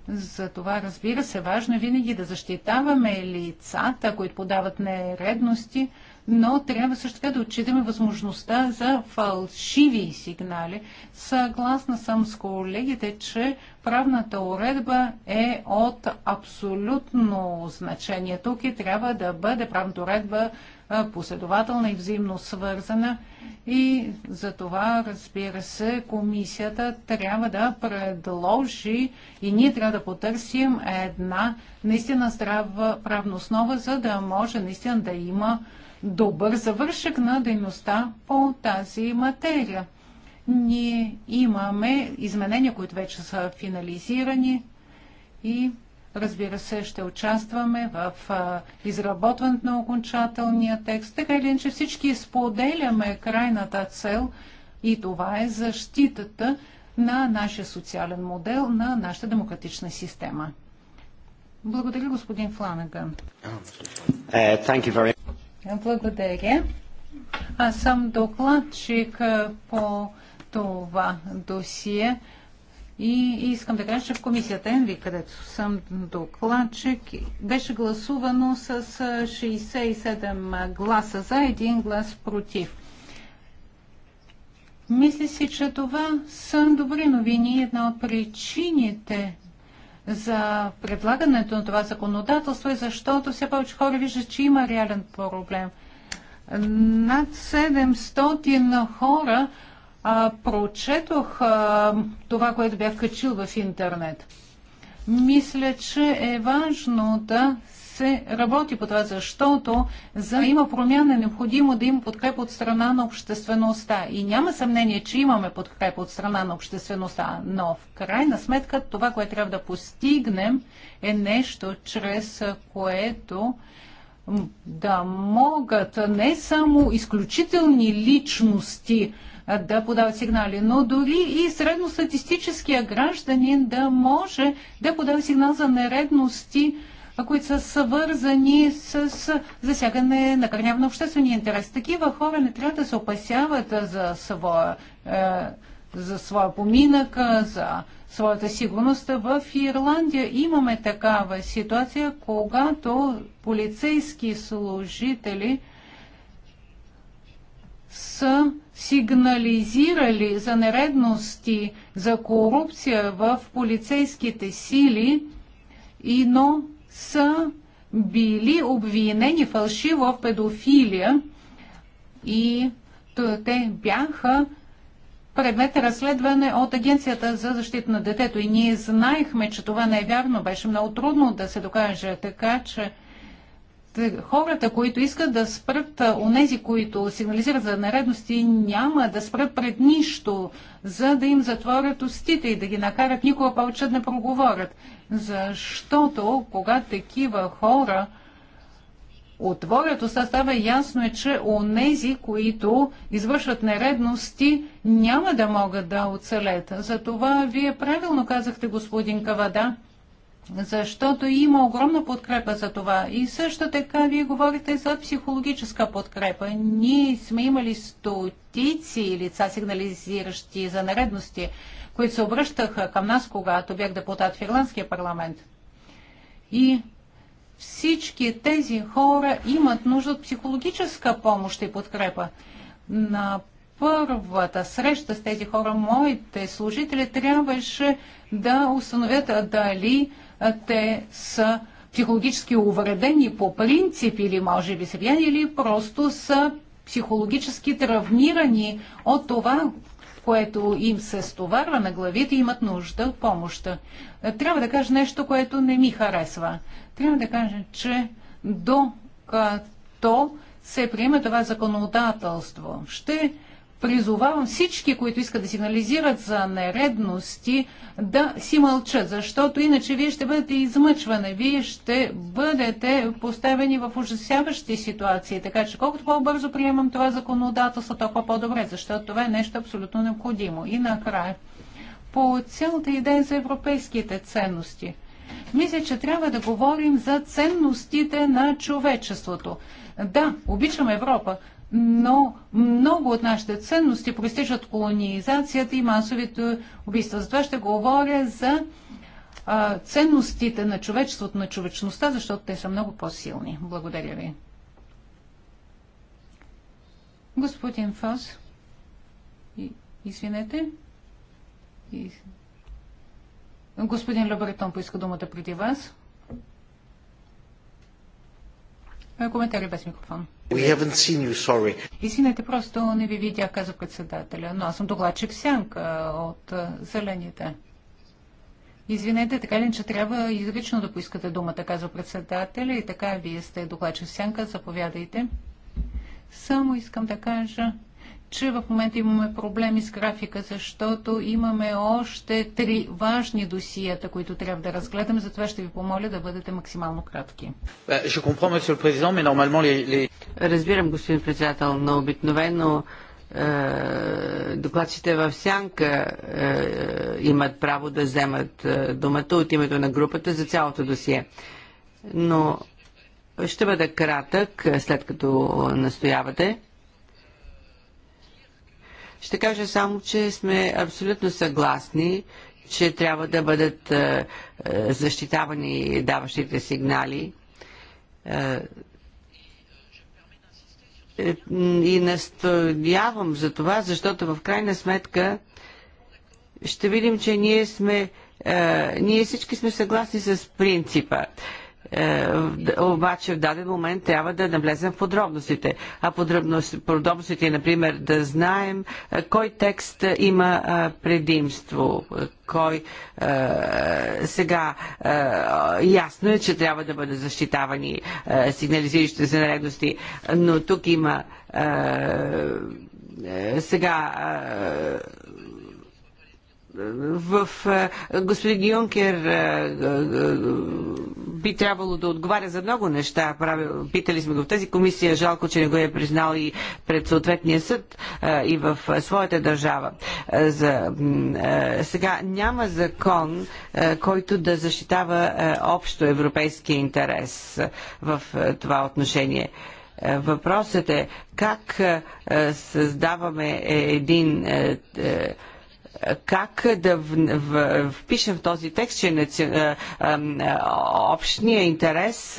За това, разбира се, важно е винаги да защитаваме лицата, които подават нередности – но трябва също така да отчитаме възможността за фалшиви сигнали. Съгласна съм с колегите, че правната уредба е от абсолютно значение тук и трябва да бъде правната уредба последователна и взаимно свързана. И за това, разбира се, комисията трябва да предложи и ние трябва да потърсим една наистина здрава правна основа, за да може наистина да има добър завършък на дейността по тази материя. Ние имаме изменения, които вече са финализирани и разбира се, ще участваме в изработването на окончателния текст. Така или иначе всички споделяме крайната цел и това е защитата на нашия социален модел, на нашата демократична система. Благодаря, господин Фланаган. Е, благодаря. Аз съм докладчик по това досие и искам да кажа, че в комисията ЕНВИ, където съм докладчик, беше гласувано с 67 гласа за, един глас против. Мисля си, че това са добри новини. Една от причините за предлагането на това законодателство и защото все повече хора виждат, че има реален проблем. Над 700 хора а, прочетох а, това, което бях качил в интернет. Мисля, че е важно да се работи по това, защото за да има промяна е необходимо да има подкрепа от страна на обществеността. И няма съмнение, че имаме подкрепа от страна на обществеността, но в крайна сметка това, което трябва да постигнем е нещо, чрез което да могат не само изключителни личности да подават сигнали, но дори и средностатистическия гражданин да може да подава сигнал за нередности които са свързани с засягане на на обществения интерес. Такива хора не трябва да се опасяват за своя, е, за своя поминък, за своята сигурност. В Ирландия имаме такава ситуация, когато полицейски служители са сигнализирали за нередности, за корупция в полицейските сили, и но са били обвинени фалшиво в педофилия и те бяха предмет разследване от Агенцията за защита на детето. И ние знаехме, че това не е вярно. Беше много трудно да се докаже, така че хората, които искат да спрат, онези, които сигнализират за наредности, няма да спрат пред нищо, за да им затворят устите и да ги накарат никога повече да проговорят. Защото, когато такива хора отворят уста, става ясно е, че онези, които извършват нередности, няма да могат да оцелят. Затова вие правилно казахте, господин Кавада, защото има огромна подкрепа за това. И също така вие говорите за психологическа подкрепа. Ние сме имали стотици лица, сигнализиращи за наредности, които се обръщаха към нас, когато бях депутат в Ирландския парламент. И всички тези хора имат нужда от психологическа помощ и подкрепа. На първата среща с тези хора, моите служители трябваше да установят дали те са психологически увредени по принцип или може би са влияни, или просто са психологически травмирани от това, което им се стоварва на главите, имат нужда от помощ. Трябва да кажа нещо, което не ми харесва. Трябва да кажа, че докато се приеме това законодателство, ще призовавам всички, които искат да сигнализират за нередности, да си мълчат, защото иначе вие ще бъдете измъчвани, вие ще бъдете поставени в ужасяващи ситуации. Така че колкото по-бързо приемам това законодателство, толкова по-добре, защото това е нещо абсолютно необходимо. И накрая, по цялата идея за европейските ценности. Мисля, че трябва да говорим за ценностите на човечеството. Да, обичам Европа, но много от нашите ценности проистичат колонизацията и масовите убийства. Затова ще говоря за а, ценностите на човечеството, на човечността, защото те са много по-силни. Благодаря ви. Господин Фос, извинете. Господин Лебретон поиска думата преди вас. Е, коментари без микрофон. We haven't seen you, sorry. Извинете, просто не ви видях, каза председателя, но аз съм докладчик сянка от зелените. Извинете, така ли, че трябва изрично да поискате думата, казва председателя и така вие сте докладчик сянка, заповядайте. Само искам да кажа, че в момента имаме проблеми с графика, защото имаме още три важни досиета, които трябва да разгледаме. Затова ще ви помоля да бъдете максимално кратки. Е, Разбирам, господин председател, но обикновено е, докладчите в сянка е, имат право да вземат е, думата от името на групата за цялото досие. Но ще бъда кратък, е, след като настоявате. Ще кажа само, че сме абсолютно съгласни, че трябва да бъдат е, е, защитавани даващите сигнали е, и настоявам за това, защото в крайна сметка ще видим, че ние сме, ние всички сме съгласни с принципа. Е, обаче в даден момент трябва да навлезем в подробностите. А подробностите, например, да знаем е, кой текст има е, предимство, кой сега ясно е, че трябва да бъдат защитавани сигнализиращите за наредности, но тук има сега в е, господин Юнкер е, е, би трябвало да отговаря за много неща. Питали сме го в тази комисия. Жалко, че не го е признал и пред съответния съд и в своята държава. За, сега няма закон, който да защитава общо европейския интерес в това отношение. Въпросът е как създаваме един как да впишем в този текст, че общния интерес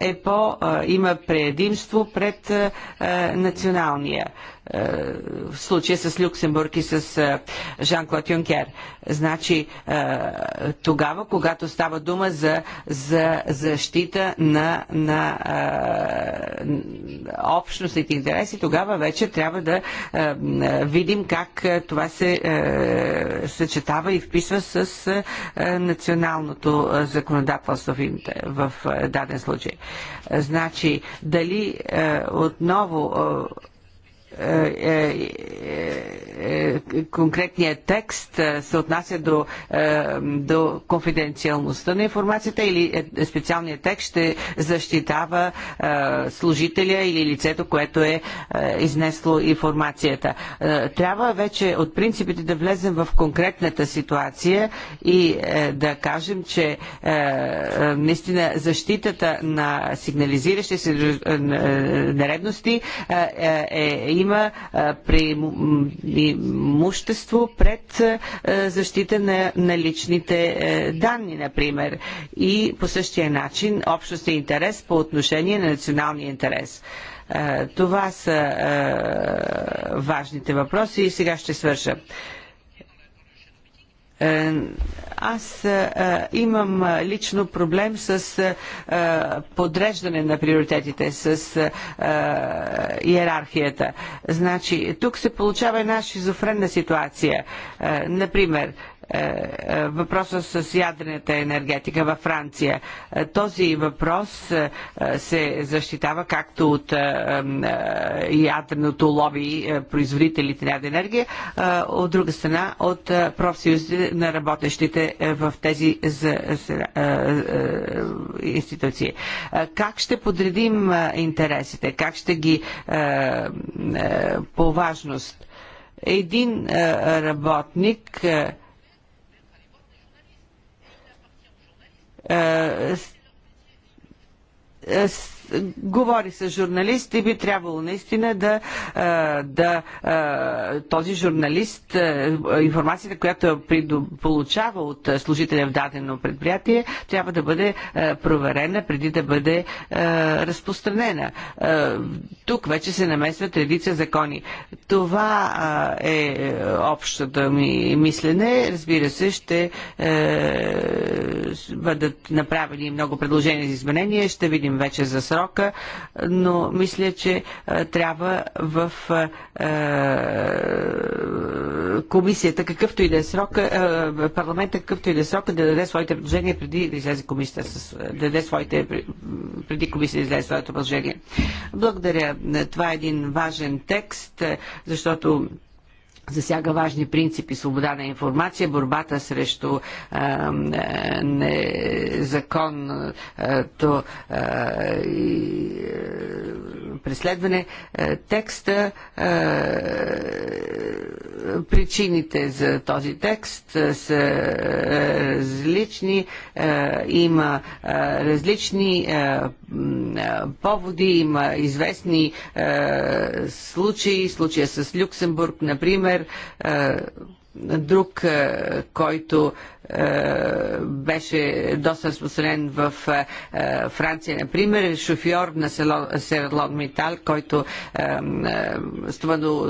е по, има предимство пред националния в случая с Люксембург и с Жан-Клод Юнкер. Значи тогава, когато става дума за, за защита на, на общностните интереси, тогава вече трябва да видим как това се съчетава и вписва с националното законодателство в даден случай. Значи, дали отново е, е, е, конкретният текст се отнася до, до конфиденциалността на информацията или специалният текст ще защитава служителя или лицето, което е изнесло информацията. Трябва вече от принципите да влезем в конкретната ситуация и да кажем, че наистина защитата на сигнализиращи се наредности е има има преимущество пред защита на, на личните е, данни, например. И по същия начин общностен интерес по отношение на националния интерес. Това са важните въпроси и сега ще свърша. Е, аз е, имам е, лично проблем с подреждане на приоритетите, с иерархията. Значи, тук се получава една шизофренна ситуация. Например, е, е, въпроса с ядрената енергетика във Франция. Е, този въпрос се защитава както от ядреното лоби производителите на енергия, от друга страна от профсъюзите на работещите в тези институции. Как ще подредим интересите? Как ще ги по важност? един работник Е, с е, говори с журналист и би трябвало наистина да, да този журналист, информацията, която е получава от служителя в дадено предприятие, трябва да бъде проверена преди да бъде разпространена. Тук вече се намесват редица закони. Това е общото ми мислене. Разбира се, ще е, бъдат направени много предложения за изменения. Ще видим вече за срок посока, но мисля, че е, трябва в е, е, комисията, какъвто и да е е, парламента, какъвто и да е срока, да даде своите предложения преди да излезе комисията, с, да даде своите, преди комисията да излезе своето предложение. Благодаря. Това е един важен текст, защото засяга важни принципи свобода на информация, борбата срещу а, е, незаконното а, и, е, преследване, е, текста, е, причините за този текст е, са различни, има различни поводи, има известни случаи, случая с Люксембург, например, друг, е, който е, беше доста разпространен в е, Франция, например, шофьор на Серлон Митал, който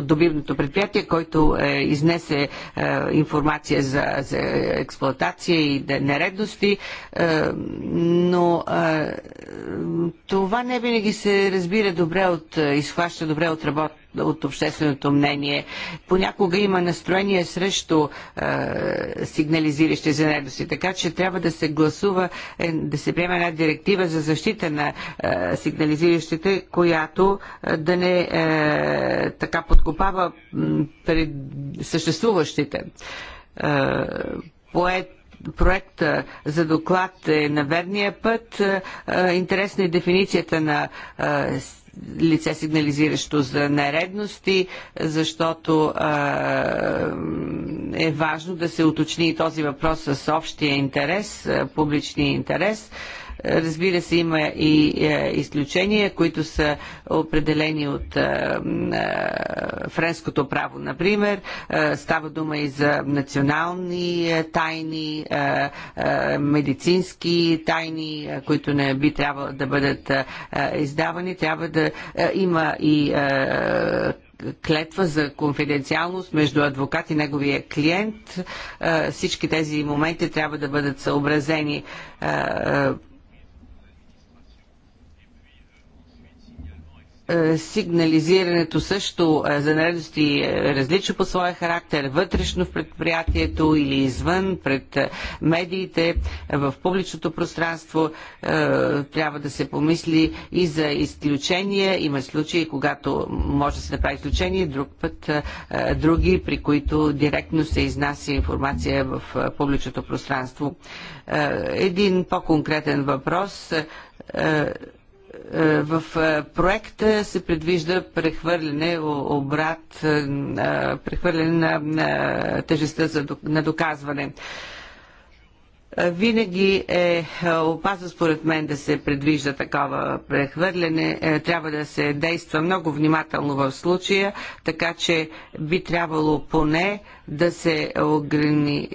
добивното предприятие, който изнесе информация за, за експлоатация и нередности, но това не винаги се разбира добре от, изхваща добре от работа от общественото мнение. Понякога има настроение срещу е, сигнализиращи за недоси, така че трябва да се гласува, е, да се приема една директива за защита на е, сигнализиращите, която е, да не е, така подкопава пред съществуващите. Е, поет проекта за доклад е на верния път. Е, е, интересна е дефиницията на е, лице сигнализиращо за нередности, защото е важно да се уточни и този въпрос с общия интерес, публичния интерес. Разбира се, има и е, изключения, които са определени от е, е, френското право, например. Става дума и за национални тайни, медицински тайни, които не би трябвало да бъдат издавани. Трябва да има и клетва за конфиденциалност между адвокат и неговия клиент. Всички тези моменти трябва да бъдат съобразени Е, сигнализирането също е, за нередности е различно по своя характер, вътрешно в предприятието или извън, пред е, медиите, в публичното пространство. Трябва да се помисли и за изключения. Има случаи, когато може да се направи изключение, друг път други, при които директно се изнася информация в публичното пространство. Един по-конкретен въпрос е, в е, проекта се предвижда прехвърляне, обрат, е, прехвърляне на, на тежестта за, на доказване. Винаги е опасно според мен да се предвижда такова прехвърляне. Трябва да се действа много внимателно в случая, така че би трябвало поне да се ограни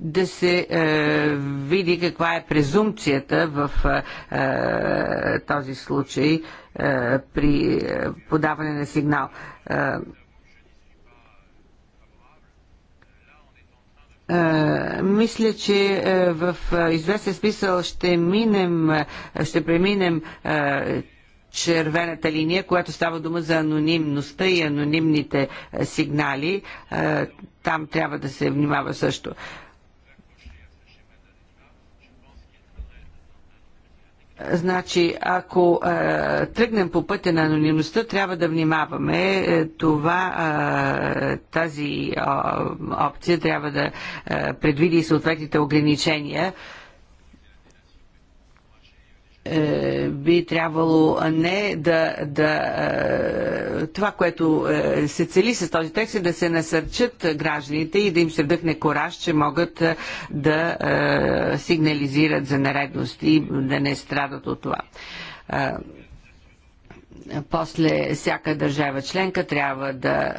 да се е, види каква е презумпцията в е, е този случай е, при е, подаване на сигнал. Е, е мисля, че в известен смисъл ще минем, ще преминем червената линия, която става дума за анонимността и анонимните сигнали. Там трябва да се внимава също. Значи, ако е, тръгнем по пътя на анонимността, трябва да внимаваме. Е, това, е, тази е, опция трябва да е, предвиди съответните ограничения. Е, би трябвало не да, да е, това, което е, се цели с този текст е да се насърчат гражданите и да им се вдъхне кораж, че могат да сигнализират за нередности и да не страдат от това после всяка държава членка трябва да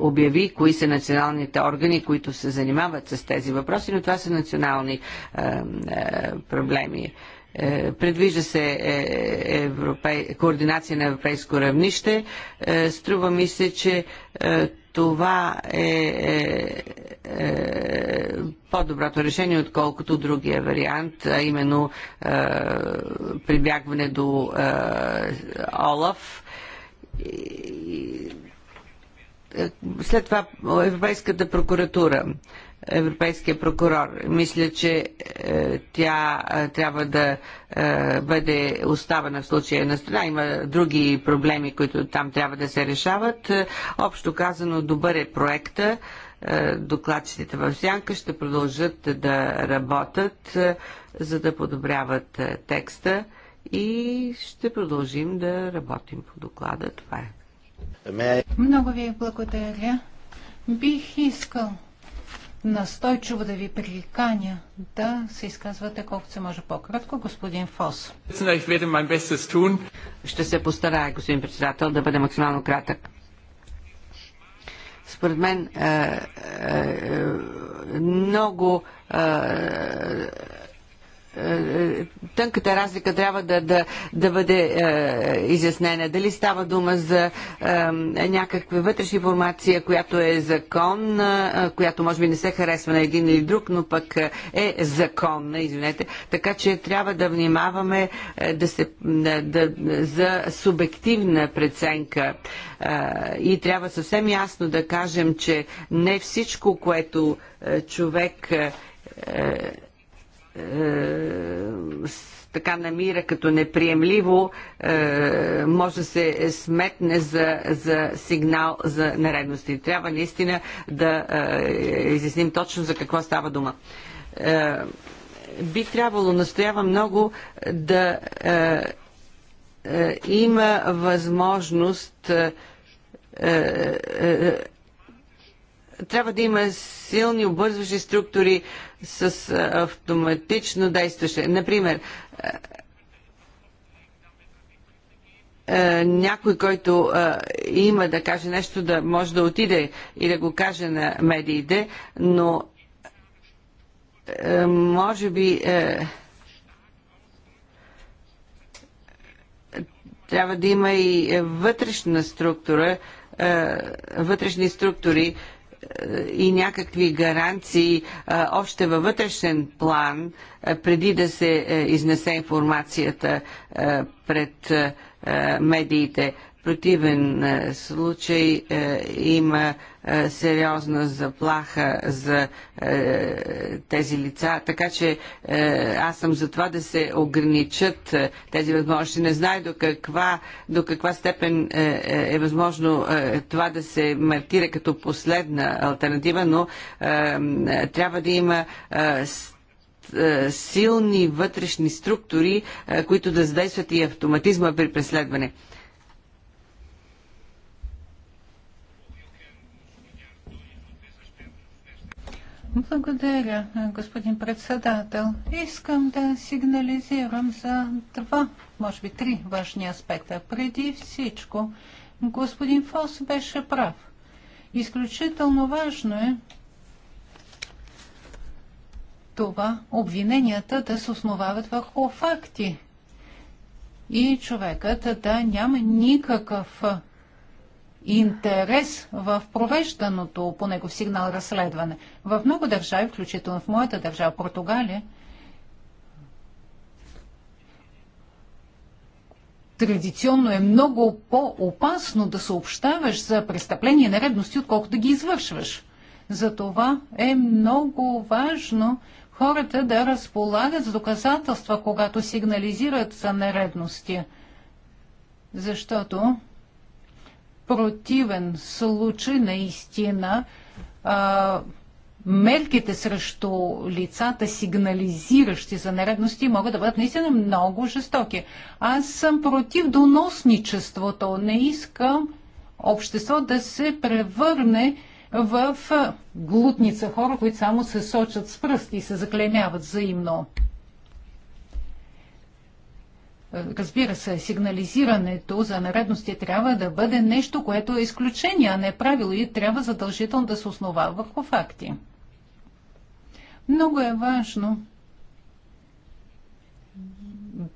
обяви кои са националните органи, които се занимават с тези въпроси, но това са национални е, е, проблеми. Е, предвижда се европей... координация на европейско равнище. Струва ми се, че това е, е, е по-доброто решение, отколкото другия вариант, а именно е, прибягване до е, Олаф. Е, след това Европейската прокуратура, Европейския прокурор, мисля, че е, тя е, трябва да е, бъде оставена в случая на страна. Има други проблеми, които там трябва да се решават. Е, общо казано, добър е проекта. Е, докладчетите в Сянка ще продължат да работят, за да подобряват текста и ще продължим да работим по доклада. Това е. Много ви благодаря. Бих искал настойчиво да ви приканя да се изказвате колкото се може по-кратко, господин Фос. Ще се постарая, господин председател, да бъде максимално кратък. Според мен е, е, е много е, тънката разлика трябва да, да, да бъде е, изяснена. Дали става дума за е, някаква вътрешна информация, която е законна, е, която може би не се харесва на един или друг, но пък е законна, извинете. Така че трябва да внимаваме е, да се, да, да, за субективна преценка е, и трябва съвсем ясно да кажем, че не всичко, което е, човек е, е, така намира като неприемливо, е, може да се сметне за, за сигнал за нередности. Трябва наистина да е, изясним точно за какво става дума би трябвало, настоява много, да има възможност трябва да има силни обвързващи структури с автоматично действаше. Например, някой, който има да каже нещо, да може да отиде и да го каже на медиите, но може би трябва да има и вътрешна структура, вътрешни структури, и някакви гаранции още във вътрешен план, преди да се изнесе информацията пред медиите противен е, случай е, има е, сериозна заплаха за тези лица, така че аз съм за това да се ограничат тези възможности. Не знае до каква, до каква степен е възможно това да се мартира като последна альтернатива, но трябва да има силни вътрешни структури, които да задействат и автоматизма при преследване. Благодаря, господин председател. Искам да сигнализирам за два, може би три важни аспекта. Преди всичко, господин Фос беше прав. Изключително важно е това обвиненията да се основават върху факти и човекът да няма никакъв интерес в провежданото по него сигнал разследване. В много държави, включително в моята държава, Португалия, традиционно е много по-опасно да съобщаваш за престъпления и наредности, отколкото да ги извършваш. Затова е много важно хората да разполагат с доказателства, когато сигнализират за нередности. Защото противен случай наистина а, мерките срещу лицата, сигнализиращи за нередности, могат да бъдат наистина много жестоки. Аз съм против доносничеството. Не искам общество да се превърне в глутница хора, които само се сочат с пръсти и се заклемяват взаимно. Разбира се, сигнализирането за наредности трябва да бъде нещо, което е изключение, а не правило и трябва задължително да се основа върху факти. Много е важно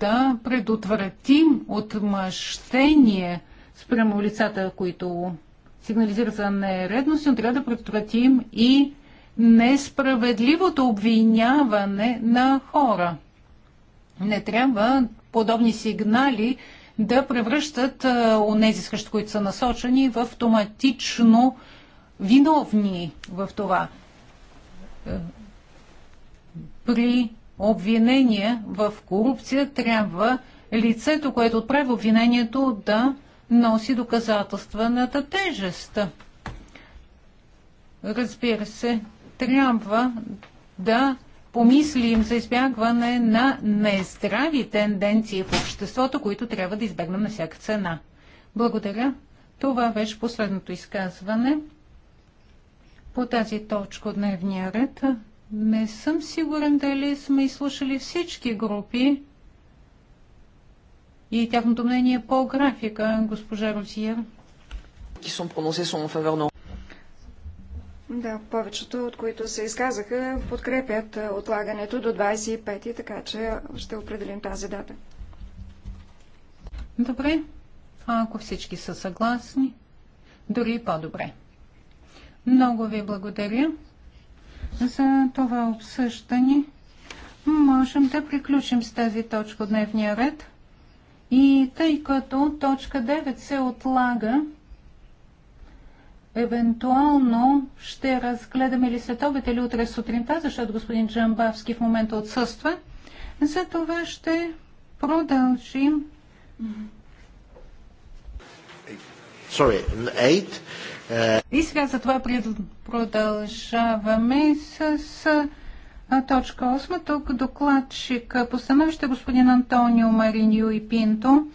да предотвратим отмъщение спрямо лицата, които сигнализират за нередност, но трябва да предотвратим и несправедливото обвиняване на хора. Не трябва подобни сигнали да превръщат онези, срещу които са насочени, в автоматично виновни в това. Е, при обвинение в корупция трябва лицето, което отправи обвинението, да носи доказателствената тежест. Разбира се, трябва да помислим за избягване на нездрави тенденции в обществото, които трябва да избегнем на всяка цена. Благодаря. Това беше последното изказване. По тази точка от дневния ред не съм сигурен дали сме изслушали всички групи и тяхното мнение по графика, госпожа Русия. Да, повечето, от които се изказаха, подкрепят отлагането до 25, така че ще определим тази дата. Добре. А ако всички са съгласни, дори по-добре. Много ви благодаря за това обсъждане. Можем да приключим с тази точка от дневния ред. И тъй като точка 9 се отлага, евентуално ще разгледаме ли след обед или утре сутринта, защото господин Джамбавски в момента отсъства. За това ще продължим. Sorry, eight. Uh... И сега за това продължаваме с, с точка 8. Тук докладчик по становище господин Антонио Мариньо и Пинто.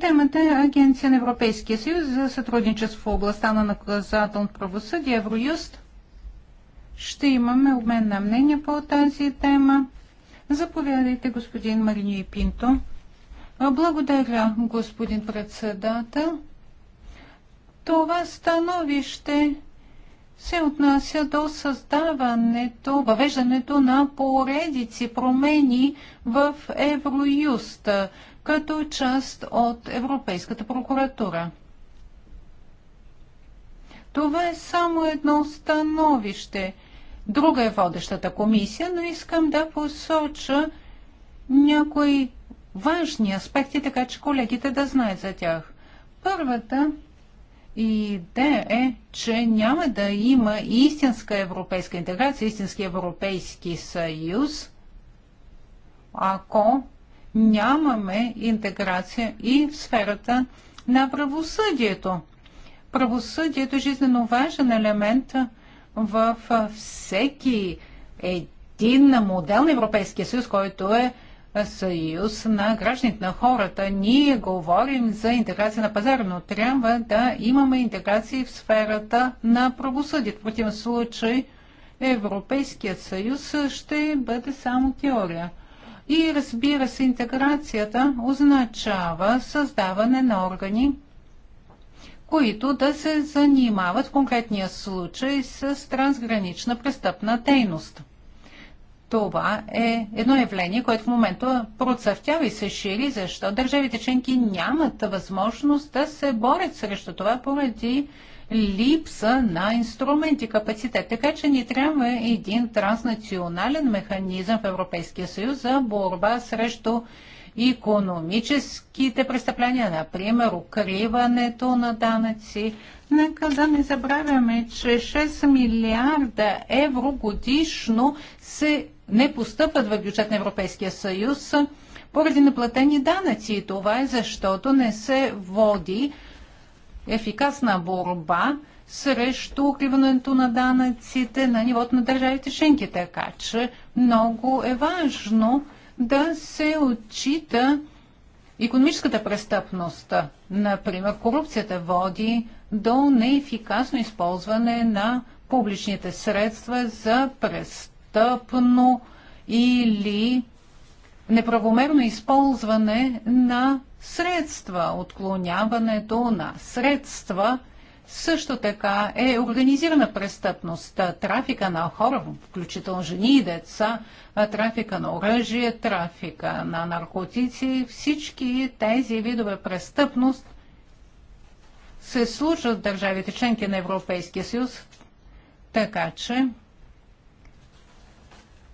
Темата е Агенция на Европейския съюз за сътрудничество в областта на наказателното правосъдие Евроюст. Ще имаме обмен на мнение по тази тема. Заповядайте, господин Марини Пинто. Благодаря, господин председател. Това становище се отнася до създаването, въвеждането на поредици промени в Евроюста като част от Европейската прокуратура. Това е само едно становище. Друга е водещата комисия, но искам да посоча някои важни аспекти, така че колегите да знаят за тях. Първата идея е, че няма да има истинска европейска интеграция, истински европейски съюз, ако нямаме интеграция и в сферата на правосъдието. Правосъдието е жизненно важен елемент в всеки един модел на Европейския съюз, който е съюз на гражданите, на хората. Ние говорим за интеграция на пазара, но трябва да имаме интеграция в сферата на правосъдието. В противен случай Европейският съюз ще бъде само теория. И разбира се, интеграцията означава създаване на органи, които да се занимават в конкретния случай с трансгранична престъпна дейност. Това е едно явление, което в момента процъфтява и се шири, защо държавите членки нямат възможност да се борят срещу това поради липса на инструменти, капацитет. Така че ни трябва един транснационален механизъм в Европейския съюз за борба срещу економическите престъпления, например, укриването на данъци. Нека да не забравяме, че 6 милиарда евро годишно се не постъпват в бюджет на Европейския съюз поради неплатени данъци. И това е защото не се води ефикасна борба срещу укриването на данъците на нивото на държавите членки. Така че много е важно да се отчита економическата престъпност. Например, корупцията води до неефикасно използване на публичните средства за престъпно или неправомерно използване на средства, отклоняването на средства, също така е организирана престъпност, трафика на хора, включително жени и деца, трафика на оръжие, трафика на наркотици. Всички тези видове престъпност се случват в държавите членки на Европейския съюз, така че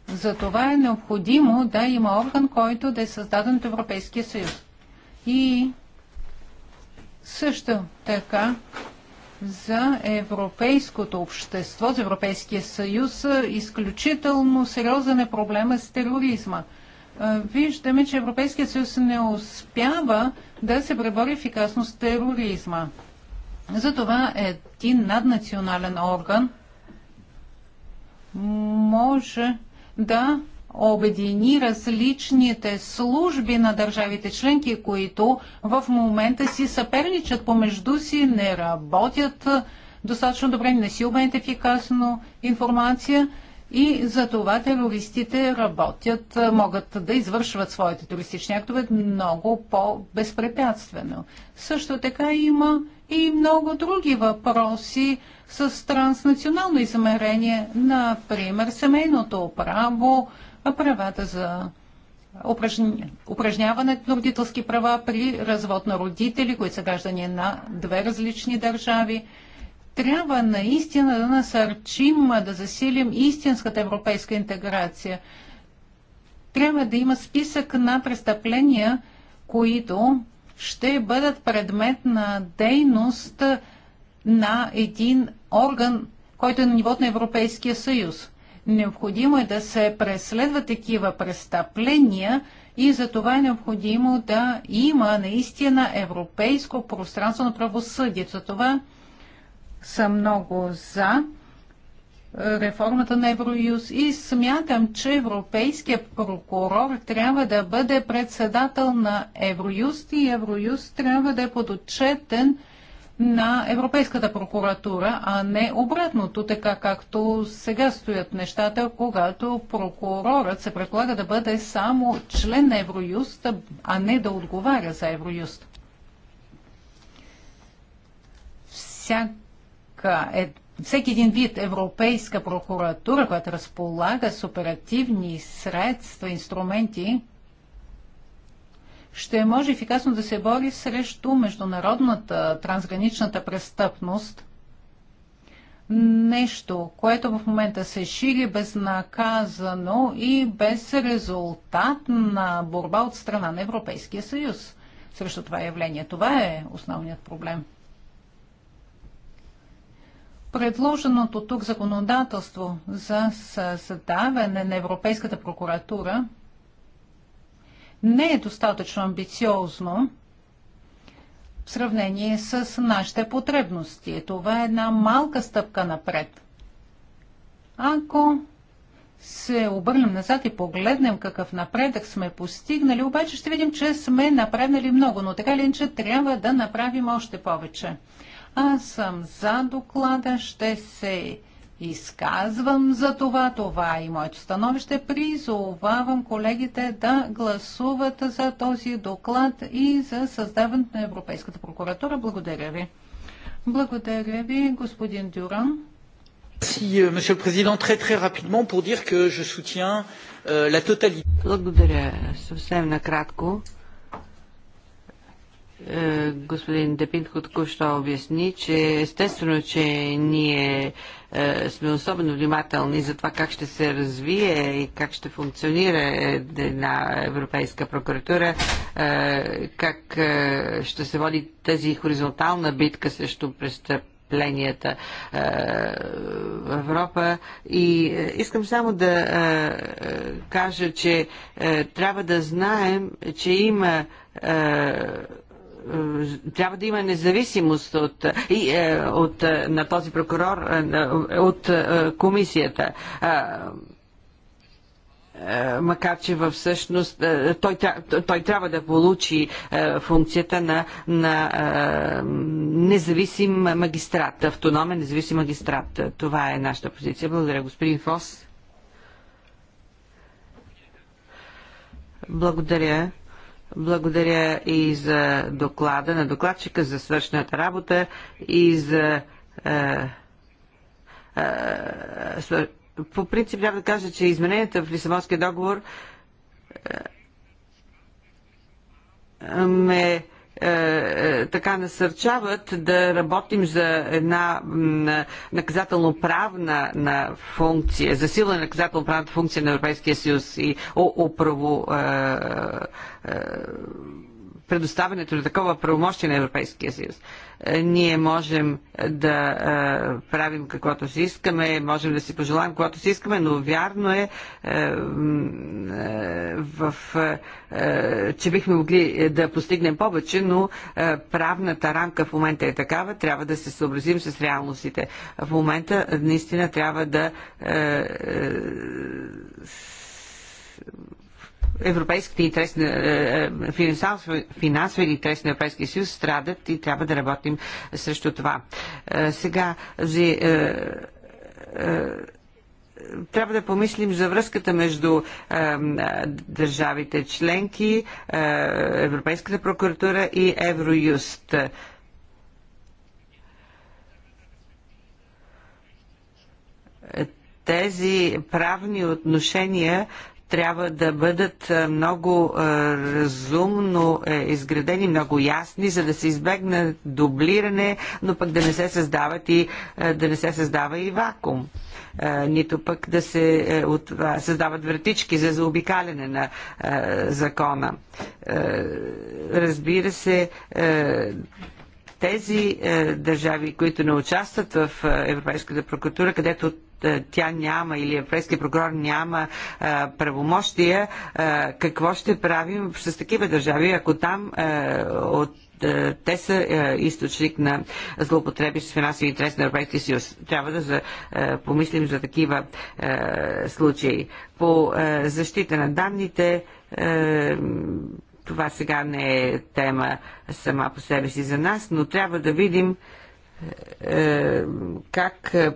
за това е необходимо да има орган, който да е създаден от Европейския съюз и също така за европейското общество, за Европейския съюз, изключително сериозен е проблема с тероризма. Виждаме, че Европейския съюз не успява да се пребори ефикасно с тероризма. Затова един наднационален орган може да обедини различните служби на държавите членки, които в момента си съперничат помежду си, не работят достатъчно добре, не си обменят ефикасно информация и за това терористите работят, могат да извършват своите туристични актове много по-безпрепятствено. Също така има и много други въпроси с транснационално измерение, например семейното право, правата за упражняването на родителски права при развод на родители, които са граждани на две различни държави. Трябва наистина да насърчим, да засилим истинската европейска интеграция. Трябва да има списък на престъпления, които ще бъдат предмет на дейност на един орган, който е на нивото на Европейския съюз. Необходимо е да се преследват такива престъпления и за това е необходимо да има наистина европейско пространство на правосъдие. За това съм много за е, реформата на Евроюз и смятам, че европейският прокурор трябва да бъде председател на Евроюз и Евроюз трябва да е подотчетен на Европейската прокуратура, а не обратното, така както сега стоят нещата, когато прокурорът се предполага да бъде само член на Евроюст, а не да отговаря за Евроюст. Всяка е, всеки един вид Европейска прокуратура, която разполага с оперативни средства, инструменти, ще може ефикасно да се бори срещу международната трансграничната престъпност. Нещо, което в момента се шири безнаказано и без резултат на борба от страна на Европейския съюз срещу това явление. Това е основният проблем. Предложеното тук законодателство за създаване на Европейската прокуратура – не е достатъчно амбициозно в сравнение с нашите потребности. Това е една малка стъпка напред. Ако се обърнем назад и погледнем какъв напредък сме постигнали, обаче ще видим, че сме напреднали много, но така ли, че трябва да направим още повече. Аз съм за доклада, ще се изказвам за това. Това е и моето становище. Призовавам колегите да гласуват за този доклад и за създаването на Европейската прокуратура. Благодаря ви. Благодаря ви, господин Дюран. Euh, Monsieur le Président, très très rapidement pour dire que je soutiens euh, la totalité. Благодаря. Съвсем накратко. Е, господин Депинко току-що обясни, че естествено, че ние е, сме особено внимателни за това как ще се развие и как ще функционира една Европейска прокуратура, е, как е, ще се води тази хоризонтална битка срещу престъп пленията в Европа. И искам само да кажа, че трябва да знаем, че има е, трябва да има независимост от, и, е, от, е, на този прокурор от комисията макар че всъщност той, той трябва да получи функцията на, на независим магистрат, автономен независим магистрат. Това е нашата позиция. Благодаря, господин Фос. Благодаря. Благодаря и за доклада на докладчика, за свършната работа и за. Е, е, по принцип трябва да кажа, че измененията в Лисабонския договор е, ме е, е, така насърчават да работим за една наказателно-правна на функция, засилена на наказателно-правната функция на Европейския съюз и оправо. Е, е, предоставянето на такова правомощие на Европейския съюз. Е, ние можем е, да е, правим каквото си искаме, можем да си пожелаем каквото си искаме, но вярно е, в, че бихме могли да постигнем повече, но правната рамка в момента е такава, трябва да се съобразим с реалностите. В момента наистина трябва да европейските интереси, е, е, финансови, финансови интереси на Европейския съюз страдат и трябва да работим срещу това. Е, сега за трябва да помислим за връзката между е, държавите членки, е, Европейската прокуратура и Евроюст. Тези правни отношения трябва да бъдат много разумно е, изградени, много ясни, за да се избегне дублиране, но пък да не се създават и да не се създава и вакуум нито пък да се е, създават вратички за заобикаляне на закона. Разбира се, тези е, държави, които не участват в е, Европейската прокуратура, където е, тя няма или европейския прокурор няма а, е, правомощия, а, какво ще правим с такива държави, ако там а, от те са източник на злоупотреби с финансови интерес на Европейския съюз. Трябва да за, помислим за такива случаи. По защита на данните това сега не е тема сама по себе си за нас, но трябва да видим е, как е,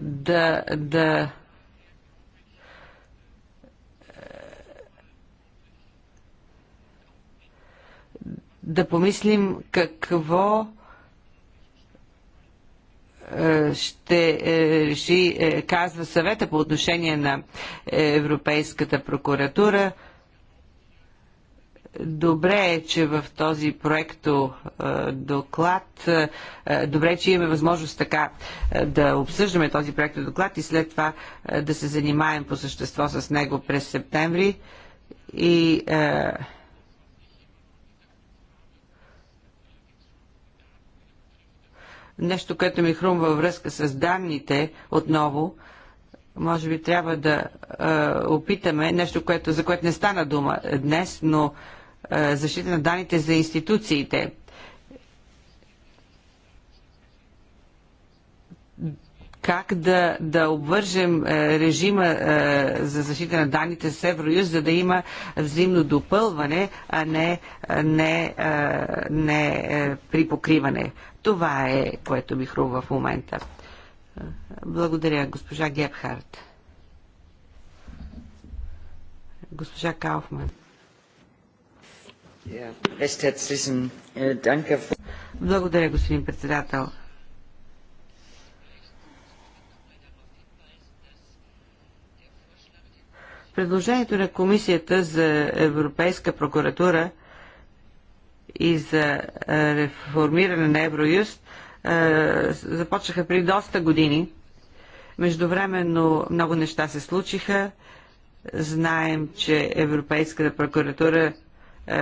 да, да да помислим какво е, ще е, реши, е, казва съвета по отношение на Европейската прокуратура. Добре е, че в този проекто доклад, добре е, че имаме възможност така да обсъждаме този проекто доклад и след това да се занимаем по същество с него през септември. И нещо, което ми хрумва във връзка с данните отново, може би трябва да е, опитаме нещо, което, за което не стана дума днес, но е, защита на данните за институциите. Как да, да обвържем е, режима е, за защита на данните с Евроюз, за да има взаимно допълване, а не, не, е, не е, припокриване. Това е, което ми хрумва в момента. Благодаря, госпожа Гебхарт. Госпожа Кауфман. Äh, Благодаря, господин председател. Предложението на Комисията за Европейска прокуратура – и за реформиране на Евроюст започнаха при доста години. Междувременно много неща се случиха. Знаем, че Европейската прокуратура е,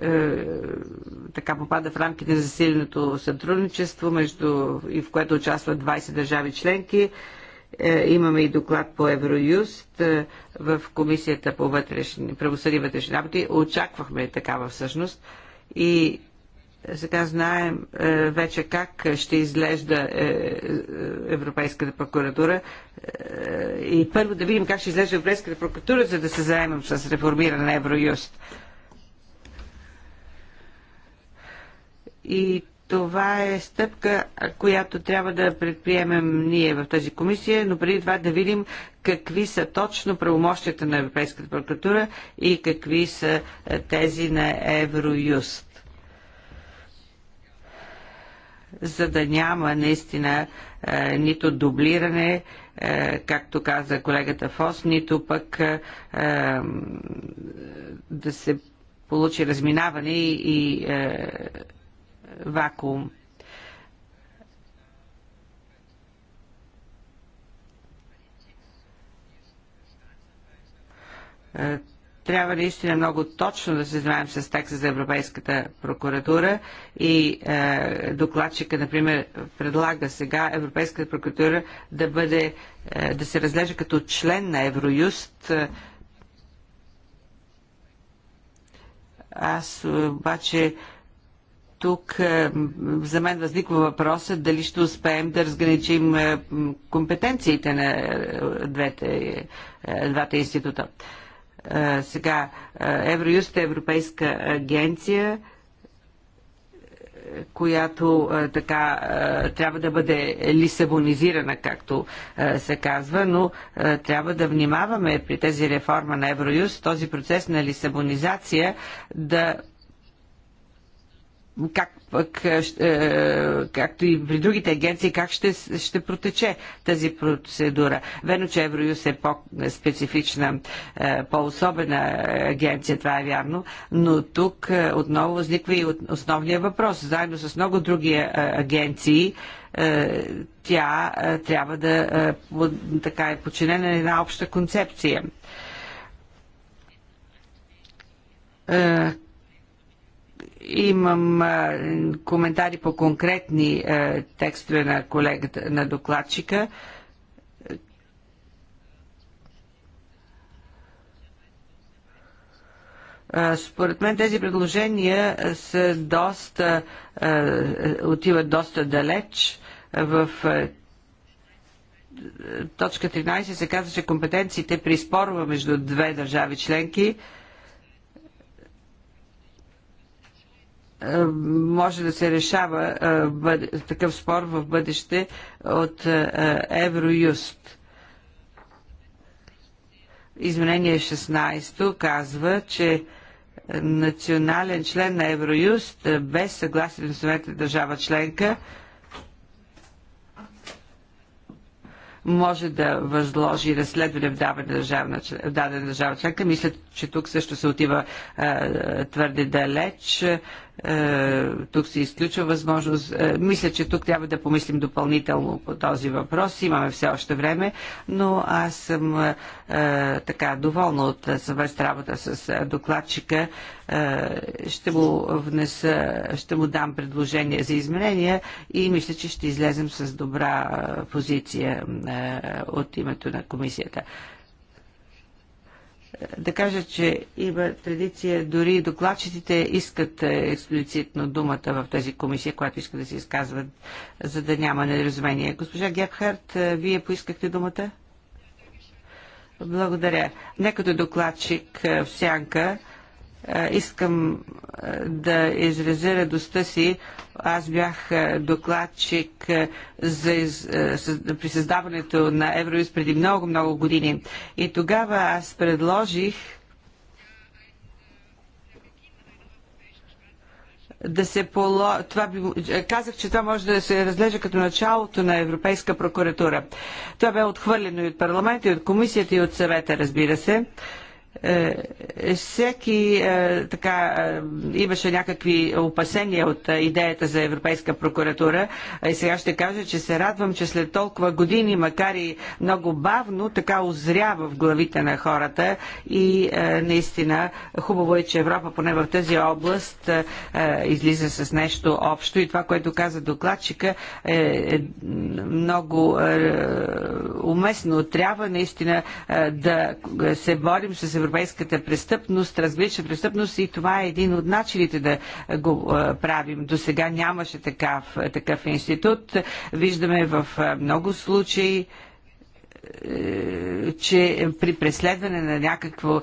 е, така попада в рамките на засиленото сътрудничество, между, и в което участват 20 държави членки. Е, е, имаме и доклад по Евроюст е, в Комисията по вътрешни, правосъди вътрешни работи. Очаквахме такава всъщност. И сега знаем е, вече как ще изглежда Европейската прокуратура и първо да видим как ще изглежда Европейската прокуратура, за да се заемем с реформиране на Евроюст. И това е стъпка, която трябва да предприемем ние в тази комисия, но преди това да видим какви са точно правомощията на Европейската прокуратура и какви са е, тези на Евроюст. За да няма наистина е, нито дублиране, е, както каза колегата Фос, нито пък е, е да се получи разминаване и. е, вакуум. Е, трябва наистина много точно да се знаем с текста за Европейската прокуратура и е, докладчика, например, предлага сега Европейската прокуратура да бъде, е, да се разглежда като член на Евроюст. Е, аз е, обаче тук е, за мен възниква въпросът дали ще успеем да разграничим е, компетенциите на е, двете, двата института. Сега, Евроюст е Европейска агенция, която така трябва да бъде лисабонизирана, както се казва, но трябва да внимаваме при тези реформа на Евроюст, този процес на лисабонизация да как пък, е, е, както и при другите агенции, как ще, ще протече тази процедура. Вено, че Евроюз е по-специфична, е, по-особена агенция, това е вярно, но тук отново възниква и основния въпрос. Заедно с много други агенции, тя трябва да така е подчинена на една обща концепция Имам а, коментари по конкретни а, текстове на колегата, на докладчика. Според мен тези предложения са доста, отиват доста далеч. В точка 13 се казва, че компетенциите при спорва между две държави членки Е, може да се решава е, такъв спор в бъдеще от е, Евроюст. Изменение 16 казва, че национален член на Евроюст без съгласие на съвета държава членка може да възложи разследване в дадена държава, в дадена държава членка. Мисля, че тук също се отива твърде далеч. Е, тук се изключва възможност. Е, мисля, че тук трябва да помислим допълнително по този въпрос. Имаме все още време, но аз съм е, така доволна от съвърст работа с докладчика. Ще му внеса, ще му дам предложение за изменения и мисля, че ще излезем с добра позиция от името на комисията да кажа, че има традиция, дори докладчиците искат е, експлицитно думата в тази комисия, която иска да се изказват, за да няма неразумение. Госпожа Гепхарт, е, вие поискахте думата? Благодаря. Некато докладчик е, в сянка е, искам е, да изразя радостта си. Аз бях е, докладчик за, при създаването на Евроюз преди много-много години. И тогава аз предложих да се поло... това би... Казах, че това може да се разлежа като началото на Европейска прокуратура. Това бе отхвърлено и от парламента, и от комисията, и от съвета, разбира се. Uh, е, е, всеки е, така имаше някакви опасения от идеята за Европейска прокуратура. И сега ще кажа, че се радвам, че след толкова години, макар и много бавно, така озрява в главите на хората и наистина хубаво е, че Европа поне в тази област излиза с нещо общо и това, което каза докладчика е много уместно. Трябва наистина да се борим с европейската престъпност, различна престъпност и това е един от начините да го правим. До сега нямаше такав, такъв институт. Виждаме в много случаи е, че при преследване на някакво е,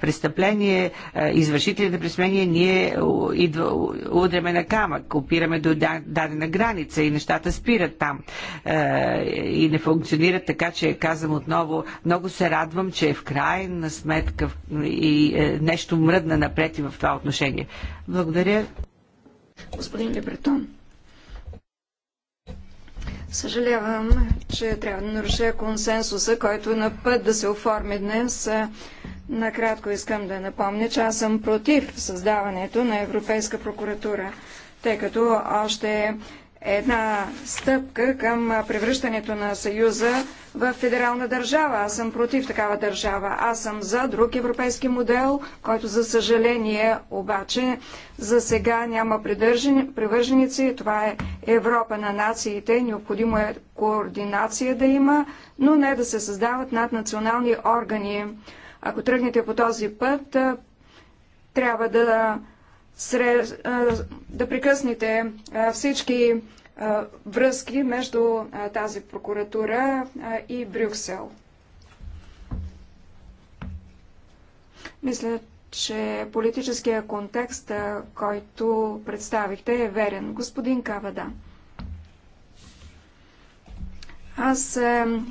престъпление, е, извършителите на престъпление, ние идва, удряме на камък, опираме до дадена граница и нещата спират там и не функционират така, че казвам отново, много се радвам, че е в крайна сметка и нещо мръдна напред и в това отношение. Благодаря. Господин Лебретон. Съжалявам, че трябва да наруша консенсуса, който е на път да се оформи днес. Накратко искам да напомня, че аз съм против създаването на Европейска прокуратура, тъй като още една стъпка към превръщането на Съюза в федерална държава. Аз съм против такава държава. Аз съм за друг европейски модел, който за съжаление обаче за сега няма привърженици. Това е Европа на нациите. Необходимо е координация да има, но не да се създават наднационални органи. Ако тръгнете по този път, трябва да да прекъснете всички връзки между тази прокуратура и Брюксел. Мисля, че политическия контекст, който представихте, е верен. Господин Кавада. Аз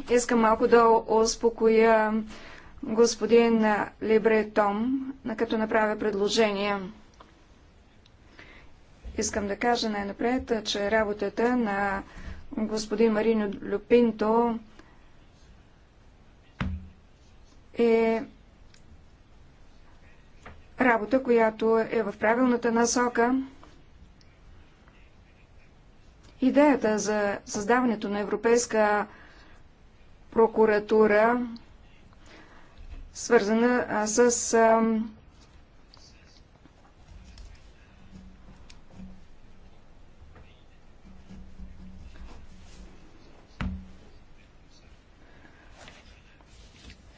искам малко да успокоя господин Либретом, като направя предложение. Искам да кажа най-напред, че работата на господин Марино Люпинто е работа, която е в правилната насока. Идеята за създаването на Европейска прокуратура, свързана с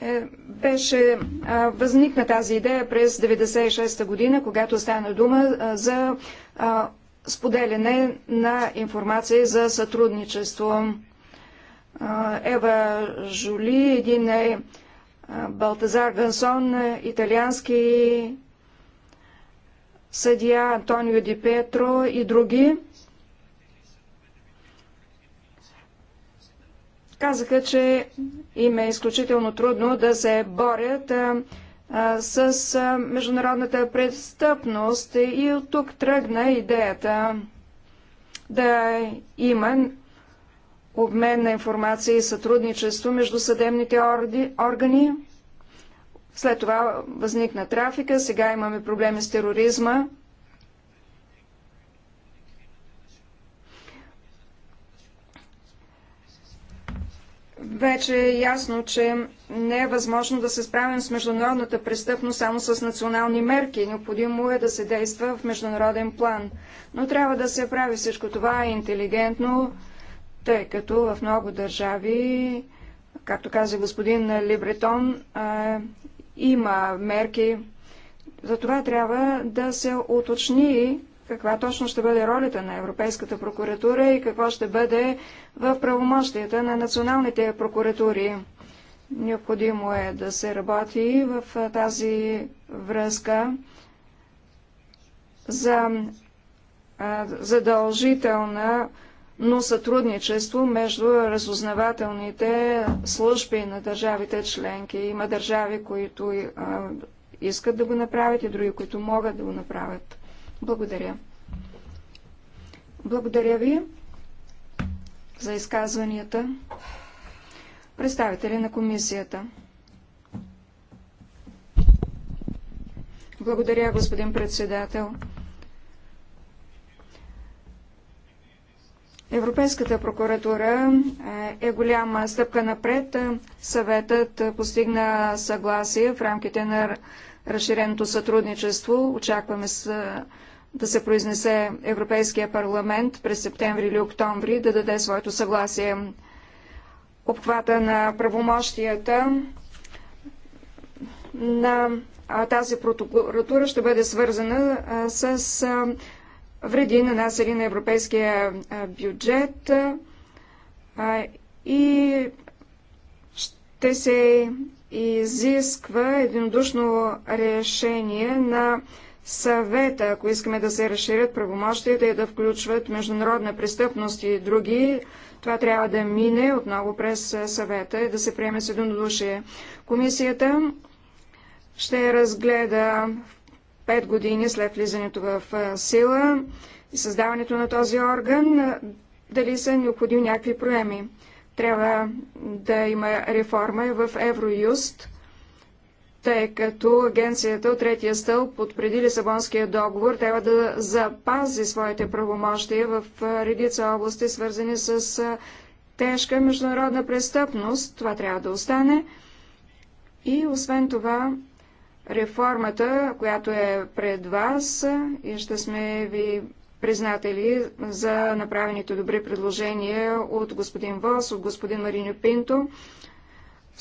Е, беше възникна тази идея през 1996 година, когато стана дума за споделяне на информация за сътрудничество. Ева Жули, един е Балтазар Гансон, е, италиански съдия Антонио Ди Петро и други – казаха, че им е изключително трудно да се борят а, а, с а, международната престъпност и от тук тръгна идеята да има обмен на информация и сътрудничество между съдебните органи. След това възникна трафика, сега имаме проблеми с тероризма. Вече е ясно, че не е възможно да се справим с международната престъпност само с национални мерки. Необходимо е да се действа в международен план. Но трябва да се прави всичко това интелигентно, тъй като в много държави, както каза господин Либретон, има мерки. Затова трябва да се уточни каква точно ще бъде ролята на Европейската прокуратура и какво ще бъде в правомощията на националните прокуратури. Необходимо е да се работи в тази връзка за задължителна но сътрудничество между разузнавателните служби на държавите членки. Има държави, които искат да го направят и други, които могат да го направят. Благодаря. Благодаря ви за изказванията. Представители на комисията. Благодаря, господин председател. Европейската прокуратура е, е голяма стъпка напред. Съветът е, постигна съгласие в рамките на разширеното сътрудничество. Очакваме с да се произнесе Европейския парламент през септември или октомври, да даде своето съгласие. Обхвата на правомощията на тази протокуратура ще бъде свързана с вреди нанасяли на европейския бюджет и ще се изисква единодушно решение на съвета, ако искаме да се разширят правомощията и да включват международна престъпност и други, това трябва да мине отново през съвета и да се приеме с единодушие. Комисията ще разгледа 5 години след влизането в сила и създаването на този орган, дали са необходими някакви проеми. Трябва да има реформа в Евроюст, тъй като агенцията от третия стълб от преди Лисабонския договор трябва да запази своите правомощия в редица области, свързани с тежка международна престъпност. Това трябва да остане. И освен това, реформата, която е пред вас и ще сме ви признатели за направените добри предложения от господин Вос, от господин Марино Пинто,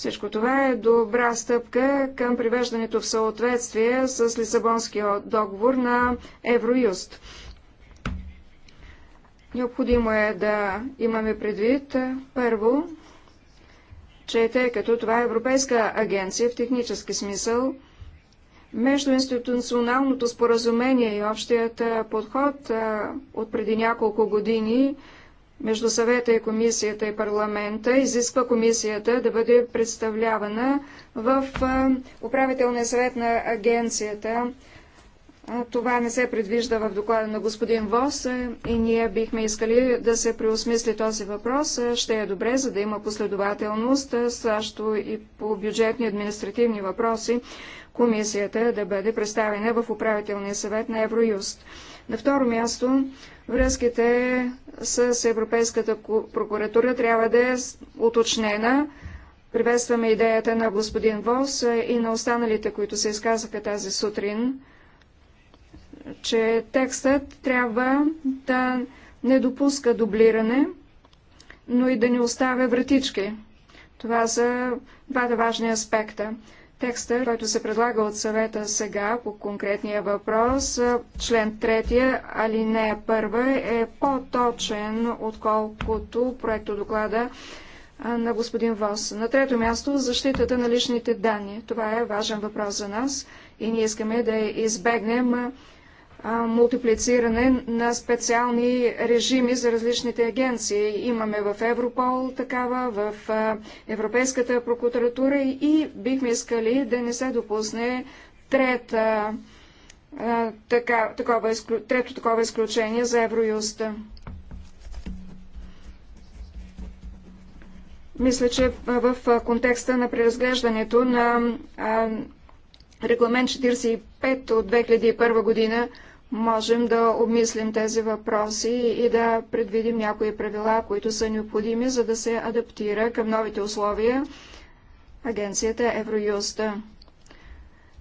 всичко това е добра стъпка към привеждането в съответствие с Лисабонския договор на Евроюст. Необходимо е да имаме предвид първо, че тъй като това е Европейска агенция в технически смисъл, междуинституционалното споразумение и общият подход от преди няколко години – между съвета и комисията и парламента изисква комисията да бъде представлявана в управителния съвет на агенцията. Това не се предвижда в доклада на господин Вос и ние бихме искали да се преосмисли този въпрос. Ще е добре, за да има последователност, също и по бюджетни административни въпроси, комисията да бъде представена в управителния съвет на Евроюст. На второ място, Връзките с Европейската прокуратура трябва да е уточнена. Приветстваме идеята на господин Волс и на останалите, които се изказаха тази сутрин, че текстът трябва да не допуска дублиране, но и да не оставя вратички. Това са двата важни аспекта. Текста, който се предлага от съвета сега по конкретния въпрос, член 3, алинея 1 е по-точен, отколкото проекто доклада на господин Вос. На трето място защитата на личните данни. Това е важен въпрос за нас и ние искаме да избегнем мултиплициране на специални режими за различните агенции. Имаме в Европол такава, в Европейската прокуратура и бихме искали да не се допусне трета, така, такова, трето такова изключение за Евроюста. Мисля, че в контекста на преразглеждането на регламент 45 от 2001 година можем да обмислим тези въпроси и да предвидим някои правила, които са необходими, за да се адаптира към новите условия агенцията Евроюст.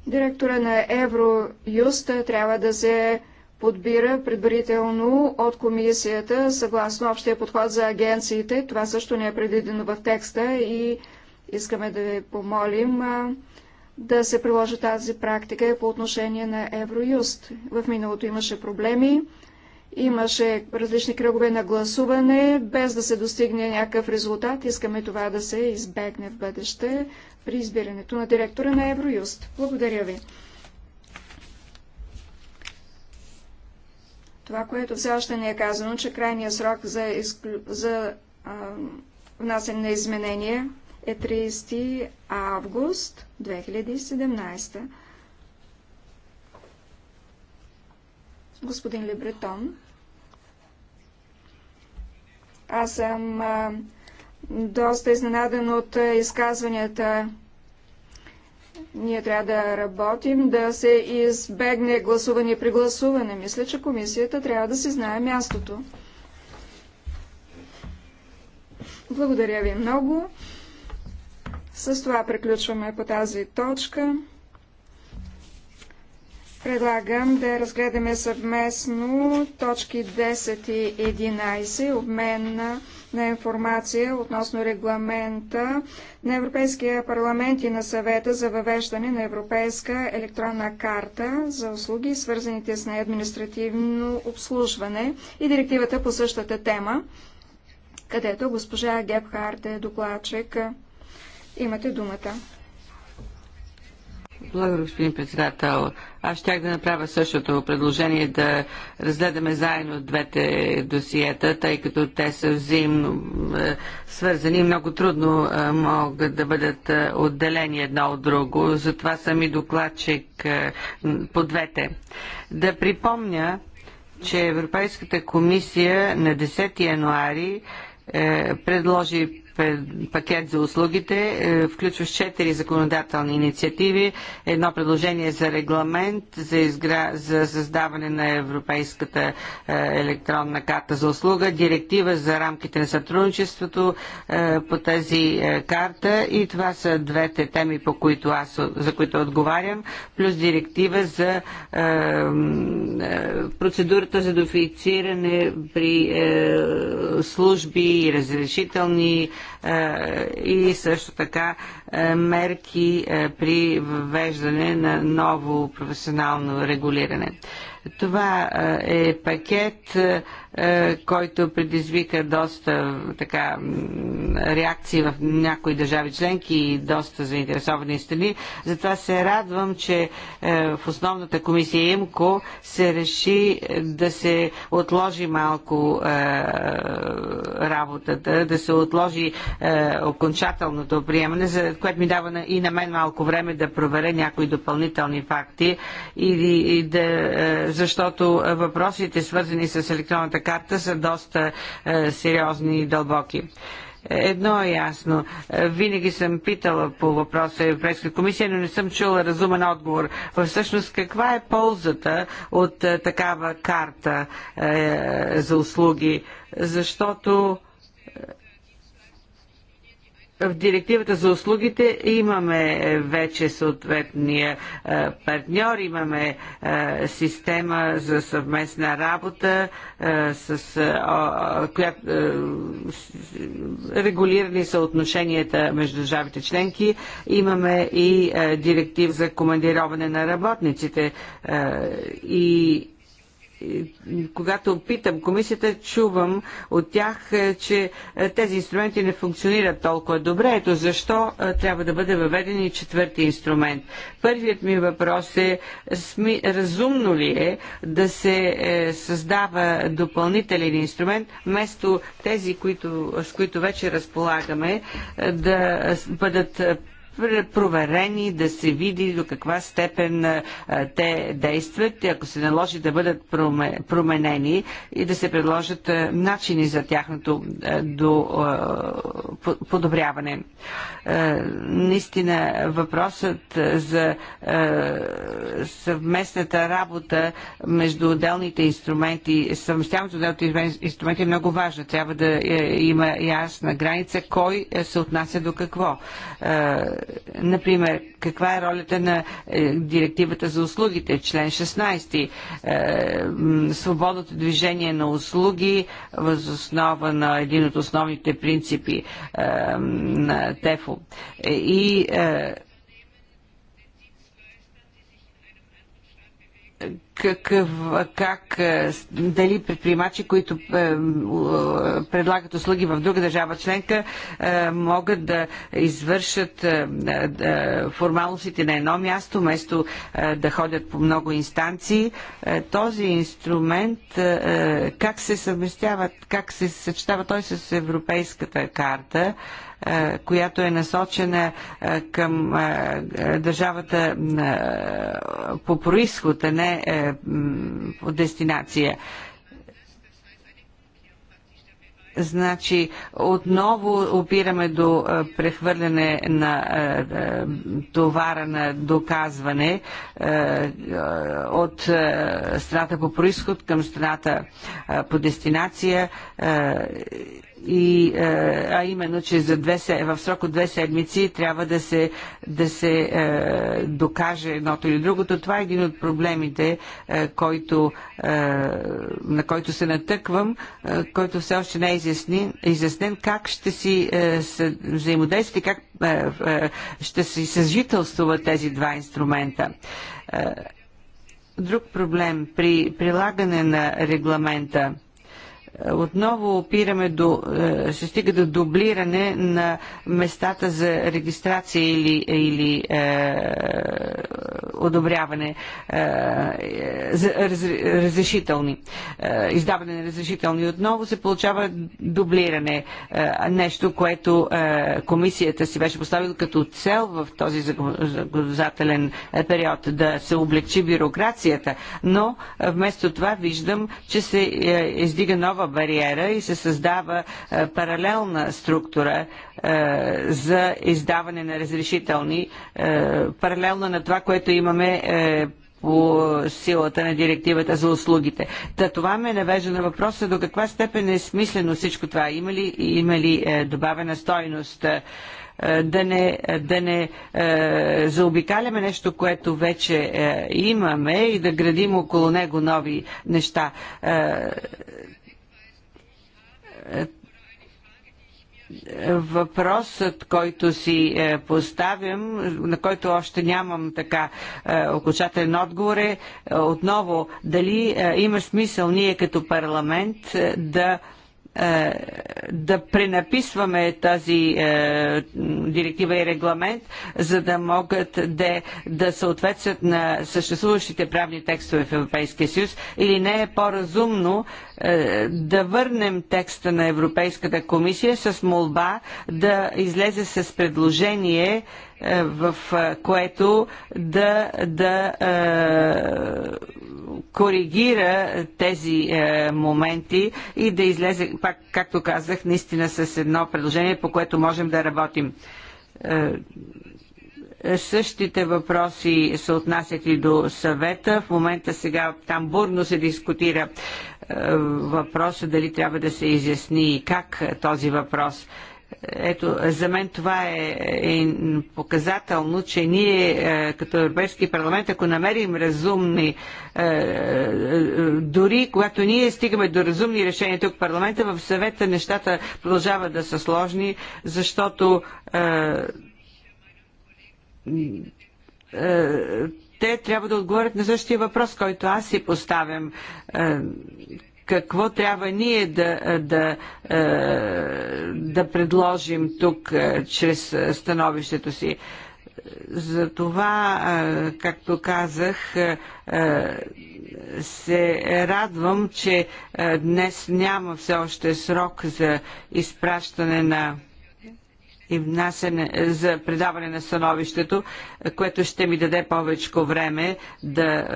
Директора на Евроюст трябва да се подбира предварително от комисията съгласно общия подход за агенциите. Това също не е предвидено в текста и искаме да ви помолим да се приложи тази практика по отношение на Евроюст. В миналото имаше проблеми, имаше различни кръгове на гласуване, без да се достигне някакъв резултат. Искаме това да се избегне в бъдеще при избирането на директора на Евроюст. Благодаря ви. Това, което все още не е казано, че крайният срок за, изклю... за а, внасяне на изменения е 30 август 2017. Господин Лебретон, аз съм а, доста изненадан от изказванията. Ние трябва да работим, да се избегне гласуване при гласуване. Мисля, че комисията трябва да си знае мястото. Благодаря ви много. С това приключваме по тази точка. Предлагам да разгледаме съвместно точки 10 и 11, обмен на, на информация относно регламента на Европейския парламент и на съвета за въвеждане на Европейска електронна карта за услуги, свързаните с неадминистративно обслужване и директивата по същата тема, където госпожа Гебхарт е докладчик. Имате думата. Благодаря, господин председател. Аз щях да направя същото предложение да разгледаме заедно двете досиета, тъй като те са взаимно е, свързани и много трудно е, могат да бъдат е, отделени едно от друго. Затова съм и докладчик по двете. Да припомня, че Европейската комисия на 10 януари предложи пакет за услугите, е, включващ четири законодателни инициативи, едно предложение за регламент за, изгра... за създаване на Европейската е, електронна карта за услуга, директива за рамките на сътрудничеството е, по тази карта и това са двете теми, по които аз, за които отговарям, плюс директива за процедурата за дофициране при служби и разрешителни е, и също така е, мерки е, при въвеждане на ново професионално регулиране. Това е пакет е, който предизвика доста така, реакции в някои държави членки и доста заинтересовани страни. Затова се радвам, че е, в основната комисия ИМКО се реши е, да се отложи малко работата, да се отложи окончателното приемане, за което ми дава и на мен малко време да проверя някои допълнителни факти, и, и да, защото въпросите свързани с електронната пътната карта са доста е, сериозни и дълбоки. Едно е ясно. Винаги съм питала по въпроса Европейска комисия, но не съм чула разумен отговор. Всъщност, каква е ползата от е, такава карта е, за услуги? Защото в директивата за услугите имаме вече съответния е, партньор, имаме е, система за съвместна работа, е, с, която регулирани са отношенията между държавите членки. Имаме и директив за командироване на работниците и когато питам комисията, чувам от тях, е, че е, тези инструменти не функционират толкова добре. Ето защо е, трябва да бъде въведен и четвърти инструмент. Първият ми въпрос е, разумно ли е да се създава допълнителен инструмент, вместо тези, които, с които вече разполагаме, да бъдат проверени, да се види до каква степен те действат, ако се наложи да бъдат променени и да се предложат начини за тяхното до подобряване. Наистина въпросът за съвместната работа между отделните инструменти, съвместяването на отделните инструменти е много важно. Трябва да е, има ясна граница кой е, се отнася до какво например, каква е ролята на е, директивата за услугите, член 16, е, свободното движение на услуги възоснова на един от основните принципи е, на ТЕФО. И какъв, как, е, дали предприемачи, които е, е, предлагат услуги в друга държава членка, могат да извършат формалностите на едно място, вместо да ходят по много инстанции. Този инструмент, как се съвместява, как се съчетава той с европейската карта, е, която е насочена е, към е, държавата по происход, а не по дестинация. Значи отново опираме до прехвърляне на товара на доказване от страната по происход към страната по дестинация и, е, а именно, че за две, в срок от две седмици трябва да се, да се е, докаже едното или другото. Това е един от проблемите, е, който, на който се натъквам, който все още не е изяснен, изяснен как ще си взаимодействате, как ще си съжителствуват тези два инструмента. друг проблем при прилагане на регламента – отново опираме до, е, се стига до дублиране на местата за регистрация или, или е, одобряване, е, раз, разрешителни, е, издаване на разрешителни. Отново се получава дублиране, е, нещо, което е, комисията си беше поставила като цел в този законодателен е, период, да се облегчи бюрокрацията, но вместо това виждам, че се е, издига нова бариера и се създава е, паралелна структура е, за издаване на разрешителни, е, паралелно на това, което имаме по силата на директивата за услугите. Та това ме навежда на въпроса до каква степен е смислено всичко това. Има ли, има ли е, добавена стойност? Е, да не, да не е, заобикаляме нещо, което вече е, имаме и да градим около него нови неща. Е, въпросът, който си е, поставям, на който още нямам така е, окончателен отговор е, е отново дали има смисъл ние като парламент да е, да пренаписваме тази е, директива и регламент, за да могат да, да съответстват на съществуващите правни текстове в Европейския съюз или не е по-разумно е, да върнем текста на Европейската комисия с молба да излезе с предложение в което да, да коригира тези е, моменти и да излезе, пак както казах, наистина с едно предложение, по което можем да работим. Е, същите въпроси се отнасят и до съвета. В момента сега там бурно се дискутира е, въпроса дали трябва да се изясни и как този въпрос ето, за мен това е, е показателно, че ние е, като Европейски парламент, ако намерим разумни, е, е, дори когато ние стигаме до разумни решения тук в парламента, в съвета нещата продължават да са сложни, защото е, е, те трябва да отговорят на същия въпрос, който аз си поставям какво трябва ние да, да, е, да предложим тук е, чрез е, становището си. За това, както казах, се радвам, че днес няма все още срок за изпращане на и внасене, за предаване на становището, което ще ми даде повече време да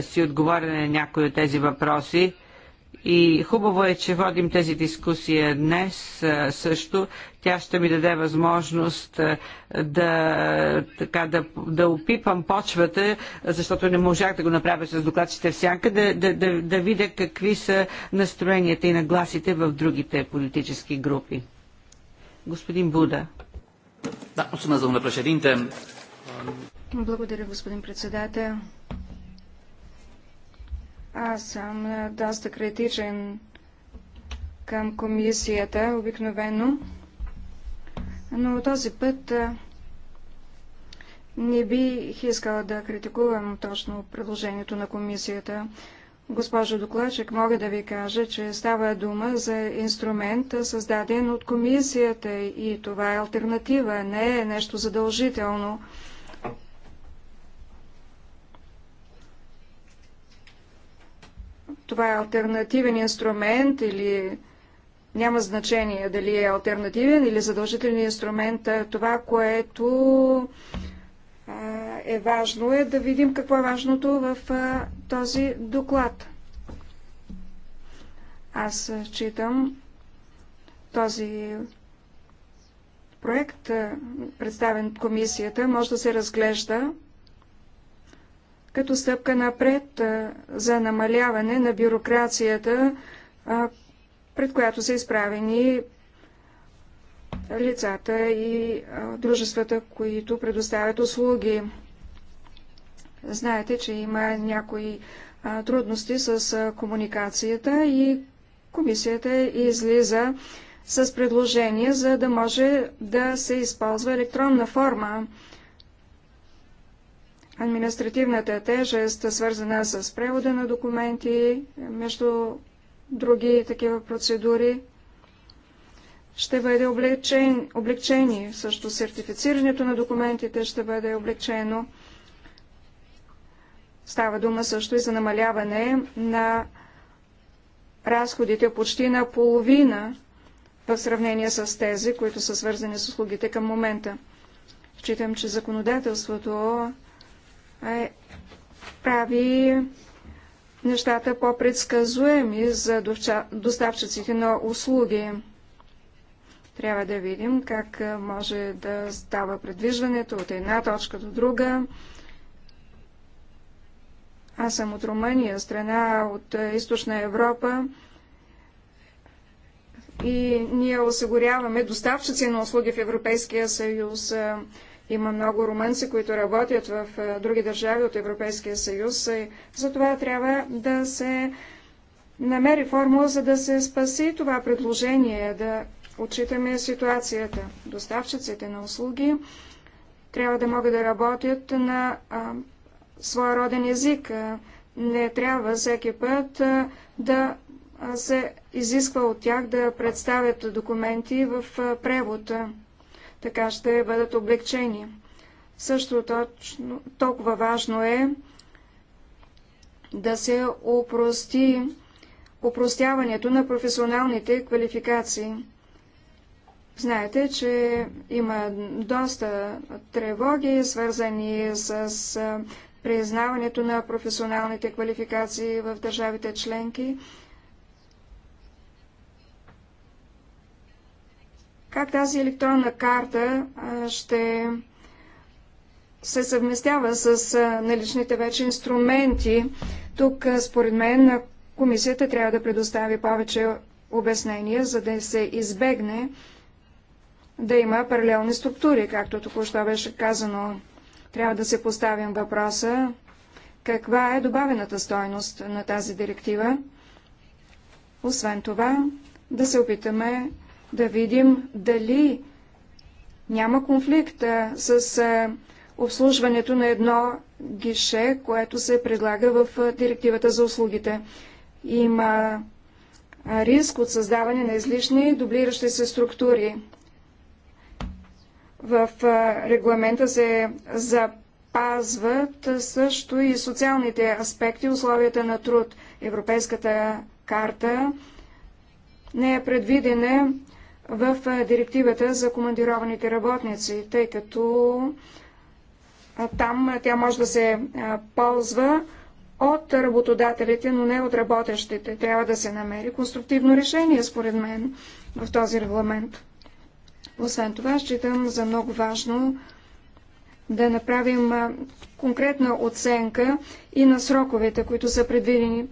си отговоря на някои от тези въпроси. И хубаво е, че водим тези дискусии днес също. Тя ще ми даде възможност да, така, да, да опипам почвата, защото не можах да го направя с докладчите в сянка, да, да, да, да видя какви са настроенията и нагласите в другите политически групи. Господин Буда. Да, mulțumesc, domnule Благодаря, господин председател. Аз съм доста критичен към комисията обикновено, но този път не бих искала да критикувам точно предложението на комисията. Госпожо докладчик, мога да ви кажа, че става дума за инструмент, създаден от комисията и това е альтернатива, не е нещо задължително. това е альтернативен инструмент или няма значение дали е альтернативен или задължителен инструмент. Това, което е важно е да видим какво е важното в този доклад. Аз читам този проект, представен от комисията, може да се разглежда като стъпка напред за намаляване на бюрокрацията, пред която са изправени лицата и дружествата, които предоставят услуги. Знаете, че има някои трудности с комуникацията и комисията излиза с предложение, за да може да се използва електронна форма административната тежест, свързана с превода на документи, между други такива процедури, ще бъде облегчен, облегчени. Също сертифицирането на документите ще бъде облегчено. Става дума също и за намаляване на разходите почти на половина в сравнение с тези, които са свързани с услугите към момента. Считам, че законодателството е, прави нещата по-предсказуеми за доставчиците на услуги. Трябва да видим как може да става предвиждането от една точка до друга. Аз съм от Румъния, страна от източна Европа и ние осигуряваме доставчици на услуги в Европейския съюз. Има много румънци, които работят в е, други държави от Европейския съюз. Затова трябва да се намери формула, за да се спаси това предложение, да отчитаме ситуацията. Доставчиците на услуги трябва да могат да работят на а, своя роден език. Не трябва всеки път а, да се изисква от тях да представят документи в превод. Така ще бъдат облегчени. Също точно, толкова важно е да се упрости упростяването на професионалните квалификации. Знаете, че има доста тревоги, свързани с признаването на професионалните квалификации в държавите членки. Как тази електронна карта ще се съвместява с наличните вече инструменти? Тук, според мен, комисията трябва да предостави повече обяснения, за да се избегне да има паралелни структури, както току-що беше казано. Трябва да се поставим въпроса каква е добавената стойност на тази директива. Освен това, да се опитаме да видим дали няма конфликт с обслужването на едно гише, което се предлага в директивата за услугите. Има риск от създаване на излишни дублиращи се структури. В регламента се запазват също и социалните аспекти, условията на труд. Европейската карта не е предвидена в директивата за командированите работници, тъй като там тя може да се ползва от работодателите, но не от работещите. Трябва да се намери конструктивно решение, според мен, в този регламент. Освен това, считам за много важно да направим конкретна оценка и на сроковете, които са предвидени.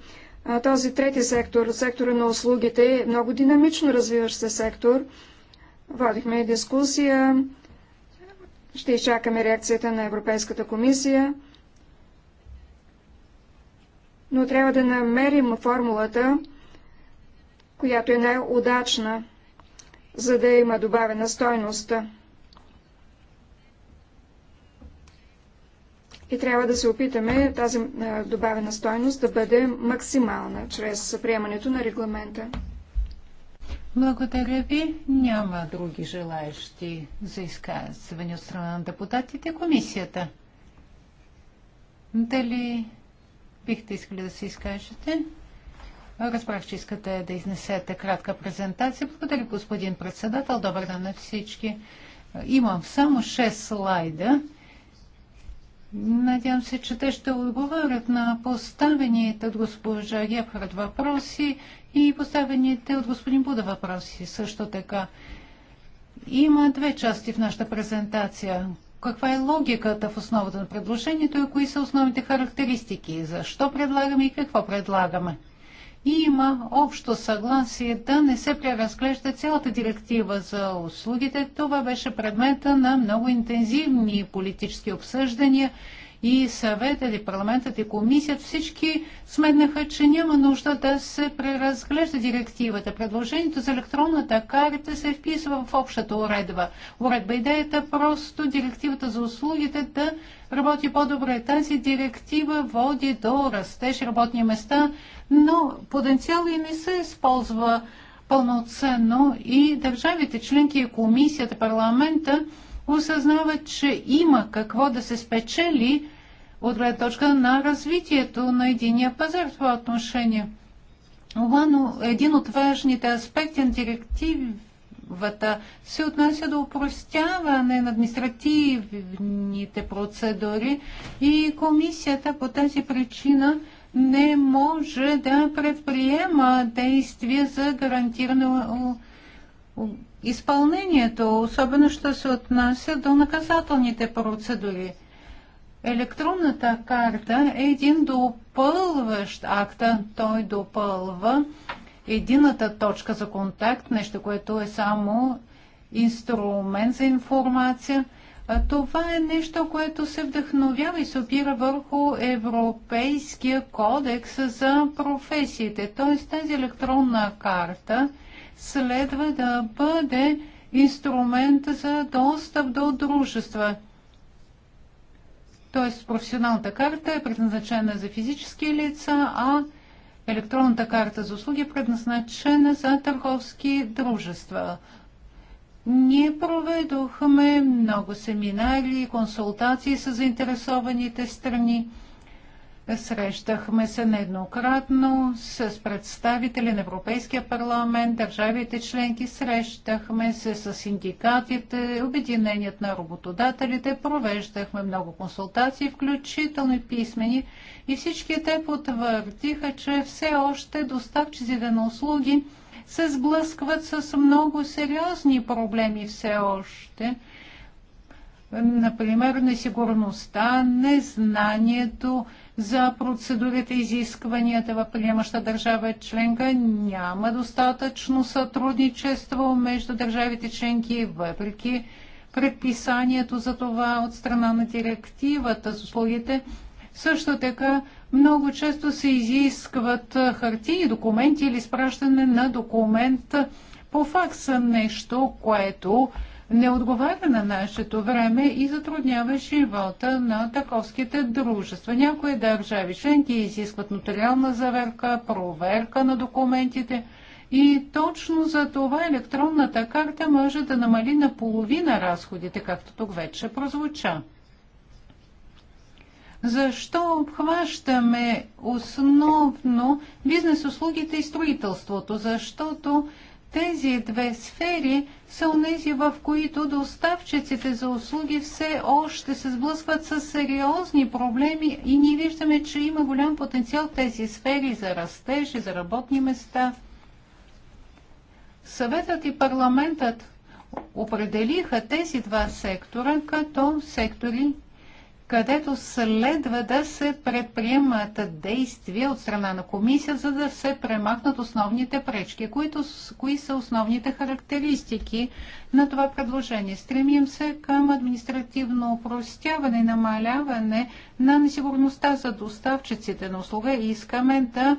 Този трети сектор, сектора на услугите, е много динамично развиващ се сектор. Водихме дискусия, ще изчакаме реакцията на Европейската комисия, но трябва да намерим формулата, която е най-удачна, за да има добавена стойността. и трябва да се опитаме тази добавена стойност да бъде максимална чрез приемането на регламента. Благодаря ви. Няма други желаящи за изказване от страна на депутатите. Комисията. Дали бихте искали да се изкажете? Разбрах, че искате да изнесете кратка презентация. Благодаря, господин председател. Добър ден на всички. Имам само 6 слайда Надявам се, че те ще отговорят на поставените от госпожа Гепхард въпроси и поставените от господин Буда въпроси също така. Има две части в нашата презентация. Каква е логиката в основата на предложението и кои са основните характеристики? Защо предлагаме и какво предлагаме? и има общо съгласие да не се преразглежда цялата директива за услугите. Това беше предмета на много интензивни политически обсъждания и съветът, и парламентът, и комисият всички сметнаха, че няма нужда да се преразглежда директивата. Предложението за електронната карта се вписва в общата уредба. Уредба идеята е просто директивата за услугите да работи по-добре. Тази директива води до растеж работни места, но потенциал и не се използва пълноценно и държавите членки, комисията, парламента осъзнават, че има какво да се спечели от гледна точка на развитието на единия пазар в това отношение. но един от важните аспекти на директивата се отнася до упростяване на административните процедури и комисията по тази причина – не може да предприема действия за гарантиране изпълнението, особено що се отнася до наказателните процедури. Електронната карта е един допълващ акта. Той допълва едината точка за контакт, нещо, което е само инструмент за информация – това е нещо, което се вдъхновява и се опира върху Европейския кодекс за професиите. Т.е. тази електронна карта следва да бъде инструмент за достъп до дружества. Т.е. професионалната карта е предназначена за физически лица, а електронната карта за услуги е предназначена за търговски дружества. Ние проведохме много семинари и консултации с заинтересованите страни. Срещахме се нееднократно с представители на Европейския парламент, държавите членки, срещахме се с синдикатите, Обединеният на работодателите, провеждахме много консултации, включително и писмени, и всички те потвърдиха, че все още доставчиците на услуги – се сблъскват с много сериозни проблеми все още. Например, несигурността, незнанието за процедурите, изискванията в приемаща държава членка няма достатъчно сътрудничество между държавите членки, въпреки предписанието за това от страна на директивата с услугите. Също така много често се изискват хартини, документи или спращане на документ по факса. Нещо, което не отговаря на нашето време и затруднява живота на таковските дружества. Някои държави членки изискват нотариална заверка, проверка на документите и точно за това електронната карта може да намали наполовина разходите, както тук вече прозвуча. Защо обхващаме основно бизнес-услугите и строителството? Защото тези две сфери са онези, в които доставчиците за услуги все още се сблъскват с сериозни проблеми и ние виждаме, че има голям потенциал в тези сфери за растеж и за работни места. Съветът и парламентът определиха тези два сектора като сектори където следва да се предприемат действия от страна на комисия, за да се премахнат основните пречки. Които, кои са основните характеристики на това предложение? Стремим се към административно упростяване и намаляване на несигурността за доставчиците на услуга и искаме да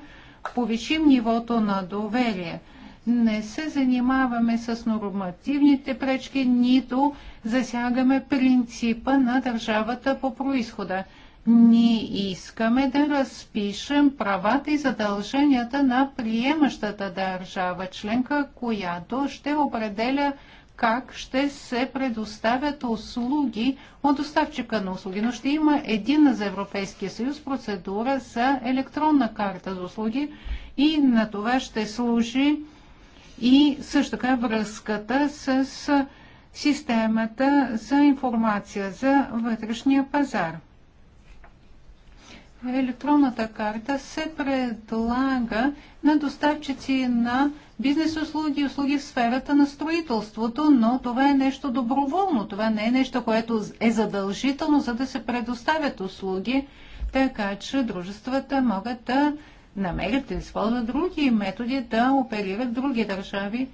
повишим нивото на доверие. Не се занимаваме с нормативните пречки, нито засягаме принципа на държавата по происхода. Ние искаме да разпишем правата и задълженията на приемащата държава членка, която ще определя как ще се предоставят услуги от доставчика на услуги. Но ще има един за Европейския съюз процедура за електронна карта за услуги и на това ще служи и също така връзката с системата за информация за вътрешния пазар. Електронната карта се предлага на доставчици на бизнес услуги и услуги в сферата на строителството, но това е нещо доброволно. Това не е нещо, което е задължително, за да се предоставят услуги, така че дружествата могат да намерят да използват други методи да оперират други държави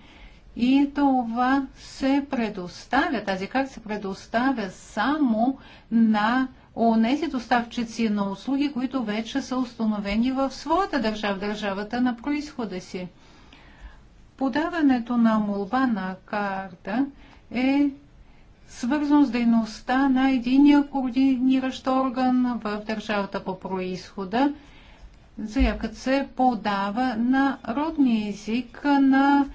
и това се предоставя, тази карта се предоставя само на онези доставчици на услуги, които вече са установени в своята държава, държавата на происхода си. Подаването на молба на карта е свързано с дейността на единия координиращ орган в държавата по происхода. Заявката се подава на родния език на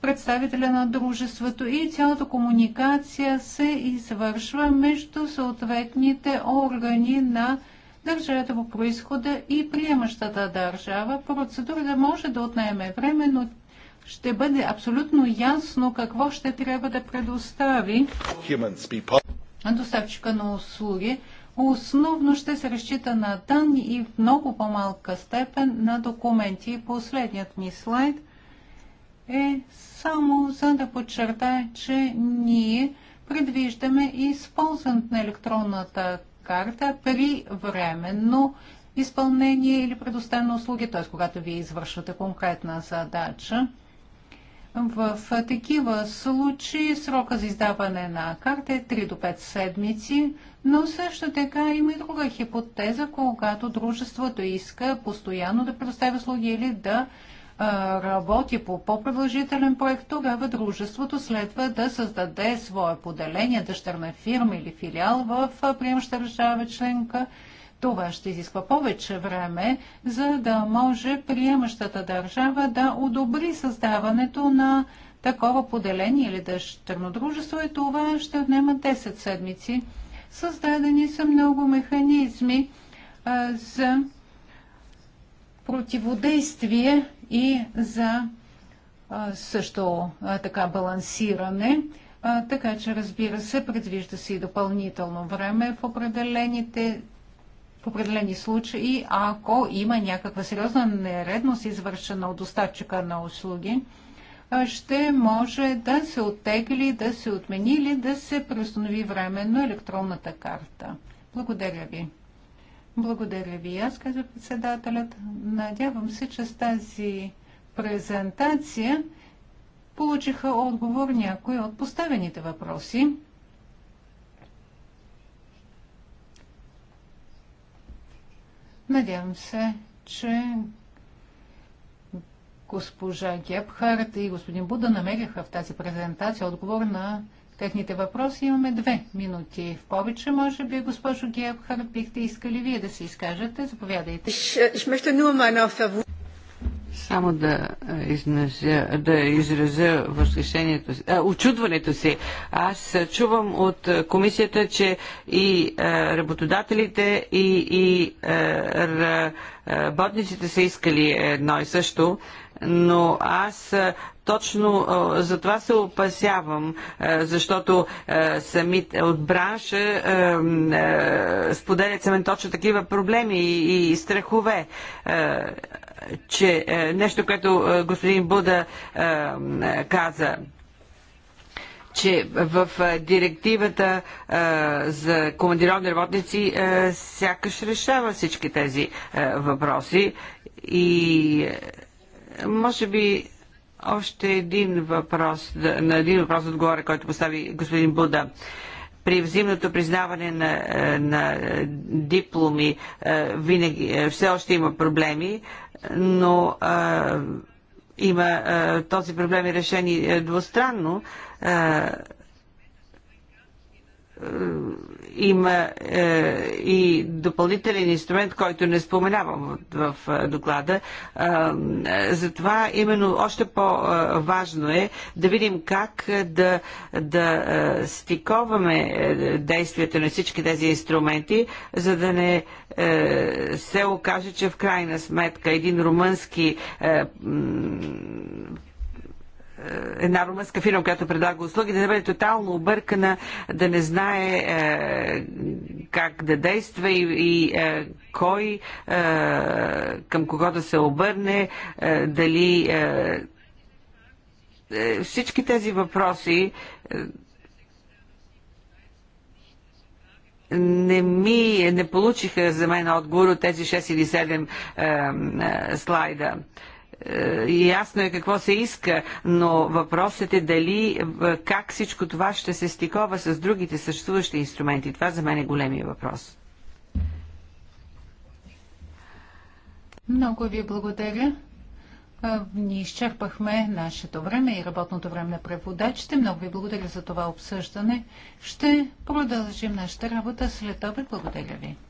представителя на дружеството и цялата комуникация се извършва между съответните органи на държавата по происхода и приемащата държава. Процедурата може да отнеме време, но ще бъде абсолютно ясно какво ще трябва да предостави доставчика на услуги. Основно ще се разчита на данни и в много по-малка степен на документи. Последният ми слайд е само за да подчертая, че ние предвиждаме използването на електронната карта при временно изпълнение или предоставяне услуги, т.е. когато вие извършвате конкретна задача. В такива случаи срока за издаване на карта е 3 до 5 седмици, но също така има и друга хипотеза, когато дружеството иска постоянно да предоставя услуги или да работи по по-продължителен проект, тогава дружеството следва да създаде свое поделение, дъщерна фирма или филиал в приемаща държава членка. Това ще изисква повече време, за да може приемащата държава да одобри създаването на такова поделение или дъщерно дружество и това ще отнема 10 седмици. Създадени са много механизми а, за противодействие и за също така балансиране. Така че, разбира се, предвижда се и допълнително време в определените в определени случаи, ако има някаква сериозна нередност, извършена от доставчика на услуги, ще може да се оттегли, да се отмени или да се преустанови временно електронната карта. Благодаря ви. Благодаря ви, аз каза председателят. Надявам се, че с тази презентация получиха отговор някои от поставените въпроси. Надявам се, че госпожа Гепхарт и господин Буда намериха в тази презентация отговор на техните въпроси. Имаме две минути в повече. Може би, госпожо Гебхар, бихте искали вие да се изкажете. Заповядайте. Само да изразя, да изразя възхищението си, а, очудването си. Аз чувам от комисията, че и а, работодателите, и, и а, работниците са искали едно и също но аз точно за това се опасявам, защото сами от бранша споделят се точно такива проблеми и страхове че нещо, което господин Буда каза, че в директивата за командировни работници сякаш решава всички тези въпроси и може би още един въпрос, на един въпрос отговоря, който постави господин Буда при взаимното признаване на, е, на дипломи е, винаги е, все още има проблеми, но а, има а, този проблем е решен двустранно. А, е, има е, и допълнителен инструмент, който не споменавам в, в е, доклада. Е, е, затова именно още по-важно е да видим как да, да стиковаме действията на всички тези инструменти, за да не е, се окаже, че в крайна сметка един румънски е, е, една румънска фирма, която предлага услуги, да не бъде тотално объркана, да не знае е, как да действа и, и е, кой е, към кого да се обърне, е, дали е, е, всички тези въпроси е, не ми не получиха за мен отговор от тези 6 или 7 е, е, слайда. Е, е, и ясно е какво се иска, но въпросът е дали е, как всичко това ще се стикова с другите съществуващи инструменти. Това за мен е големия въпрос. Много ви благодаря. Е, ние изчерпахме нашето време и работното време на преводачите. Много ви благодаря за това обсъждане. Ще продължим нашата работа след обед. Благодаря ви.